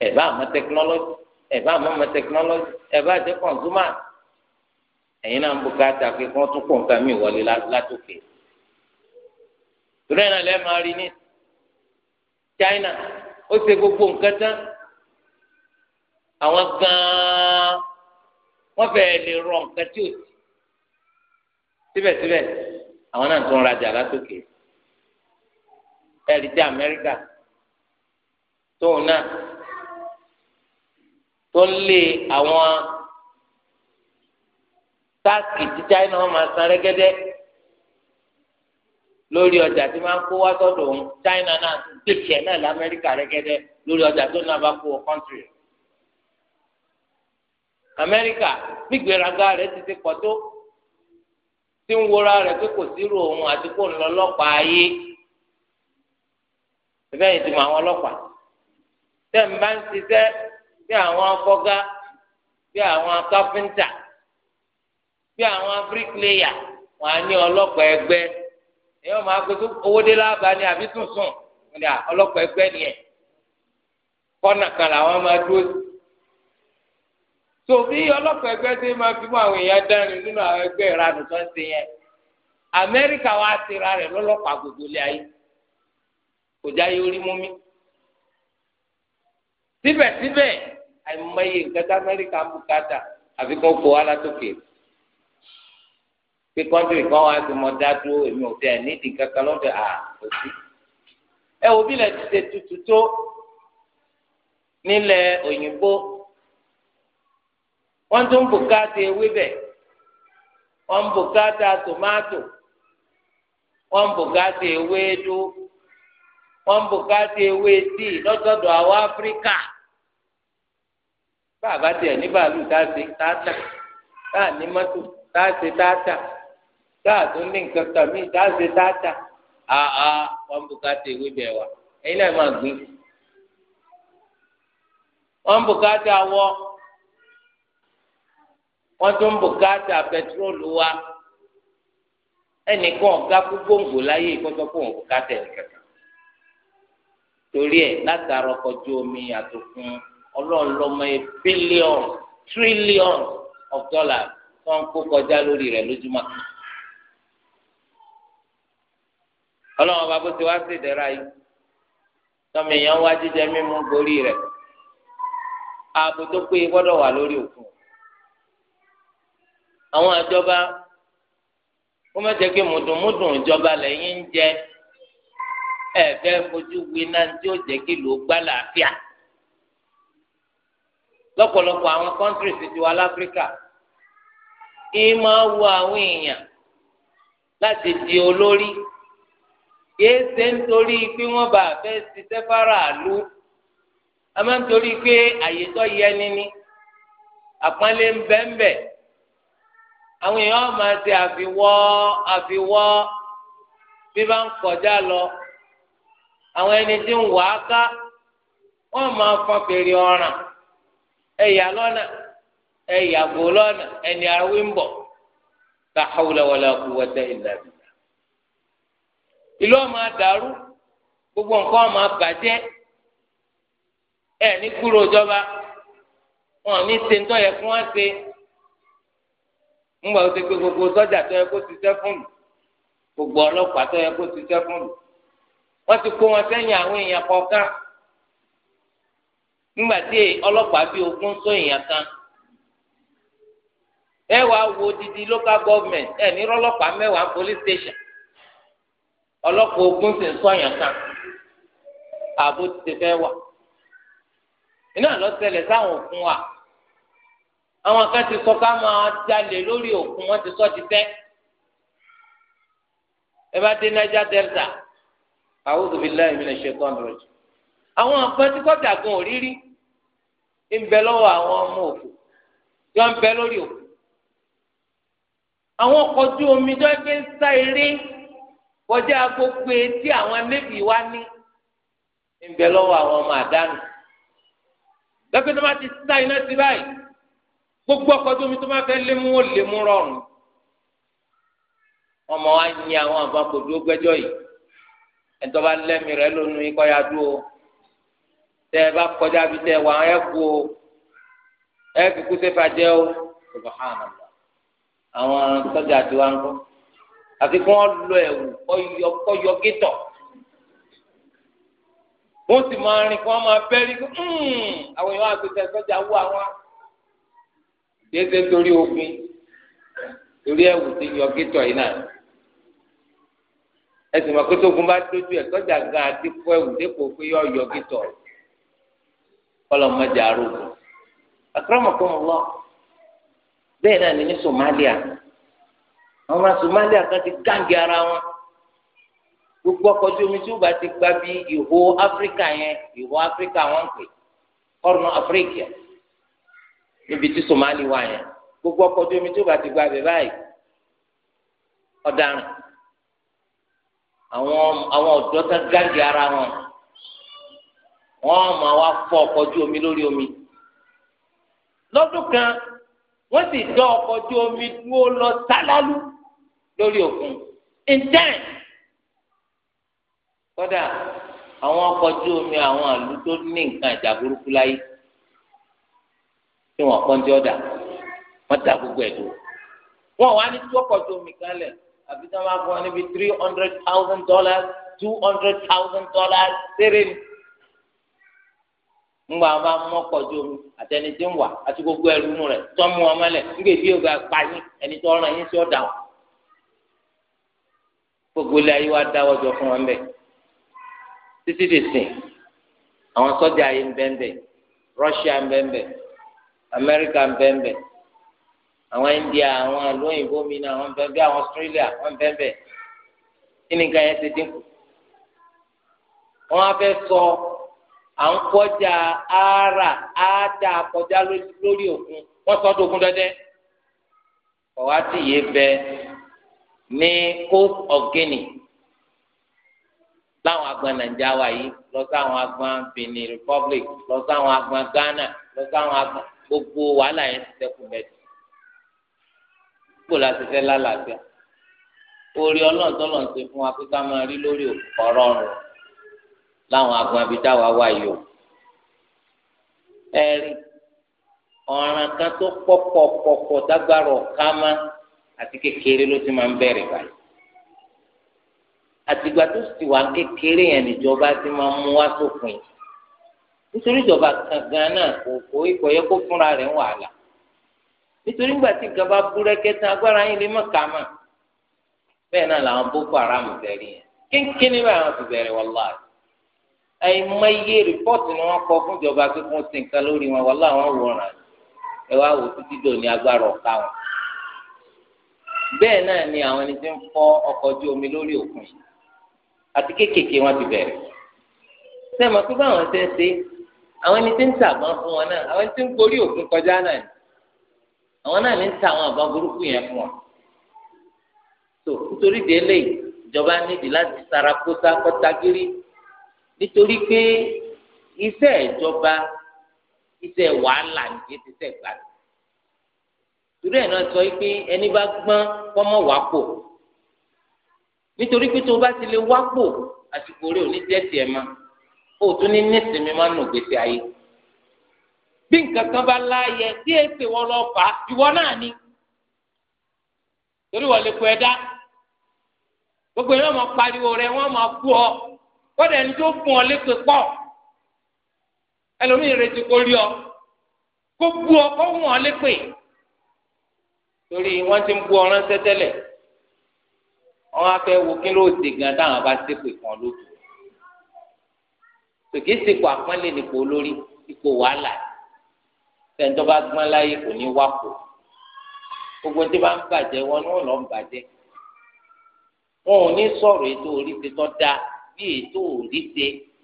ẹ bá àmọ́ tẹkinọ́lọ́jì ẹ bá àmọ́ àmọ́ tẹkinọ́lọ́jì ẹ bá jẹ́ kọ̀ǹtúmà ẹ̀yin náà ń bùkátà pé kí wọ́n tún kó nǹkan mi wọlé látòkè torí lẹ́ẹ̀ máa rí ní China ó ṣe gbogbo nǹkan tán àwọn gan-an wọ́n fẹ́ẹ́ lè rọ nǹkan tí ò sí síbẹ̀síbẹ̀ àwọn náà tún rajà látòkè ẹ̀rí dé Amẹ́ríkà tóun náà tó ń lé àwọn táàkì tí China wọn máa san rẹ́gẹ́dẹ́ lórí ọjà tí máa ń kó wá sọ́dọ̀ China náà tó gbèsè náà lamẹ́ríkà rẹ́gẹ́dẹ́ lórí ọjà tó náà bá kó o kọ́ńtìrì amẹ́ríkà gbígbéraga rẹ̀ ti ti pọ̀ tó tí ń wora rẹ̀ pé kò sírò òun àti kò ń lọ ọlọ́pàá ayé bẹ́ẹ̀ yìí ti mọ àwọn ọlọ́pàá tẹ́ ń bá ń ṣiṣẹ́ bí àwọn afọ́gá bí àwọn káfíńtà bí àwọn bíríkìlẹ́yà wọn á ní ọlọ́pàá ẹgbẹ́ èyí wọn máa gbé tó owó lába ni àbí tuntun ọlọ́pàá ẹgbẹ́ nìyẹn kọ́nà kan làwọn máa dúró sí tòbí ọlọ́pàá ẹgbẹ́ tí máa fi mú àwọn èèyàn dání nínú àwọn ẹgbẹ́ ìranù tó ń ṣe yẹn amẹ́ríkà wa ti ra rẹ̀ lọ́lọ́pàá gbogbo ilé ayé kò já yé orí mú mi síbẹ̀síbẹ̀ àìmọye nǹkan tí amẹ́ríkà ń bùkátà àfi kó kó wa látòkè pé kọ́ńtìrì kan wá ti mọ dá dúró èmi ò tẹ̀ nídìí kankan lọ́dọ̀ à kò sí ẹ wo bí lẹ ti ṣe tutù tó nílẹ̀ òyìnbó wọ́n tún bùkátà ewébẹ̀ wọ́n bùkátà tòmátò wọ́n bùkátà ewédú wọ́n bùkátà ewé tíì lọ́sọ̀dọ̀ àwọn áfíríkà bàbá tiẹ̀ ní bàálù tá a ṣe tá a tà tá a ní mọ́tò tá a ṣe tá a tà tá a tún ní nǹkan kan míì tá a ṣe tá a àà wọ́n bùkátà ewébẹ̀ wa ẹ̀yin náà máa gbìn wọ́n bùkátà wọ́n wọ́n tún bùkátà pẹtrólù wa ẹnìkan ọ̀gá gbogbo láyé ìkọ́tọ́ kó wọn bùkátà ẹ̀kẹ́kẹ́ torí ẹ̀ látara ọkọ̀ ojú omi àtòkùn ọlọ́ọ̀lọ́mọ ẹ bílíọ̀nù tírílíọ̀nù of dollars tó ń kó kọjá lórí rẹ̀ lójúmọ́. ọlọ́wọ́n bá bó ti wá sí ìdẹ́ra yìí tọ́mọ èèyàn wá jíjẹ mímú gorí rẹ̀ ààbò tó péye gbọ́dọ̀ wà lórí òkun àwọn àjọba kó má jẹ́ pé mùdùnmùdùn ìjọba lẹ́yìn ń jẹ ẹ fẹ́ fojú wí náà tí ó jẹ́ kí ló gbá làáfíà lọ́pọ̀lọpọ̀ àwọn kọ́ńtírì sì ti wà láfíríkà kí máa wo àwọn èèyàn láti di olórí kìí ṣe nítorí pé wọ́n bá fẹ́ ṣiṣẹ́ faraàlú àmọ́ nítorí pé àyè tó yẹ níní àpọ́nlé ń bẹ́ẹ̀ bẹ́ẹ̀. àwọn èèyàn máa ṣe àfiwọ́ àfiwọ́ bí bá ń kọjá lọ àwọn ẹni tí ń wà á ká wọ́n máa fọn fèrè ọ̀ràn ẹ̀yà lọ́nà ẹ̀yà bò lọ́nà ẹni àwí ń bọ̀ la hawla wala quwwata illa billah. ìlú ọmọ àdàrú gbogbo nǹkan ọmọ àbàjẹ́ ẹ̀ ní kúrò ìjọba wọn ní ṣe ń tọ́ yẹ fún wọn ṣe. ńgbà tó ti pé gbogbo sọ́jà tó yẹ kó ṣiṣẹ́ fún lù gbogbo ọlọ́pàá tó yẹ kó ṣiṣẹ́ fún lù wọ́n ti kó wọn sẹ́yìn àwọn èèyàn kọ̀ọ̀kan ńgbà tí ọlọ́pàá bíi ogún sọ èèyàn kan ẹ wàá wo didi local government ẹ ní rọlọ́pàá mẹ́wàá police station ọlọ́pàá ogún sì ń sọ èèyàn kan ààbò ti fẹ́ wà iná lọ ṣẹlẹ̀ sáwọn òfin wa àwọn kan ti sọ ká máa jalè lórí òkun wọn ti sọ ti tẹ ẹ bá dé Niger Delta a'udhu billahi minash shaitanir rajim àwọn kan ti kọjá gan òrírí ń bẹ lọ́wọ́ àwọn ọmọ òkú tí wọn ń bẹ lórí òkú àwọn ọkọ̀ ojú omi tó ẹgbẹ́ ń sá eré kọjá gbogbo etí àwọn nébì wa ní ń bẹ lọ́wọ́ àwọn ọmọ àdánù lọ́pẹ́ tó bá ti sá iná sí báyìí gbogbo ọkọ̀ tó mi tó máa fẹ́ lé mú ó lè mú rọrùn ọmọ wa yin àwọn àbá kò yìí ẹ̀tọ́ bá lẹ́mìí rẹ̀ lónú ikọ́ ya dúró tẹ ẹ bá kọjá bí tẹ wà ẹ kú o ẹ kíkú tẹ fàjẹ́ o subahana àwọn sọ́jà tí wàá ń kọ́ àti kí wọ́n lọ ẹ̀wù kọ́yọ gétọ̀ wọ́n sì máa rìn kí wọ́n máa bẹ́rí hmm, àwọn èèyàn àgbẹ̀tẹ̀ sọ́jà wú àwọn yéésẹ torí ogun torí ẹ̀wù ti yọ gétọ yìí náà ẹsìn mọ kótó ogun bá dójú ẹ sọjà gan àti kọ ẹ̀wù dépò pé yọ yọ gétọ kọlọmọdé arógun akọrọmọkọmọlọ bẹ́ẹ̀ náà ní ní Somalia àwọn ọmọ Somalia kan ti gáǹgì ara wọn gbogbo ọkọ̀ ojú omi tí ó bá ti gba bí ìhó Áfíríkà yẹn ìhó Áfíríkà wọn pè kọrùnà Áfíríkà yẹn níbi tí Somali wà yẹn gbogbo ọkọ̀ ojú omi tó bá ti gba abẹ báyìí ọ̀daràn àwọn àwọn ọ̀dọ́ tá gáàgì ara wọn wọ́n máa wá fọ́ ọkọ̀ ojú omi lórí omi lọ́dún kan wọ́n sì dán ọkọ̀ omi dúró lọ sálálú lórí òkun intan kódà àwọn ọkọ̀ ojú omi àwọn àlù tó ní nǹkan ìjà burúkú láyé tí wọn kọ́ ń tí ọ̀dà wọn ta gbogbo ẹ̀dùn wọn wá ní tí wọ́n kọ́ tó omi kan lẹ̀ àbí tí wọ́n bá fún níbi three hundred thousand dollars two hundred thousand dollars ṣeré ni ńgbà wọn bá mú ọkọ̀ tó omi àtẹni tí ń wà àti gbogbo ẹrù inú rẹ̀ tó mú ọmọ lẹ̀ nígbà tí yóò gba yín ẹni tó ràn yín sí ọ̀dà wọn gbogbo ilé ayé wa dáwọ́ jọ fún wọn bẹ́ẹ̀ títí dè sìn àwọn sọ́jà ayé ń bẹ́ẹ̀ bẹ́ẹ̀ Russia ń bẹ́ẹ̀ bẹ́ẹ̀ amẹ́ríkà ń bẹ́ẹ̀ àwọn india àwọn àlóyìnbó mi náà wọ́n bẹ́ẹ̀ bẹ́ẹ̀ àwọn australia wọ́n bẹ́ẹ̀ kí ni nǹkan yẹn ti dínkù wọ́n á sọ à ń kọjá ara áádá kọjá lórí òkun wọ́n sọ dókun dẹ́dẹ́ ọ̀wá sì yé bẹ ní coast of guinea láwọn agbọn nàìjíríà wa yìí lọ sí àwọn agbọn benin republic lọ sí àwọn agbọn ghana lọ sí àwọn agbọn gbogbo wàhálà yẹn ti sẹ́kù mẹ́tì kó la ti fẹ́ lálàáfíà orí ọlọ́run tó lọ́n ṣe fún wa pé ká máa rí lórí ọ̀rọ̀ ọ̀rọ̀ láwọn agbọn abidá wa wá yìí o ẹ̀rí ọ̀ràn kan tó pọ̀pọ̀pọ̀pọ̀ dágbàrọ̀ ká má àti kékeré ló ti máa ń bẹ̀rẹ̀ báyìí àtìgbà tó sì wà kékeré yẹn níjọba ti máa mú wá sópin nítorí ìjọba gan náà kò kó ikọ̀ yẹ kó fúnra rẹ̀ ń wàhálà nítorí ńgbà tí gaba búrẹ́kẹ́ tán agbára yín lè má kà mà bẹ́ẹ̀ náà làwọn boko haram bẹ̀rẹ̀ yẹn kínkínní bá àwọn ti bẹ̀rẹ̀ wàláhì àìmọye rìpọ́tù ni wọ́n kọ fún ìjọba pé kó sin nǹkan lórí wọn wàláhì àwọn wòran ẹ wá wò títí dòní agbára ọ̀ka wọn bẹ́ẹ̀ náà ni àwọn ẹni tí ń fọ́ ọkọ̀ ojú omi lórí òkun yìí àti kéékèèké wọn ti bẹ̀rẹ̀ sẹ́mi pé àwọn ẹni tí ń ta àgbọn fún wọn náà àwọn ẹni tí ń gorí òkun kọjá náà ni àwọn náà ní ń ta àwọn àgbọn burúkú yẹn fún wọn. tó nítorí délé ìjọba nídìí láti sara kóta kọta gírí nítorí pé iṣẹ́ ìjọba iṣẹ́ wàhálà nìyẹn ti tẹ̀ gbà. torí ẹ̀ náà sọ pé ẹni bá gbọ́n kọ́mọ wà pò nítorí pé tó bá ti lè wá pò àsìkò rẹ̀ ò ní jẹ́ tiẹ̀ máa o tún ní nísìmí máa ń nù gbèsè ayé bí nǹkan kan bá láàyè tí èsì wọn lọ fà á ìwọ náà ni torí wọn lè kó ẹ dá gbogbo yẹn wọn máa pariwo rẹ wọn máa kú ọ kọ́dà ẹni tó fún ọ lépè pọ̀ ẹlòmíì retí kó rí ọ kó bú ọ kó wọ́n ọ torí wọ́n ti ń bú ọ ránṣẹ́ tẹ́lẹ̀ wọ́n á fẹ́ wo kí ló dé gan táwọn bá ṣépè kan lójú tòkì sí ipò àpọ́nlé nípò olórí ipò wàhálà tẹ̀ńtọ́ bá gbọ́n láyé kò ní wá kù gbogbo tí wọ́n bàjẹ́ wọn ni wọ́n lọ ń bàjẹ́ wọn ò ní sọ̀rọ̀ ètò oríṣi tó dáa bí ètò oríṣi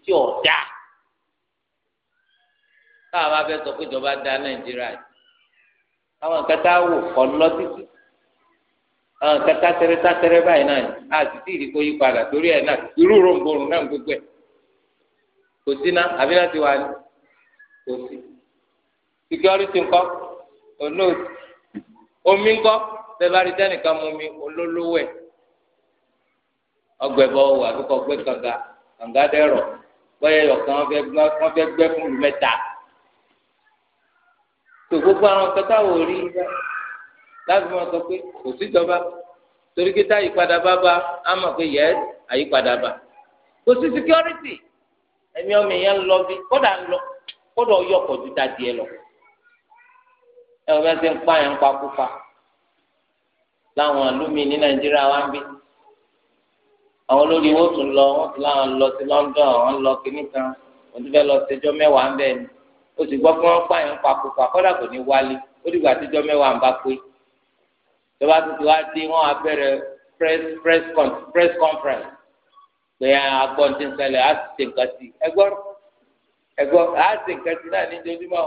tí ò dáa táwọn bá fẹ́ sọ pé ìjọba da nàìjíríà yìí àwọn kẹta wò kọ́ lọ títí àwọn kẹta tẹrẹ tá tẹrẹ báyìí náà àti tí ìdíkó yí padà torí ẹ̀ náà irú ròǹbòrùn náà gbogbo ẹ̀ kò sí ná àbí náà ti wà ní kò sí security ńkọ́ olóòtú omi ńkọ́ tẹbárí tẹnìkan mú mi olólówó ẹ ọgbẹbọ wò àbíkọ gbé kànga kànga dẹrọ bọyẹ ọkàn wọn fẹ́ gbẹ́ fún mi mẹ́ta tó gbogbo àwọn kẹta wò rí láti mọ sọ pé kò síjọba torí kí táyì padà bá bá a mọ̀ pé yẹ àyípadà bá kò sí security ẹ̀mí ọmọ yẹn ń lọ bí kódà ń lọ kódà ọyọkọ̀ ju ta díẹ̀ lọ ẹ wọ́n ti ń pa yẹn ń pa kúpa láwọn àlùmí ní nàìjíríà wá ń bí àwọn olórí wọn tún lọ wọn tún láwọn lọ sí London wọn lọ kínní kan wọn tún fẹ́ lọ sẹjọ mẹ́wàá ń bẹ ni ó sì gbọ́ pé wọ́n pa yẹn ń pa kúpa kódà kò ní wálé ó dìgbà tíjọ mẹ́wàá ń bá pé ìjọba tuntun wá dé wọn á press press press conference pé agbọ́n ti ń ṣẹlẹ̀ á ti ṣe nǹkan sí ẹgbọ́n ẹgbọ́n á ti ṣe nǹkan sí náà níjojúmọ́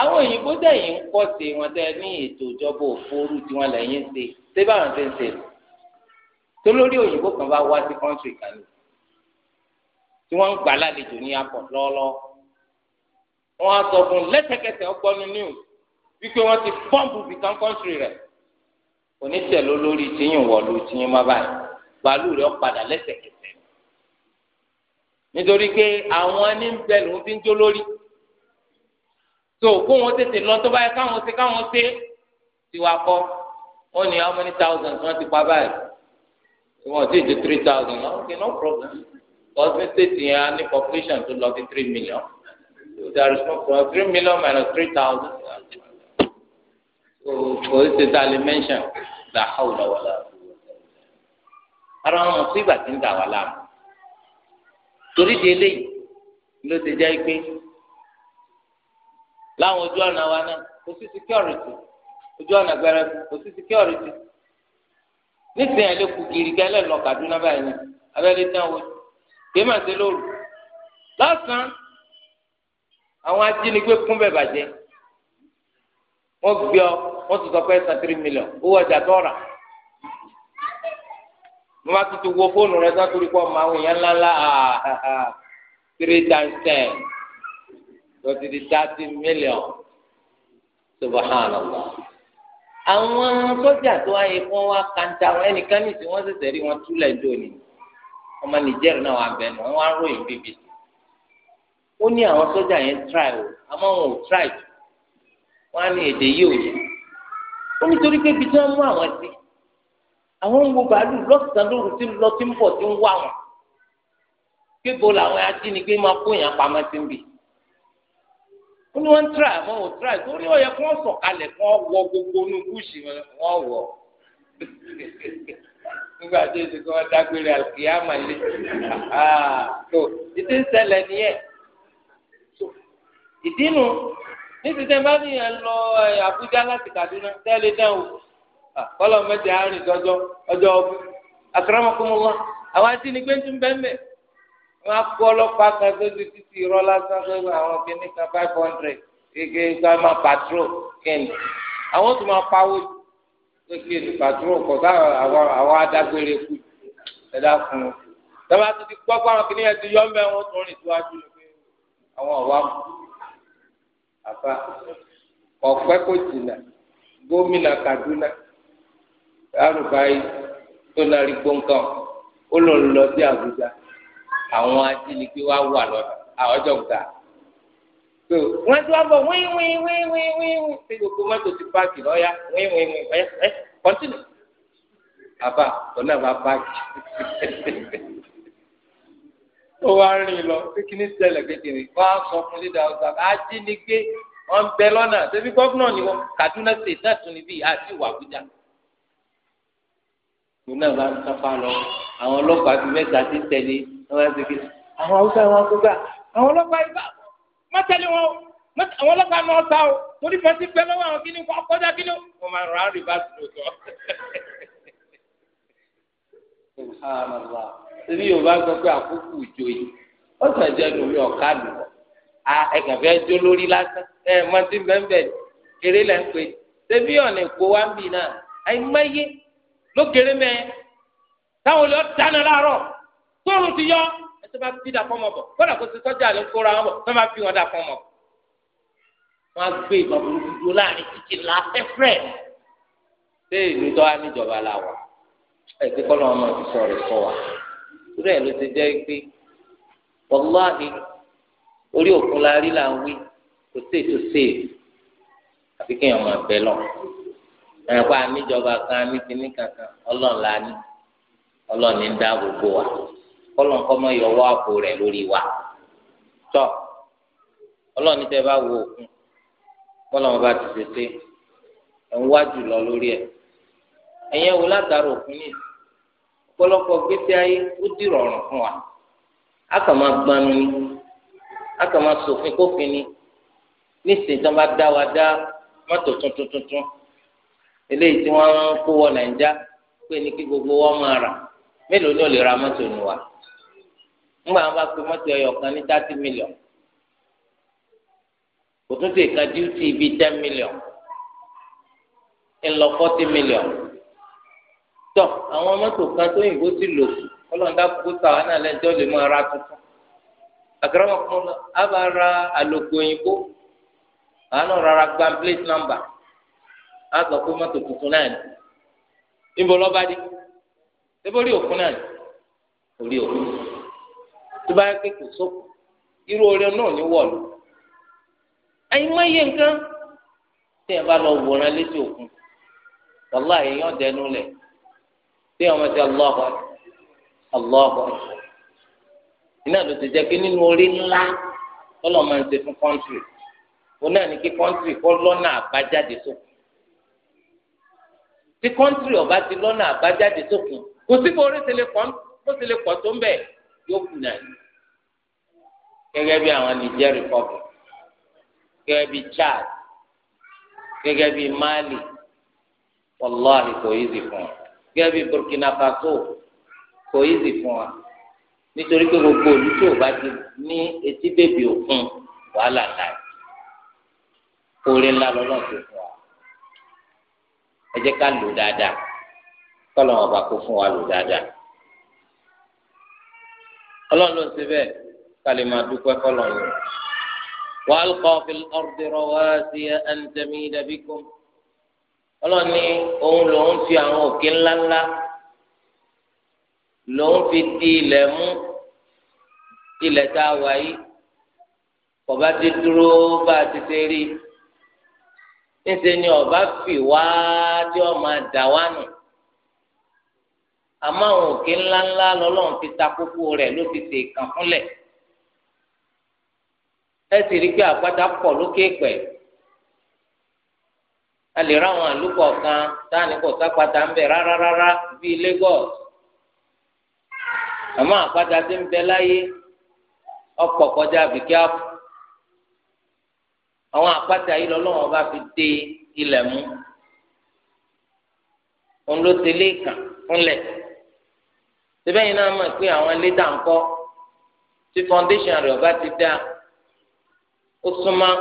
àwọn òyìnbó dẹ̀yìn ń kọ́ sí wọn tẹ́ ní ètò ìjọba òfurufú tí wọ́n lẹ́yìn ṣe ṣé báwọn ṣe ń ṣe tó lórí òyìnbó kan bá wá sí kọ́ńtì kan tí wọ́n ń gbà lálejò ní apọ̀ lọ́ọ́lọ́ọ́ wọ́n á sọ fún lẹ́sẹ̀kẹsẹ̀ ọgbọ́nu news wípé wọ́n ti pọ́ǹpù bìkan kọ́ńtì rẹ̀ kò ní tẹ̀ tíyìn wọ̀lú tíyìn má báyìí bàálù rẹ̀ padà lẹ́sẹ̀kẹsẹ̀ nítorí pé àwọn ní bẹ́ẹ̀ ló ń fi ń jó lórí tó kó wọn tètè lọ tó báyìí káwọn ṣe káwọn ṣe tiwa kọ́ wọ́n ní how many thousands wọ́n ti pa báyìí wọ́n ti di three thousand okay no problem cosmic state yẹn á ní population tó lọ sí three million so there is no problem three million minus three thousand so kò sí ta lè mention la hawla wala ara wọn mọ̀ sí ìgbà tí ń dà wá láàmú torí di eléyìí ló ti jẹ́ pé láwọn ojú ọ̀nà wa náà kò sí security ojú ọ̀nà gbẹrẹ kò sí security nísìnyí ló kù gírí gẹ́lẹ́ lọ Kaduna báyìí ni abẹ́lé tán wo kì í mà sí lóru lọ́sàn-án àwọn ajínigbé kún bẹ́ẹ̀ bàjẹ́ wọ́n gbé ọ wọ́n tún sọ pé ẹ̀sán three million owó ọjà tó rà mo bá tuntun wo fóònù rẹ sátori kọ́ ọmọ àwọn èèyàn ńláńlá ah, ah, ah, three times ten tó ti di thirty million subhanallah àwọn sọ́jà tó wáyé fún wa kàńtà wọn ẹnìkan ní ìsìn wọn ṣẹ̀ṣẹ̀ rí wọn túlẹ̀ jóni ọmọ nìjẹ́rì náà wà bẹ́ẹ̀ nù wọ́n wá ń ròyìn bíbí ó ní àwọn sọ́jà yẹn try o àmọ́ wọn ò try jù wọ́n á ní èdè yìí ò yẹ ó nítorí pé ibi tí wọ́n mú àwọn sí i àwọn ń wo bàálù lọ́sàn-án lóru tí ń lọ tí ń bọ̀ tí ń wá wọn kíbo làwọn ajínigbé máa kó yàn pamọ́ sí ń bì ó ní wọ́n ń tíra àwọn ò tíra torí ọ̀yẹ́ kí wọ́n sọ̀kalẹ̀ kí wọ́n wọ gbogbo inú gúúsì wọn wọ̀ *laughs* nígbà tó ṣe kí wọ́n dágbére àkìyàmà lé tó *laughs* ah, ìdí ń ṣẹlẹ̀ nìyẹn ìdí nu ní ti tẹ́ bá nìyẹn lọ Àbújá láti Kaduna tẹ́lẹ̀ dẹ́wọ̀ kọlọ mẹjẹ àárín dọjọ ọjọ ọgbẹ akaramakumula àwọn àti ní gbẹntu bẹnbẹ wọn akọ ọlọ́pàá kan tó ti títí irọ́ lásán pé àwọn kìnnì kan five hundred kéke gba ma patro kẹni àwọn tó máa pawó kéke ní patro kọ káwọn àwọn adágbére kù ẹ̀dá fún un tọ́ba tó ti gbọ́ pé àwọn kìnnì yẹn ti yọ ọ́ mẹ́wọ́n tó rìn síwájú ni pé àwọn ọ̀wá kù àfa ọ̀pẹ́ kò jìnnà gómìnà Kaduna arúgbáyé tó lárí gbóǹkan ó lọ lọ sí àbújá àwọn ajínigbé wa wà lọ́dọ̀ àwọn jọ̀gbà so wọ́n ti wá bọ̀ wíwí wíwí wíwí tí gbogbo mọ́tò ti páàkì lọ́ọ́yà wíwí wíwí ẹ ẹ kọ́ńtínú àbá òun náà bá páàkì *laughs* ó wá rìn lọ kékeré ṣẹlẹ̀ kékeré wọ́n á sọ fún lídà ọgbà ajínigbé wọ́n bẹ lọ́nà débi gọ́vnà ni wọ́n Kaduna state náà tún níbí àti ìwà Àbújá òun náà bá ń sápá lọ àwọn ọlọ́pàá bíi mẹ́ta ti tẹ̀lé wọn bá ti fi àwọn haúsá wọn kó gbà àwọn ọlọ́pàá ibà má tẹ̀lé wọn o àwọn ọlọ́pàá náà sá o torí fẹ́ ti pẹ́ lọ́wọ́ àwọn kíní kọ́ kọjá kíní wọn máa rà á rí báàsì lóòótọ́. ṣèbí yorùbá sọ pé àkókò ìjòyè ó sàn jẹ́ lórí ọ̀ká lù wọ́n ẹ̀gàn fẹ́ jó lórí lásán ẹ̀ lókèrè mẹ táwọn olè dáná láàárọ̀ tóorùn ti yọ ẹsẹ bá fi dà fọmọ bọ kódà kó ti sọjà ló kóra wọn bọ tó bá fi wọn dà fọmọ bọ wọn á gbé ìbọn burúkú dúró láàrin títì la fẹfẹ ṣé ìlú tó wá níjọba la wà ẹ pé kọ́nà ọmọ ti sọ rẹ̀ sọ wa irú ẹ̀ ló ti jẹ́ pé wàláhì orí òkun la rí là ń wí kò sí ètò sí èyí àfi kéèyàn máa bẹ lọ ẹ̀kọ́ àmìjọba kan àmìkíní kankan ọlọ́run la ní ọlọ́run ní ń dá gbogbo wa kọ́lọ́n kọ́ mọ́ yọ wáàpù rẹ̀ lórí wa tọ́ ọlọ́run ní tẹ́ bá wo òkun kọ́lọ́n bá ti tètè ẹ̀ ń wá jù lọ lórí ẹ̀ ẹ̀yẹ́ wo látara òkun ní ọ̀pọ̀lọpọ̀ gbèsè ayé ó dìrọ̀rùn fún wa a kàn máa gbanu ni a kàn máa ṣòfin kófin ni nísìnyí tí wọ́n bá dá wa dá mọ́tò tuntun tuntun eléyìí tí wọ́n ń kó wọ nàìjà pé ní kí gbogbo wọn máa rà mélòó ni ò lè ra mọ́tò ní wa ńgbà wọn bá pe mọ́tò ẹyọ kan ní thirty million kò tún tè kan díútì bíi ten million ńlọ forty million tọ àwọn mọ́tò kan tó yìnbó ti lò ọlọ́ọ̀dá kókó táwa náà lẹ́jọ́ lè máa ra tuntun àkàràmọ̀kùnrin àbá ra àlòkù òyìnbó àánú rárá gba plate number á sọ pé mọ́tò tuntun náà ni níbo lọ́ba dé síbò rí òkun náà ni kò rí òkun tó bá yẹ pé kò sóko irú orin náà ní wọ̀lú ẹ̀yin má yé nǹkan tí ẹ bá lọ wòran létí òkun wàlá èèyàn dẹnu lẹ̀ tí ọmọ ti Allahu Allahu iná ló ti jẹ́ pé nínú orí ńlá tọ́lọ́ máa ń ṣe fún kọ́ńtìrì òun náà ní kí kọ́ńtìrì kọ́ lọ́nà àbájáde sóko tí kọ́ńtìrì ọba ti lọ́nà àbájáde sókun kò síbi orí ti lè pọ̀ tó ń bẹ̀ yóò kù náà gẹ́gẹ́ bí àwọn Niger Republic gẹ́gẹ́ bí Chad gẹ́gẹ́ bí Mali wàláhi kò yízi fún wa gẹ́gẹ́ bí Burkina Faso kò yízi fún wa nítorí pé gbogbo òlú tí o bá ti ní etí bèbè òkun wàhálà náà orí ńlá lọ́nà tó fún ẹ jẹ́ ká lò dáadáa kọ́lọ́n ọba kó fún wa lò dáadáa ọlọ́run ló ń ṣe bẹ́ẹ̀ ká máa dúpẹ́ kọ́lọ́n yìí. وألقى في الأرض رواسي أن تميد بكم ọlọ́run ní òun lòun fi àwọn òkè ńláńlá lòun fi di ilẹ̀ mú ilẹ̀ tá a wà yìí kò ti dúró bá a ti ṣe rí i. níṣẹ́ ni ọba fi wá tí ọ máa dà wá nù àmọ́ àwọn òkè ńláńlá lọ́lọ́run ti ta kókó rẹ̀ ló ti tè kàn fúnlẹ̀ ẹ sì rí pé àpáta a lè àwọn kan táàní kò sápáta ń bẹ rárá rárá bíi Lagos àmọ́ àpáta ti ń bẹ láyé ọ̀pọ̀ kọjá bìkẹ́ àpò. àwọn àpáta yìí lọ́lọ́wọ́ bá fi dé ilẹ̀ mú òun ló tẹ̀lé ìkàn fúnlẹ̀ síbẹ̀ yìí náà mọ̀ pé àwọn ilé dàńkọ́ tí foundation rẹ̀ ọba ti dá ó súnmọ́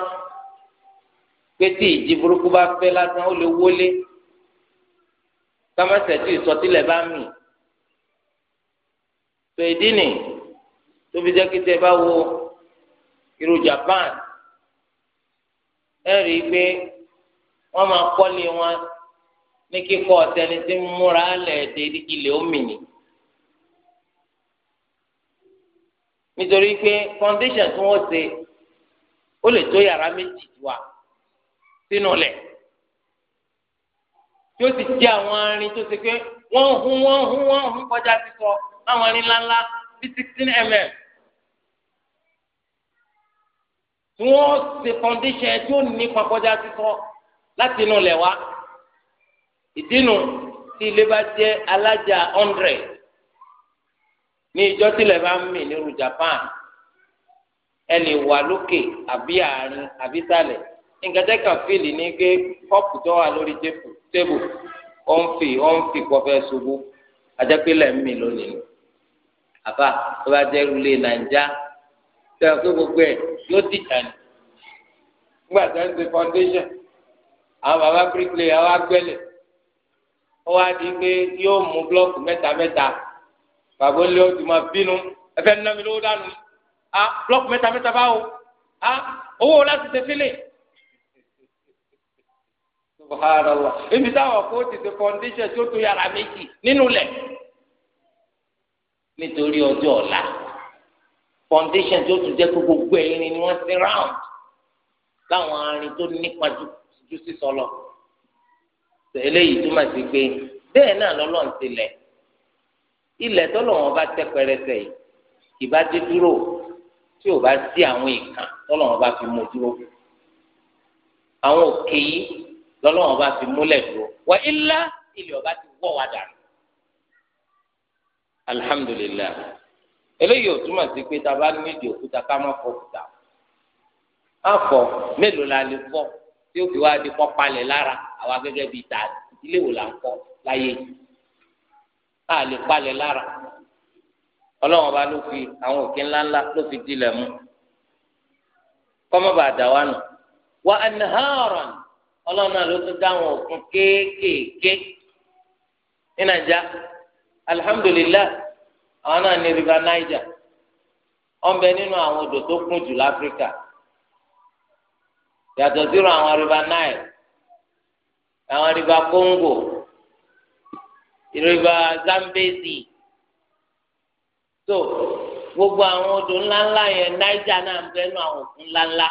pé tí ìjì burúkú bá fẹ́ lásán ó lè wọlé kámẹ́sẹ̀ tí ìsọtílẹ̀ bá mì tó ìdí nì tóbi jẹ́ kí tẹ bá wo irú Japan. ẹ rí i pé wọ́n máa kọ́lé wọn ní kíkọ́ ọ̀tẹ́ni tí ń múra lẹ̀ dé ilé òmìnir nítorí pé foundation tí wọ́n ṣe ó lè tó yàrá méjì wá sínú lẹ̀ tí ó ti jẹ́ àwọn arin tó ṣe pé wọ́n hun wọ́n hun wọ́n hun kọjá sísọ láwọn arin ńláńlá bíi sixteen mm. tí wọ́n ṣe foundation tí ó ní pakọ́já títọ́ láti inú ilẹ̀ wa ìdínú tí ilé bá jẹ́ alájà hundred ní ìjọ tílẹ̀ bá ń mì nírú Japan ẹ lè wà lókè àbí àárín àbí sàlẹ̀ nǹkan tẹ́ kàn fìlì ní pé kọ́ọ̀pù tó wà lórí tébù ó ń fi ó ń fi kọfẹ́ ṣubú ajẹ́pẹ́lẹ̀ ń mì lónìí àbá tó bá jẹ́ rúlé Nàìjíríà sẹ́wọ̀n pé gbogbo ẹ̀ yóò dìjà ní. nígbà tí wọ́n ń ṣe foundation àwọn bàbá bíríkìlì àwọn agbẹ́lẹ̀ ó wá di pé yóò mú blọ́ọ̀kì mẹ́ta mẹ́ta bàbá olè ó ti máa bínú ẹ̀fẹ́ nínú mi lówó dànù á blọ́ọ̀kì mẹ́ta mẹ́ta báwo á owó láti ṣe fílẹ̀. subhanallah ibi táwọn kó ti ṣe foundation tí ó tó yàrá méjì nínú lẹ̀ nítorí ọjọ́ ọ̀la foundation tí ó tún jẹ́ kó gbogbo ẹ̀yìn ni wọ́n ti round láwọn arin tó nípa ju sísọ lọ eléyìí túmọ̀ sí pé bẹ́ẹ̀ náà lọ́lọ́run ti lẹ̀ ilẹ̀ tọ́lọ́wọ́n bá tẹ́ pẹrẹsẹ̀ yìí ìbá dé dúró tí ò bá sí àwọn ìkan tọ́lọ́wọ́n bá fi mú dúró àwọn òkè yìí lọ́lọ́wọ́n bá fi múlẹ̀ dúró wà ilá ilẹ̀ ọba ti wọ́ wa dànù alihamudulilayi eléyìí ò túmọ̀ sí pé tá a bá ní ìdí òkúta ká má fọ òkúta á fọ mélòó la lè fọ tí ó fi wá di kọ́ palẹ̀ lára àwa gẹ́gẹ́ bíi ta ilé wò la ń kọ́ láyé á lè palẹ̀ lára ọlọ́wọ́n bá ló fi àwọn òkè ńláńlá ló fi dilẹ̀ mú kọ́mọ́bà àdáwà nù wà anharan ọlọ́nà ló tún dáhùn òkun kéékèèké ní nàìjíríà alihamudulilayi. àwọn náà ní river niger bẹ nínú àwọn odò tó kún jù láfíríkà yàtọ̀ sírò àwọn river nile àwọn river congo river zambezi so gbogbo àwọn odò ńláńlá yẹn niger náà bẹ nínú àwọn òkun ńláńlá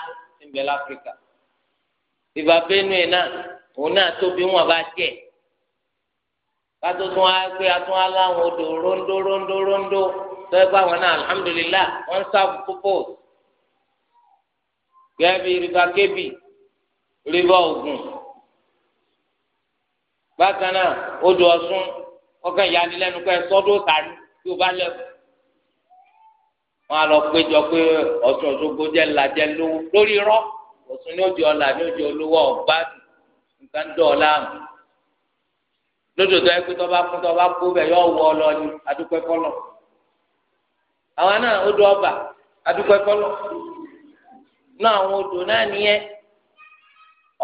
láfíríkà river benue náà òun náà tóbi wọn bá kátó tún á gbé atún aláwọn odò rondo rondo rondo tọ́jú pé àwọn náà alhamdulilah wọ́n ń sáàbù púpọ̀ gẹ́bí rìbá kébì rìbá ògùn bákan náà odò ọ̀sùn ọkàn ìyanilẹ́nu pé sọ́dọ̀ tani tí o bá lẹ́kọ̀ọ́ wọn á lọ péjọ pé Ọ̀ṣun Òṣogbo jẹ́ ńlá jẹ́ lówó lórí irọ́ Ọ̀ṣun ní òjò ọ̀la ní òjò olówó ọ̀gbádùn nǹkan dọ̀ ọ́ láàmú. lódò tó ẹgbẹ́ tó bá kú tó bá kú bẹ̀ yọ wọ lọ ni adúpẹ́ àwọn ọba adúpẹ́ fọlọ́ náà àwọn odò náà nìyẹn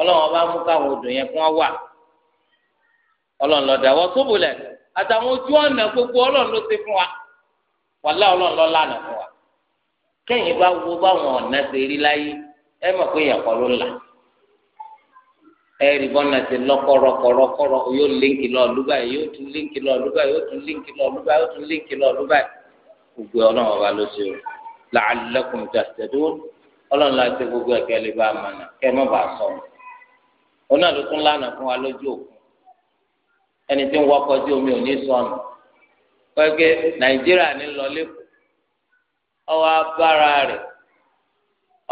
ọba mú káwọn odò yẹn kún wà ọlọ́run lọ́dà àtàwọn ojú ọ̀nà gbogbo ló ti fún wa wàlá ọlọ́run ló lànà fún wa kẹ́yìn bá wo báwọn ọ̀nà ṣe rí láyé ẹ mọ̀ pé kọ́ ló là ẹ̀rí bọ́nà ti lọ́kọ̀rọ̀kọ̀rọ̀kọ̀rọ̀ yóò líǹkì lọ lúbà yóò tún líǹkì lọ lúbà yóò tún líǹkì lọ lúbà yóò tún líǹkì lọ o ọlọ́run la ṣe gbogbo ẹ̀kẹ́ lè bá a mọ̀ nà kẹ́ ẹ má bàa sọ ọ́ ló tún omi ò ní nàìjíríà ní ọwọ́ abára rẹ̀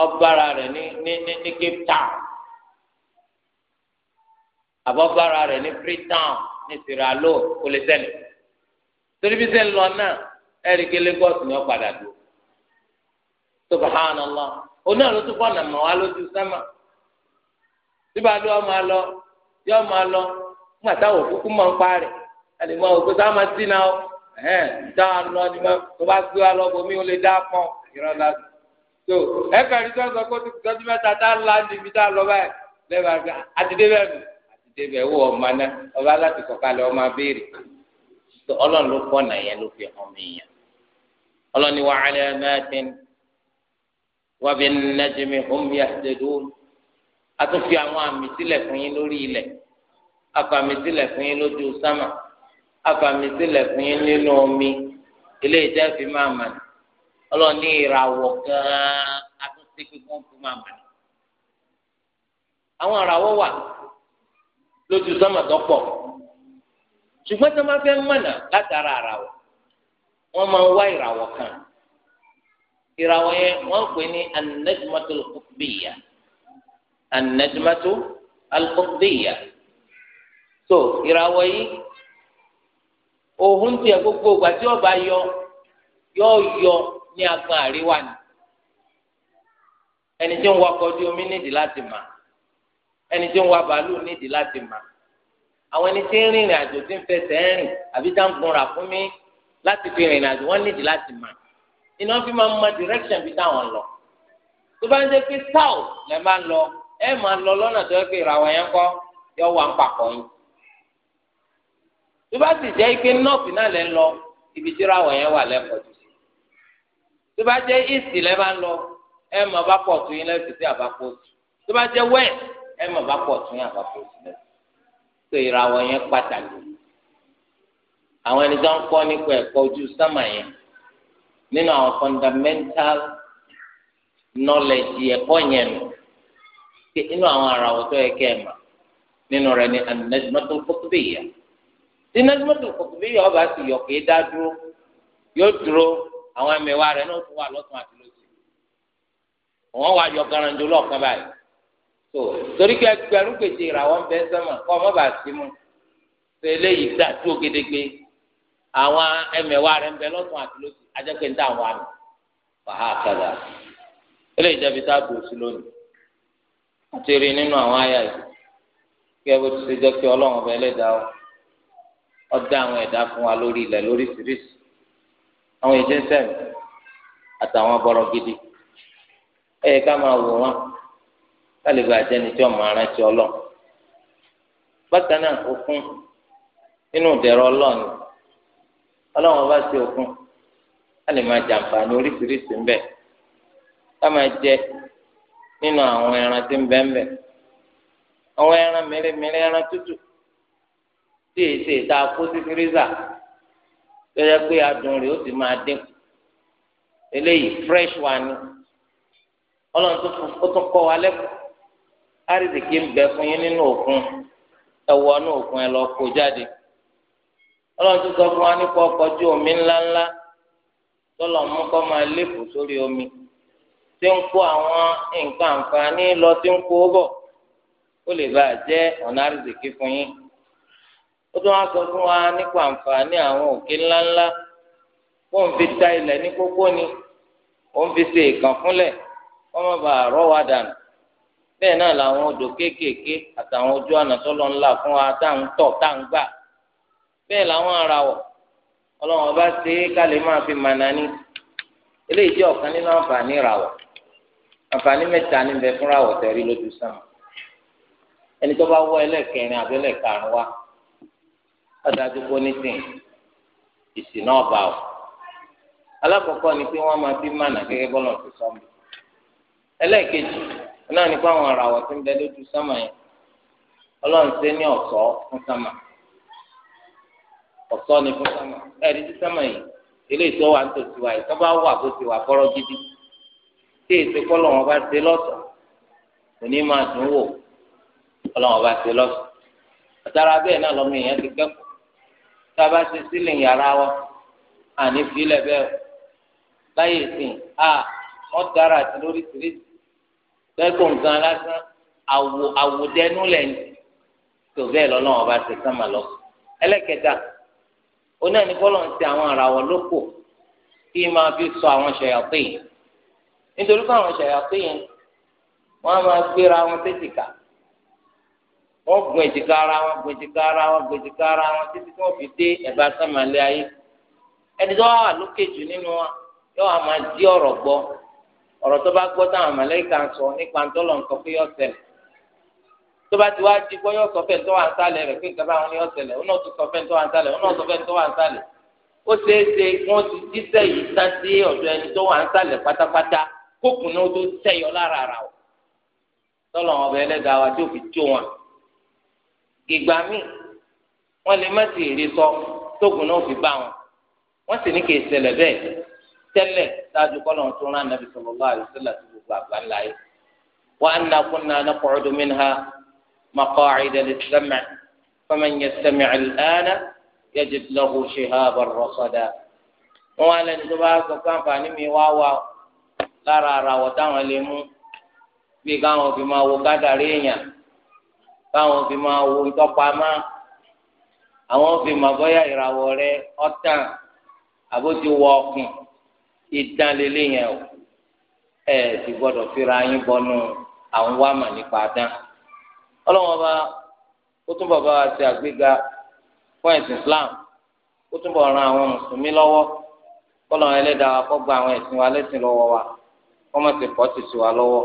ọbára rẹ̀ àbọ̀bára rẹ̀ ní freetown ní sierra leone kò lè sẹ́nu torí bí sẹ́nu lọ náà ẹ̀rí ké lagos ni ó padà dùn subhanallah oní àlọ́ tó fọ́nà mọ́ wa lójú sámà síbàdí ọmọ alọ yọ ọmọ alọ ńgbà táwọn òkúkú mọ̀ ń parẹ́ àlèmọ́ òkú sáma sí náà ó táwọn alọ ni mọ́ tó bá gbé wa lọ bomi ó lè dá pọ́n ìrọ̀lá tó ẹ̀ka ìrísọ́ sọ pé ó ti tọ́jú mẹ́ta tá a ń la tá a lọ báyìí lẹ́bàá àti débẹ̀ mi. débẹ̀ wọ ọmọ náà ọba láti kọ̀kalẹ̀ ọmọ abéèrè tó ọlọ́run ló kọ́ ló fi hàn mí yàn ọlọ́run ni wàá alẹ́ mẹ́tẹ́n wà a tún fi àwọn àmì sílẹ̀ fún yín lórí ilẹ̀ sílẹ̀ fún yín lójú sámà sílẹ̀ fún yín nínú omi ilé ìjẹ́ fi máa mà ní ọlọ́run ní ìràwọ̀ gan-an a tún sí kí wọ́n fi lójú sọmọtò pọ ṣùgbọ́n tí wọ́n máa fẹ́ mọ̀nà látara ara wọ̀ wọ́n máa wá ìràwọ̀ kan ìràwọ̀ yẹn wọ́n pè ní anajumatu alqutbiya anajumatu alqutbiya so ìràwọ̀ yìí òhun tiẹ̀ gbogbo ìgbà tí ọba yọ yọ yọ ní agbọn àríwá ni ẹni tí ń wakọ̀ di omi nídìí láti máa ẹni tí ń wa bàálù nídìí láti mà àwọn ẹni tí ń rìnrìn àjò tí ń fẹsẹ̀ rìn àbí tá ń gbọ́nra fún mi láti fi rìnrìn àjò wọ́n nídìí láti mà iná fi máa ń mọ direction bí táwọn lọ tó bá ń jẹ́ pé south lẹ́ máa ń lọ ẹ máa lọ lọ́nà tó yẹ pé ìràwọ̀ yẹn kọ́ yọ wà ń papọ̀ yín tó bá sì jẹ́ pé north náà lẹ́ ń lọ ibi tí ìràwọ̀ yẹn wà lẹ́kọ̀ọ́ jù sí tó bá jẹ́ east lẹ́ máa ń lọ ẹ máa bá pọ̀ tó yín lẹ́sìn sí àbápọ̀ tó bá jẹ́ west ẹ mọ̀ bá pọ̀ tún yàn bá sí lẹ́sẹ̀ yẹn pàtàkì àwọn ẹni tó ń kọ́ nípa ẹ̀kọ́ ojú sámà yẹn nínú àwọn fundamental knowledge ẹ̀kọ́ yẹn nù inú àwọn àràwọ̀ tó yẹ kẹ́ ẹ̀ mà nínú rẹ̀ ni anadimọ́tò tí anadimọ́tò ọba sì yọ dá dúró yóò dúró àwọn ẹ̀mẹ̀wá náà tún so torí pé ẹgbẹ̀rún gbèsè ìràwọ̀ ń bẹ sẹ́mà kọ́ ọmọ bá sí mu ṣe eléyìí dá dúró gédégbé àwọn ẹmẹ̀wá rẹ̀ ń bẹ lọ́sùn àti lọ́sùn ajẹ́pẹ́ ń dá àwọn àmì wàhálà kàdà eléyìí jẹ́bi tá a dùn sí lónìí àti rí nínú àwọn àyà yìí kí ẹ bó ti ṣe jẹ́ kí ọlọ́run ọba ẹlẹ́dàá ọdá àwọn ẹ̀dá fún wa lórí ilẹ̀ lóríṣiríṣi àwọn ìjẹ́sẹ̀mì àtàwọn bọ̀rọ̀ gidi ẹ̀yẹ ká máa wò wọn kálíbà jẹni tí ọmọ arántí Ọlọ́run bákan náà òkun nínú ìdẹ̀rọ Ọlọ́run Ọlọ́run ọba sí òkun ká lè máa jàǹfààní oríṣiríṣi ń bẹ ká máa jẹ nínú àwọn ẹran tí ń bẹ ń bẹ àwọn ẹran mèremère ẹran tútù tí èsì ìta kó sí fírísà tó pé adùn rẹ̀ ó sì máa dínkù eléyìí fresh wa ni Ọlọ́run tó tún kọ́ wa lẹ́kọ̀ọ́ àrísìkí ń bẹ fún yín nínú òkun ẹ wọ inú òkun ẹ lọ kó jáde ọlọ́run tó sọ fún wa nípa ọkọ̀ ojú omi ńláńlá tọ́lọ̀ mú kọ́ máa léfò sórí omi tí ń kó àwọn nǹkan àǹfààní lọ tí ń kó bọ̀ ó lè bàa jẹ́ ọ̀nà àrísìkí fún yín ó tún wá sọ fún wa nípa àǹfààní àwọn òkè ńláńlá kó ń fi ta ilẹ̀ ní kókó ni ó ń fi ṣe ìkànfúnlẹ̀ kó má bàa rọ́ wa dànù bẹ́ẹ̀ náà làwọn odò kéékèèké àtàwọn ojú ọ̀nà tó fún wa tá à ń tọ̀ tá à ń gbà bẹ́ẹ̀ làwọn arawọ̀ ọlọ́run ọba ṣe é kálí máa fi mànà ní eléyìí jẹ́ ọ̀kan nínú àǹfààní ìràwọ̀ àǹfààní mẹ́ta níbẹ̀ fúnra wọ̀ lójú ẹni tó bá wọ ẹlẹ́kẹrin àbí ẹlẹ́karùn wa ọ̀dájú kó ni pé wọ́n máa fi mànà gẹ́gẹ́ náà ní kó àwọn àràwọ̀ tí ń bẹ lójú sámà yẹn ọlọ́run ṣe ní ọ̀ṣọ́ fún sámà ọ̀ṣọ́ ni fún sámà ẹ̀rí tí sámà yìí eléyìí tó wà tó ti wà yìí tó bá wà tó ti wà kọ́rọ́ gidi tí èsì kọ́lọ̀ wọn bá ṣe lọ́sọ̀ọ́ òní máa dùn wò kọ́lọ̀ wọn bá ṣe lọ́sọ̀ọ́ àtàrà bẹ́ẹ̀ náà lọ́mọ èèyàn ti kẹ́kọ̀ọ́ tá a bá ṣe sílẹ̀ yàrá wa àní fílẹ̀ bẹ́ẹ̀ láyé ìsìn a wọ́n dára àti lóríṣiríṣi fẹ́ẹ́kọ̀ nǹkan lásán àwò àwòdẹnu lẹ́yìn tó bẹ́ẹ̀ lọ́lọ́wọ́ bá ti sánmà lọ. ẹlẹ́kẹta onáà ní kọ́lọ̀ ń ti àwọn àràwọ̀ lóko kí máa fi sọ àwọn ṣẹ̀yàpé yìí nítorí pé àwọn ṣẹ̀yàpé yìí wọ́n á máa gbéra wọn tètìkà wọ́n gun èjìká ara wọn gun èjìká ara wọn gun èjìká ara wọn títí tí wọ́n fi dé ẹ̀bá sánmà lé ayé ẹni tó wà lókè jù nínú wa yóò ọ̀rọ̀ tó bá gbọ́ táwọn mọ̀lẹ́kà ń sọ nípa ń tọ́lọ̀ nǹkan pé yọ ṣẹlẹ̀ tó bá ti wá di gbọ́ yọ sọ fẹ́ni tó wà ń sálẹ̀ rẹ̀ pé nǹkan báwọn yọ ṣẹlẹ̀ ó náà tó sọ fẹ́ni tó wà ń sálẹ̀ ó náà sọ fẹ́ni tó wà ń sálẹ̀ ó ṣeé ṣe wọ́n ti jíṣẹ́ yìí sá sí ọ̀dọ̀ ẹni tó wà ń sálẹ̀ pátápátá kókùn náà tó tẹ̀yọ lára rà ó tọ́lọ̀ wọn ẹlẹ́dàá wa tí fi jó wọn ìgbà míì wọ́n lè má sì rí sọ tókùn náà fi bá wọn wọ́n sì ní kì í ṣẹlẹ̀ bẹ́ẹ̀ tẹ́lẹ̀ ṣáájú kọ́ lọ́n tún rán nàbì sallallahu alaihi wasallam tó gbogbo àgbà ńlá yìí. wa anna kunna naq'udu minha maq'ida lis-sam' faman yastami' al-ana yajid lahu shihaban rasada. wọ́n wá lẹ́nu tó bá sọ pé àǹfààní mi wá wà lára ara wọ̀ táwọn lè mú bí káwọn fi máa wo kádàrí èèyàn káwọn fi máa wo ntọ́pamá àwọn fi máa bọ́yá ìràwọ̀ rẹ ọ̀tàn àbójú ọkùn. ìdánlélé yẹn o ẹ ti gbọdọ fira yín bọnú àwọn wàmà nípa dán ọlọ́wọ́n bá ó tún bàbá wa ṣe àgbéga fún Islam ó tún ran àwọn mùsùlùmí lọ́wọ́ kọ́lọ̀ ẹlẹ́dàá kó gba àwọn ẹ̀sìn wa lẹ́sìn lọ́wọ́ wa kó má ti pọ̀ sí sí wa lọ́wọ́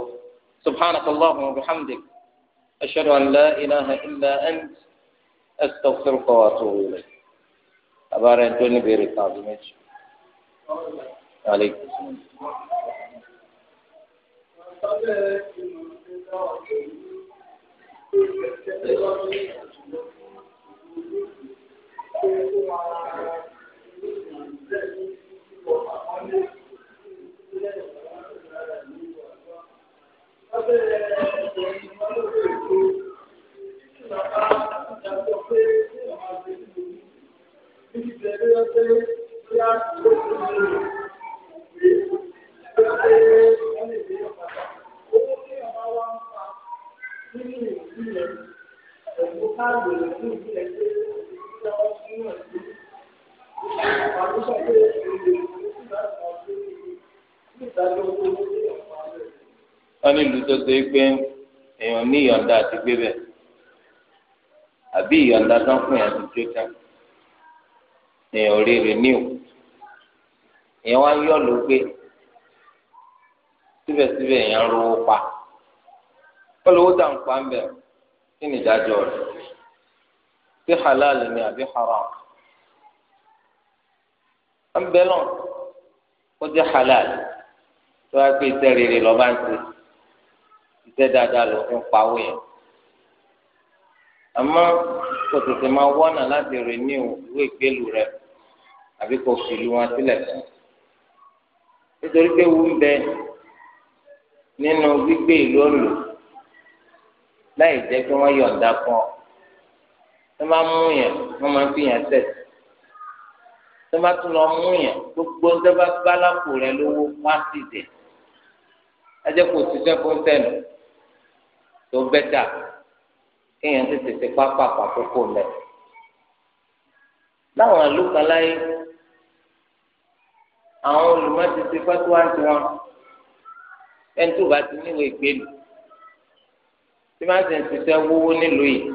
subhanaka allahumma wa bihamdik ashhadu an la ilaha illa ant astaghfiruka wa atubu ilayk tó ní bèrè méjì. Aleykum Thank you. wọ́n ní ìlú tó ṣe pé èèyàn ní ìyọ̀ǹda àti gbé bẹ̀ àbí ìyọ̀ǹda tán fún yàn ti jó èèyàn ò rí renew èèyàn wá yọ ló gbé síbẹ̀síbẹ̀ èèyàn rówó pa olówó tà ń pa ń bẹ̀ kí ni ìdájọ́ rẹ̀ sí halal ni àbí haram ń bẹ náà ó jẹ́ halal tó wá pé iṣẹ́ rere lọ́ba ń ṣe iṣẹ́ dáadáa ló ń pawó yẹn àmọ́ kò tètè máa wọ́nà láti rìn ní ìwé ìgbélú rẹ̀ àbí kò fìlú wọn sílẹ̀ fún un nítorí pé wù ń bẹ nínú gbígbé ìlú òǹlò láì jẹ́ kí wọ́n yọ̀ǹda fún ọ tó bá mú yẹn wọ́n máa ń fi yẹn tẹ̀sí tó bá tún lọ mú yẹn gbogbo tó bá bá lápò rẹ lówó wá sí ìdẹ̀ ajẹ́ kó ṣiṣẹ́ fún tẹ̀nu tó bẹ́tà kéèyàn tètè ti pápá pàkókò lẹ̀ láwọn àlùkò aláyé àwọn olùmọ̀tìtì fẹ́tùwá ń tiwọn ẹni tó bá ti níwèé gbèlú tí máa ń sẹ̀ ń ṣiṣẹ́ wówó nílùú yìí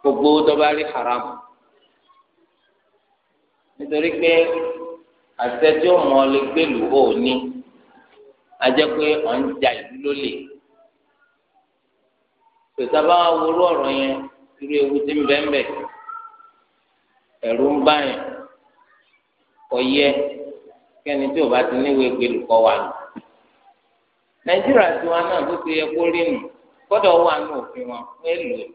gbogbo dọ́bà rí haram nítorí pé àṣẹ tí ó mọ̀ ọ́ lè gbèlú ò ní a jẹ́ pé ọ̀ ń ja ìlú lólè tòtá bá wá worú ọ̀rọ̀ yẹn irú ewu tí ń bẹ́ẹ̀ bẹ́ẹ̀ ẹ̀rù ń bá yẹn ọyẹ kẹ́ni tí o bá ti níwèé gbèlú kọ wà nù nàìjíríà tí wọn náà bó ti yẹ kó rí nù gbọ́dọ̀ wà nù òfin wọn fún èlò ẹ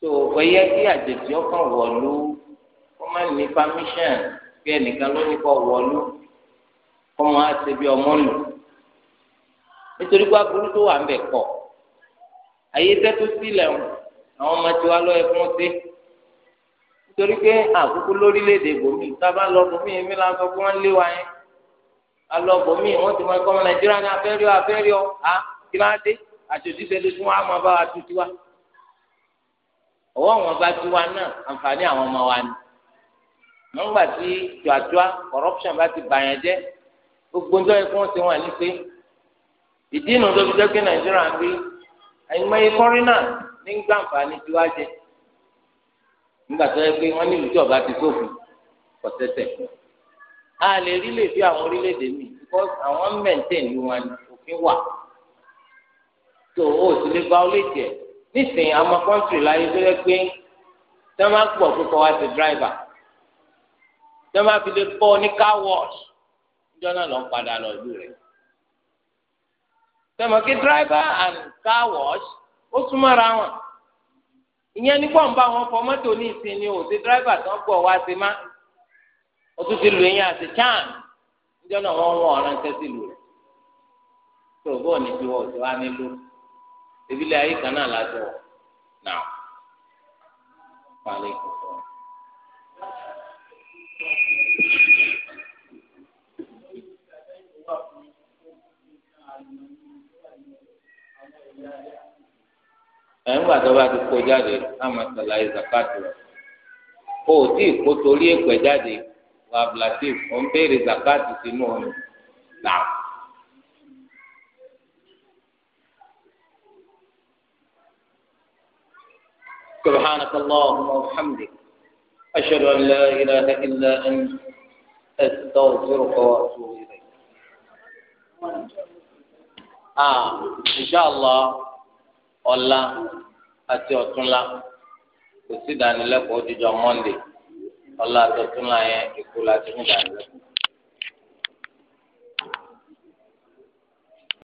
tó ọyẹ kí àjèjì ọkàn wọlú kó má ní pàmíṣàn bí ẹnìkan ló ní kọ wọlú kó má ṣe bí ọmọ lò nítorí pé aburú tó wà ń bẹ kọ àyè tẹ́tù sílẹ̀ àwọn ọmọ tiwa lọ́ọ́ ẹ̀fún sí nítorí pé àkókò lórílẹ̀‐èdè bòmí sábà lọ bòmí èmi la sọ fún wọn lé wa yẹn alọ bòmí wọn ti mọ ẹkọ ọmọ nàìjíríà ní abẹ́rẹ́ ọ abẹ́rẹ́ ọ à kí ló á dé àjòjì sẹ́lẹ̀ tí wọ́n á máa bá wa tutù wa ọwọ́ wọn bá tu wa náà àǹfààní àwọn ọmọ wa ni wọ́n gbà tí jọ̀àjọ́à corruption bá ti bàyàn jẹ́ gbogbo ń dọ́yẹ fún ọ̀sẹ̀ wọn ní pé ìdí ìnù tó fi jẹ́ pé nàìjíríà ń gbé àyìnbáyé kọ́rínà ní gbàǹfààní tiwa jẹ́ nígbà tó yẹ pé wọ́n ní ìlú ọba ti sófin kọ̀tẹ́tẹ̀ a lè rí lè fi àwọn orílẹ̀ mi because àwọn mẹ́ǹtẹ̀n ni wọn òfin wà tó o sì lè gba olétì ẹ̀ nísìnyí àwọn kọ́ńtì láyé tó yẹ pé tí wọ́n bá pọ̀ púpọ̀ wá sí dráìvà tí wọ́n bá fi lè bọ́ ní car wash níjọ́ náà lọ ń padà lọ ìlú rẹ̀ tẹmọ kí dráìvà and car wash ó súnmọ́ra wọn ìyẹn ní bá wọn fọ mọ́tò ní ìsinmi ò sí dírẹ́fà tó ń bọ̀ wá sí ti lù yín àti chan níjọ́ náà wọ́n wọ́n ọ̀ràn tẹ́sí lù rẹ̀ tó bọ́ọ̀ ní tiwọ́ tó nílò ìbílẹ̀ ayé ẹ̀ńgbà tó bá ti kó jáde láwọn ṣàlàyé zakati rẹ̀ o ò tí ì kó torí èpè jáde wàblatif ò ń béèrè zakati sínú ọ̀nà náà. سبحانك اللهم وبحمدك أشهد أن لا إله إلا أنت أستغفرك وأتوب إليك آه إن شاء الله ọ̀la àti ọ̀túnla kò sí ìdánilẹ́kọ̀ọ́ jíjọ mọ́ndé ọ̀la àti ọ̀túnla yẹn èkó la ti ní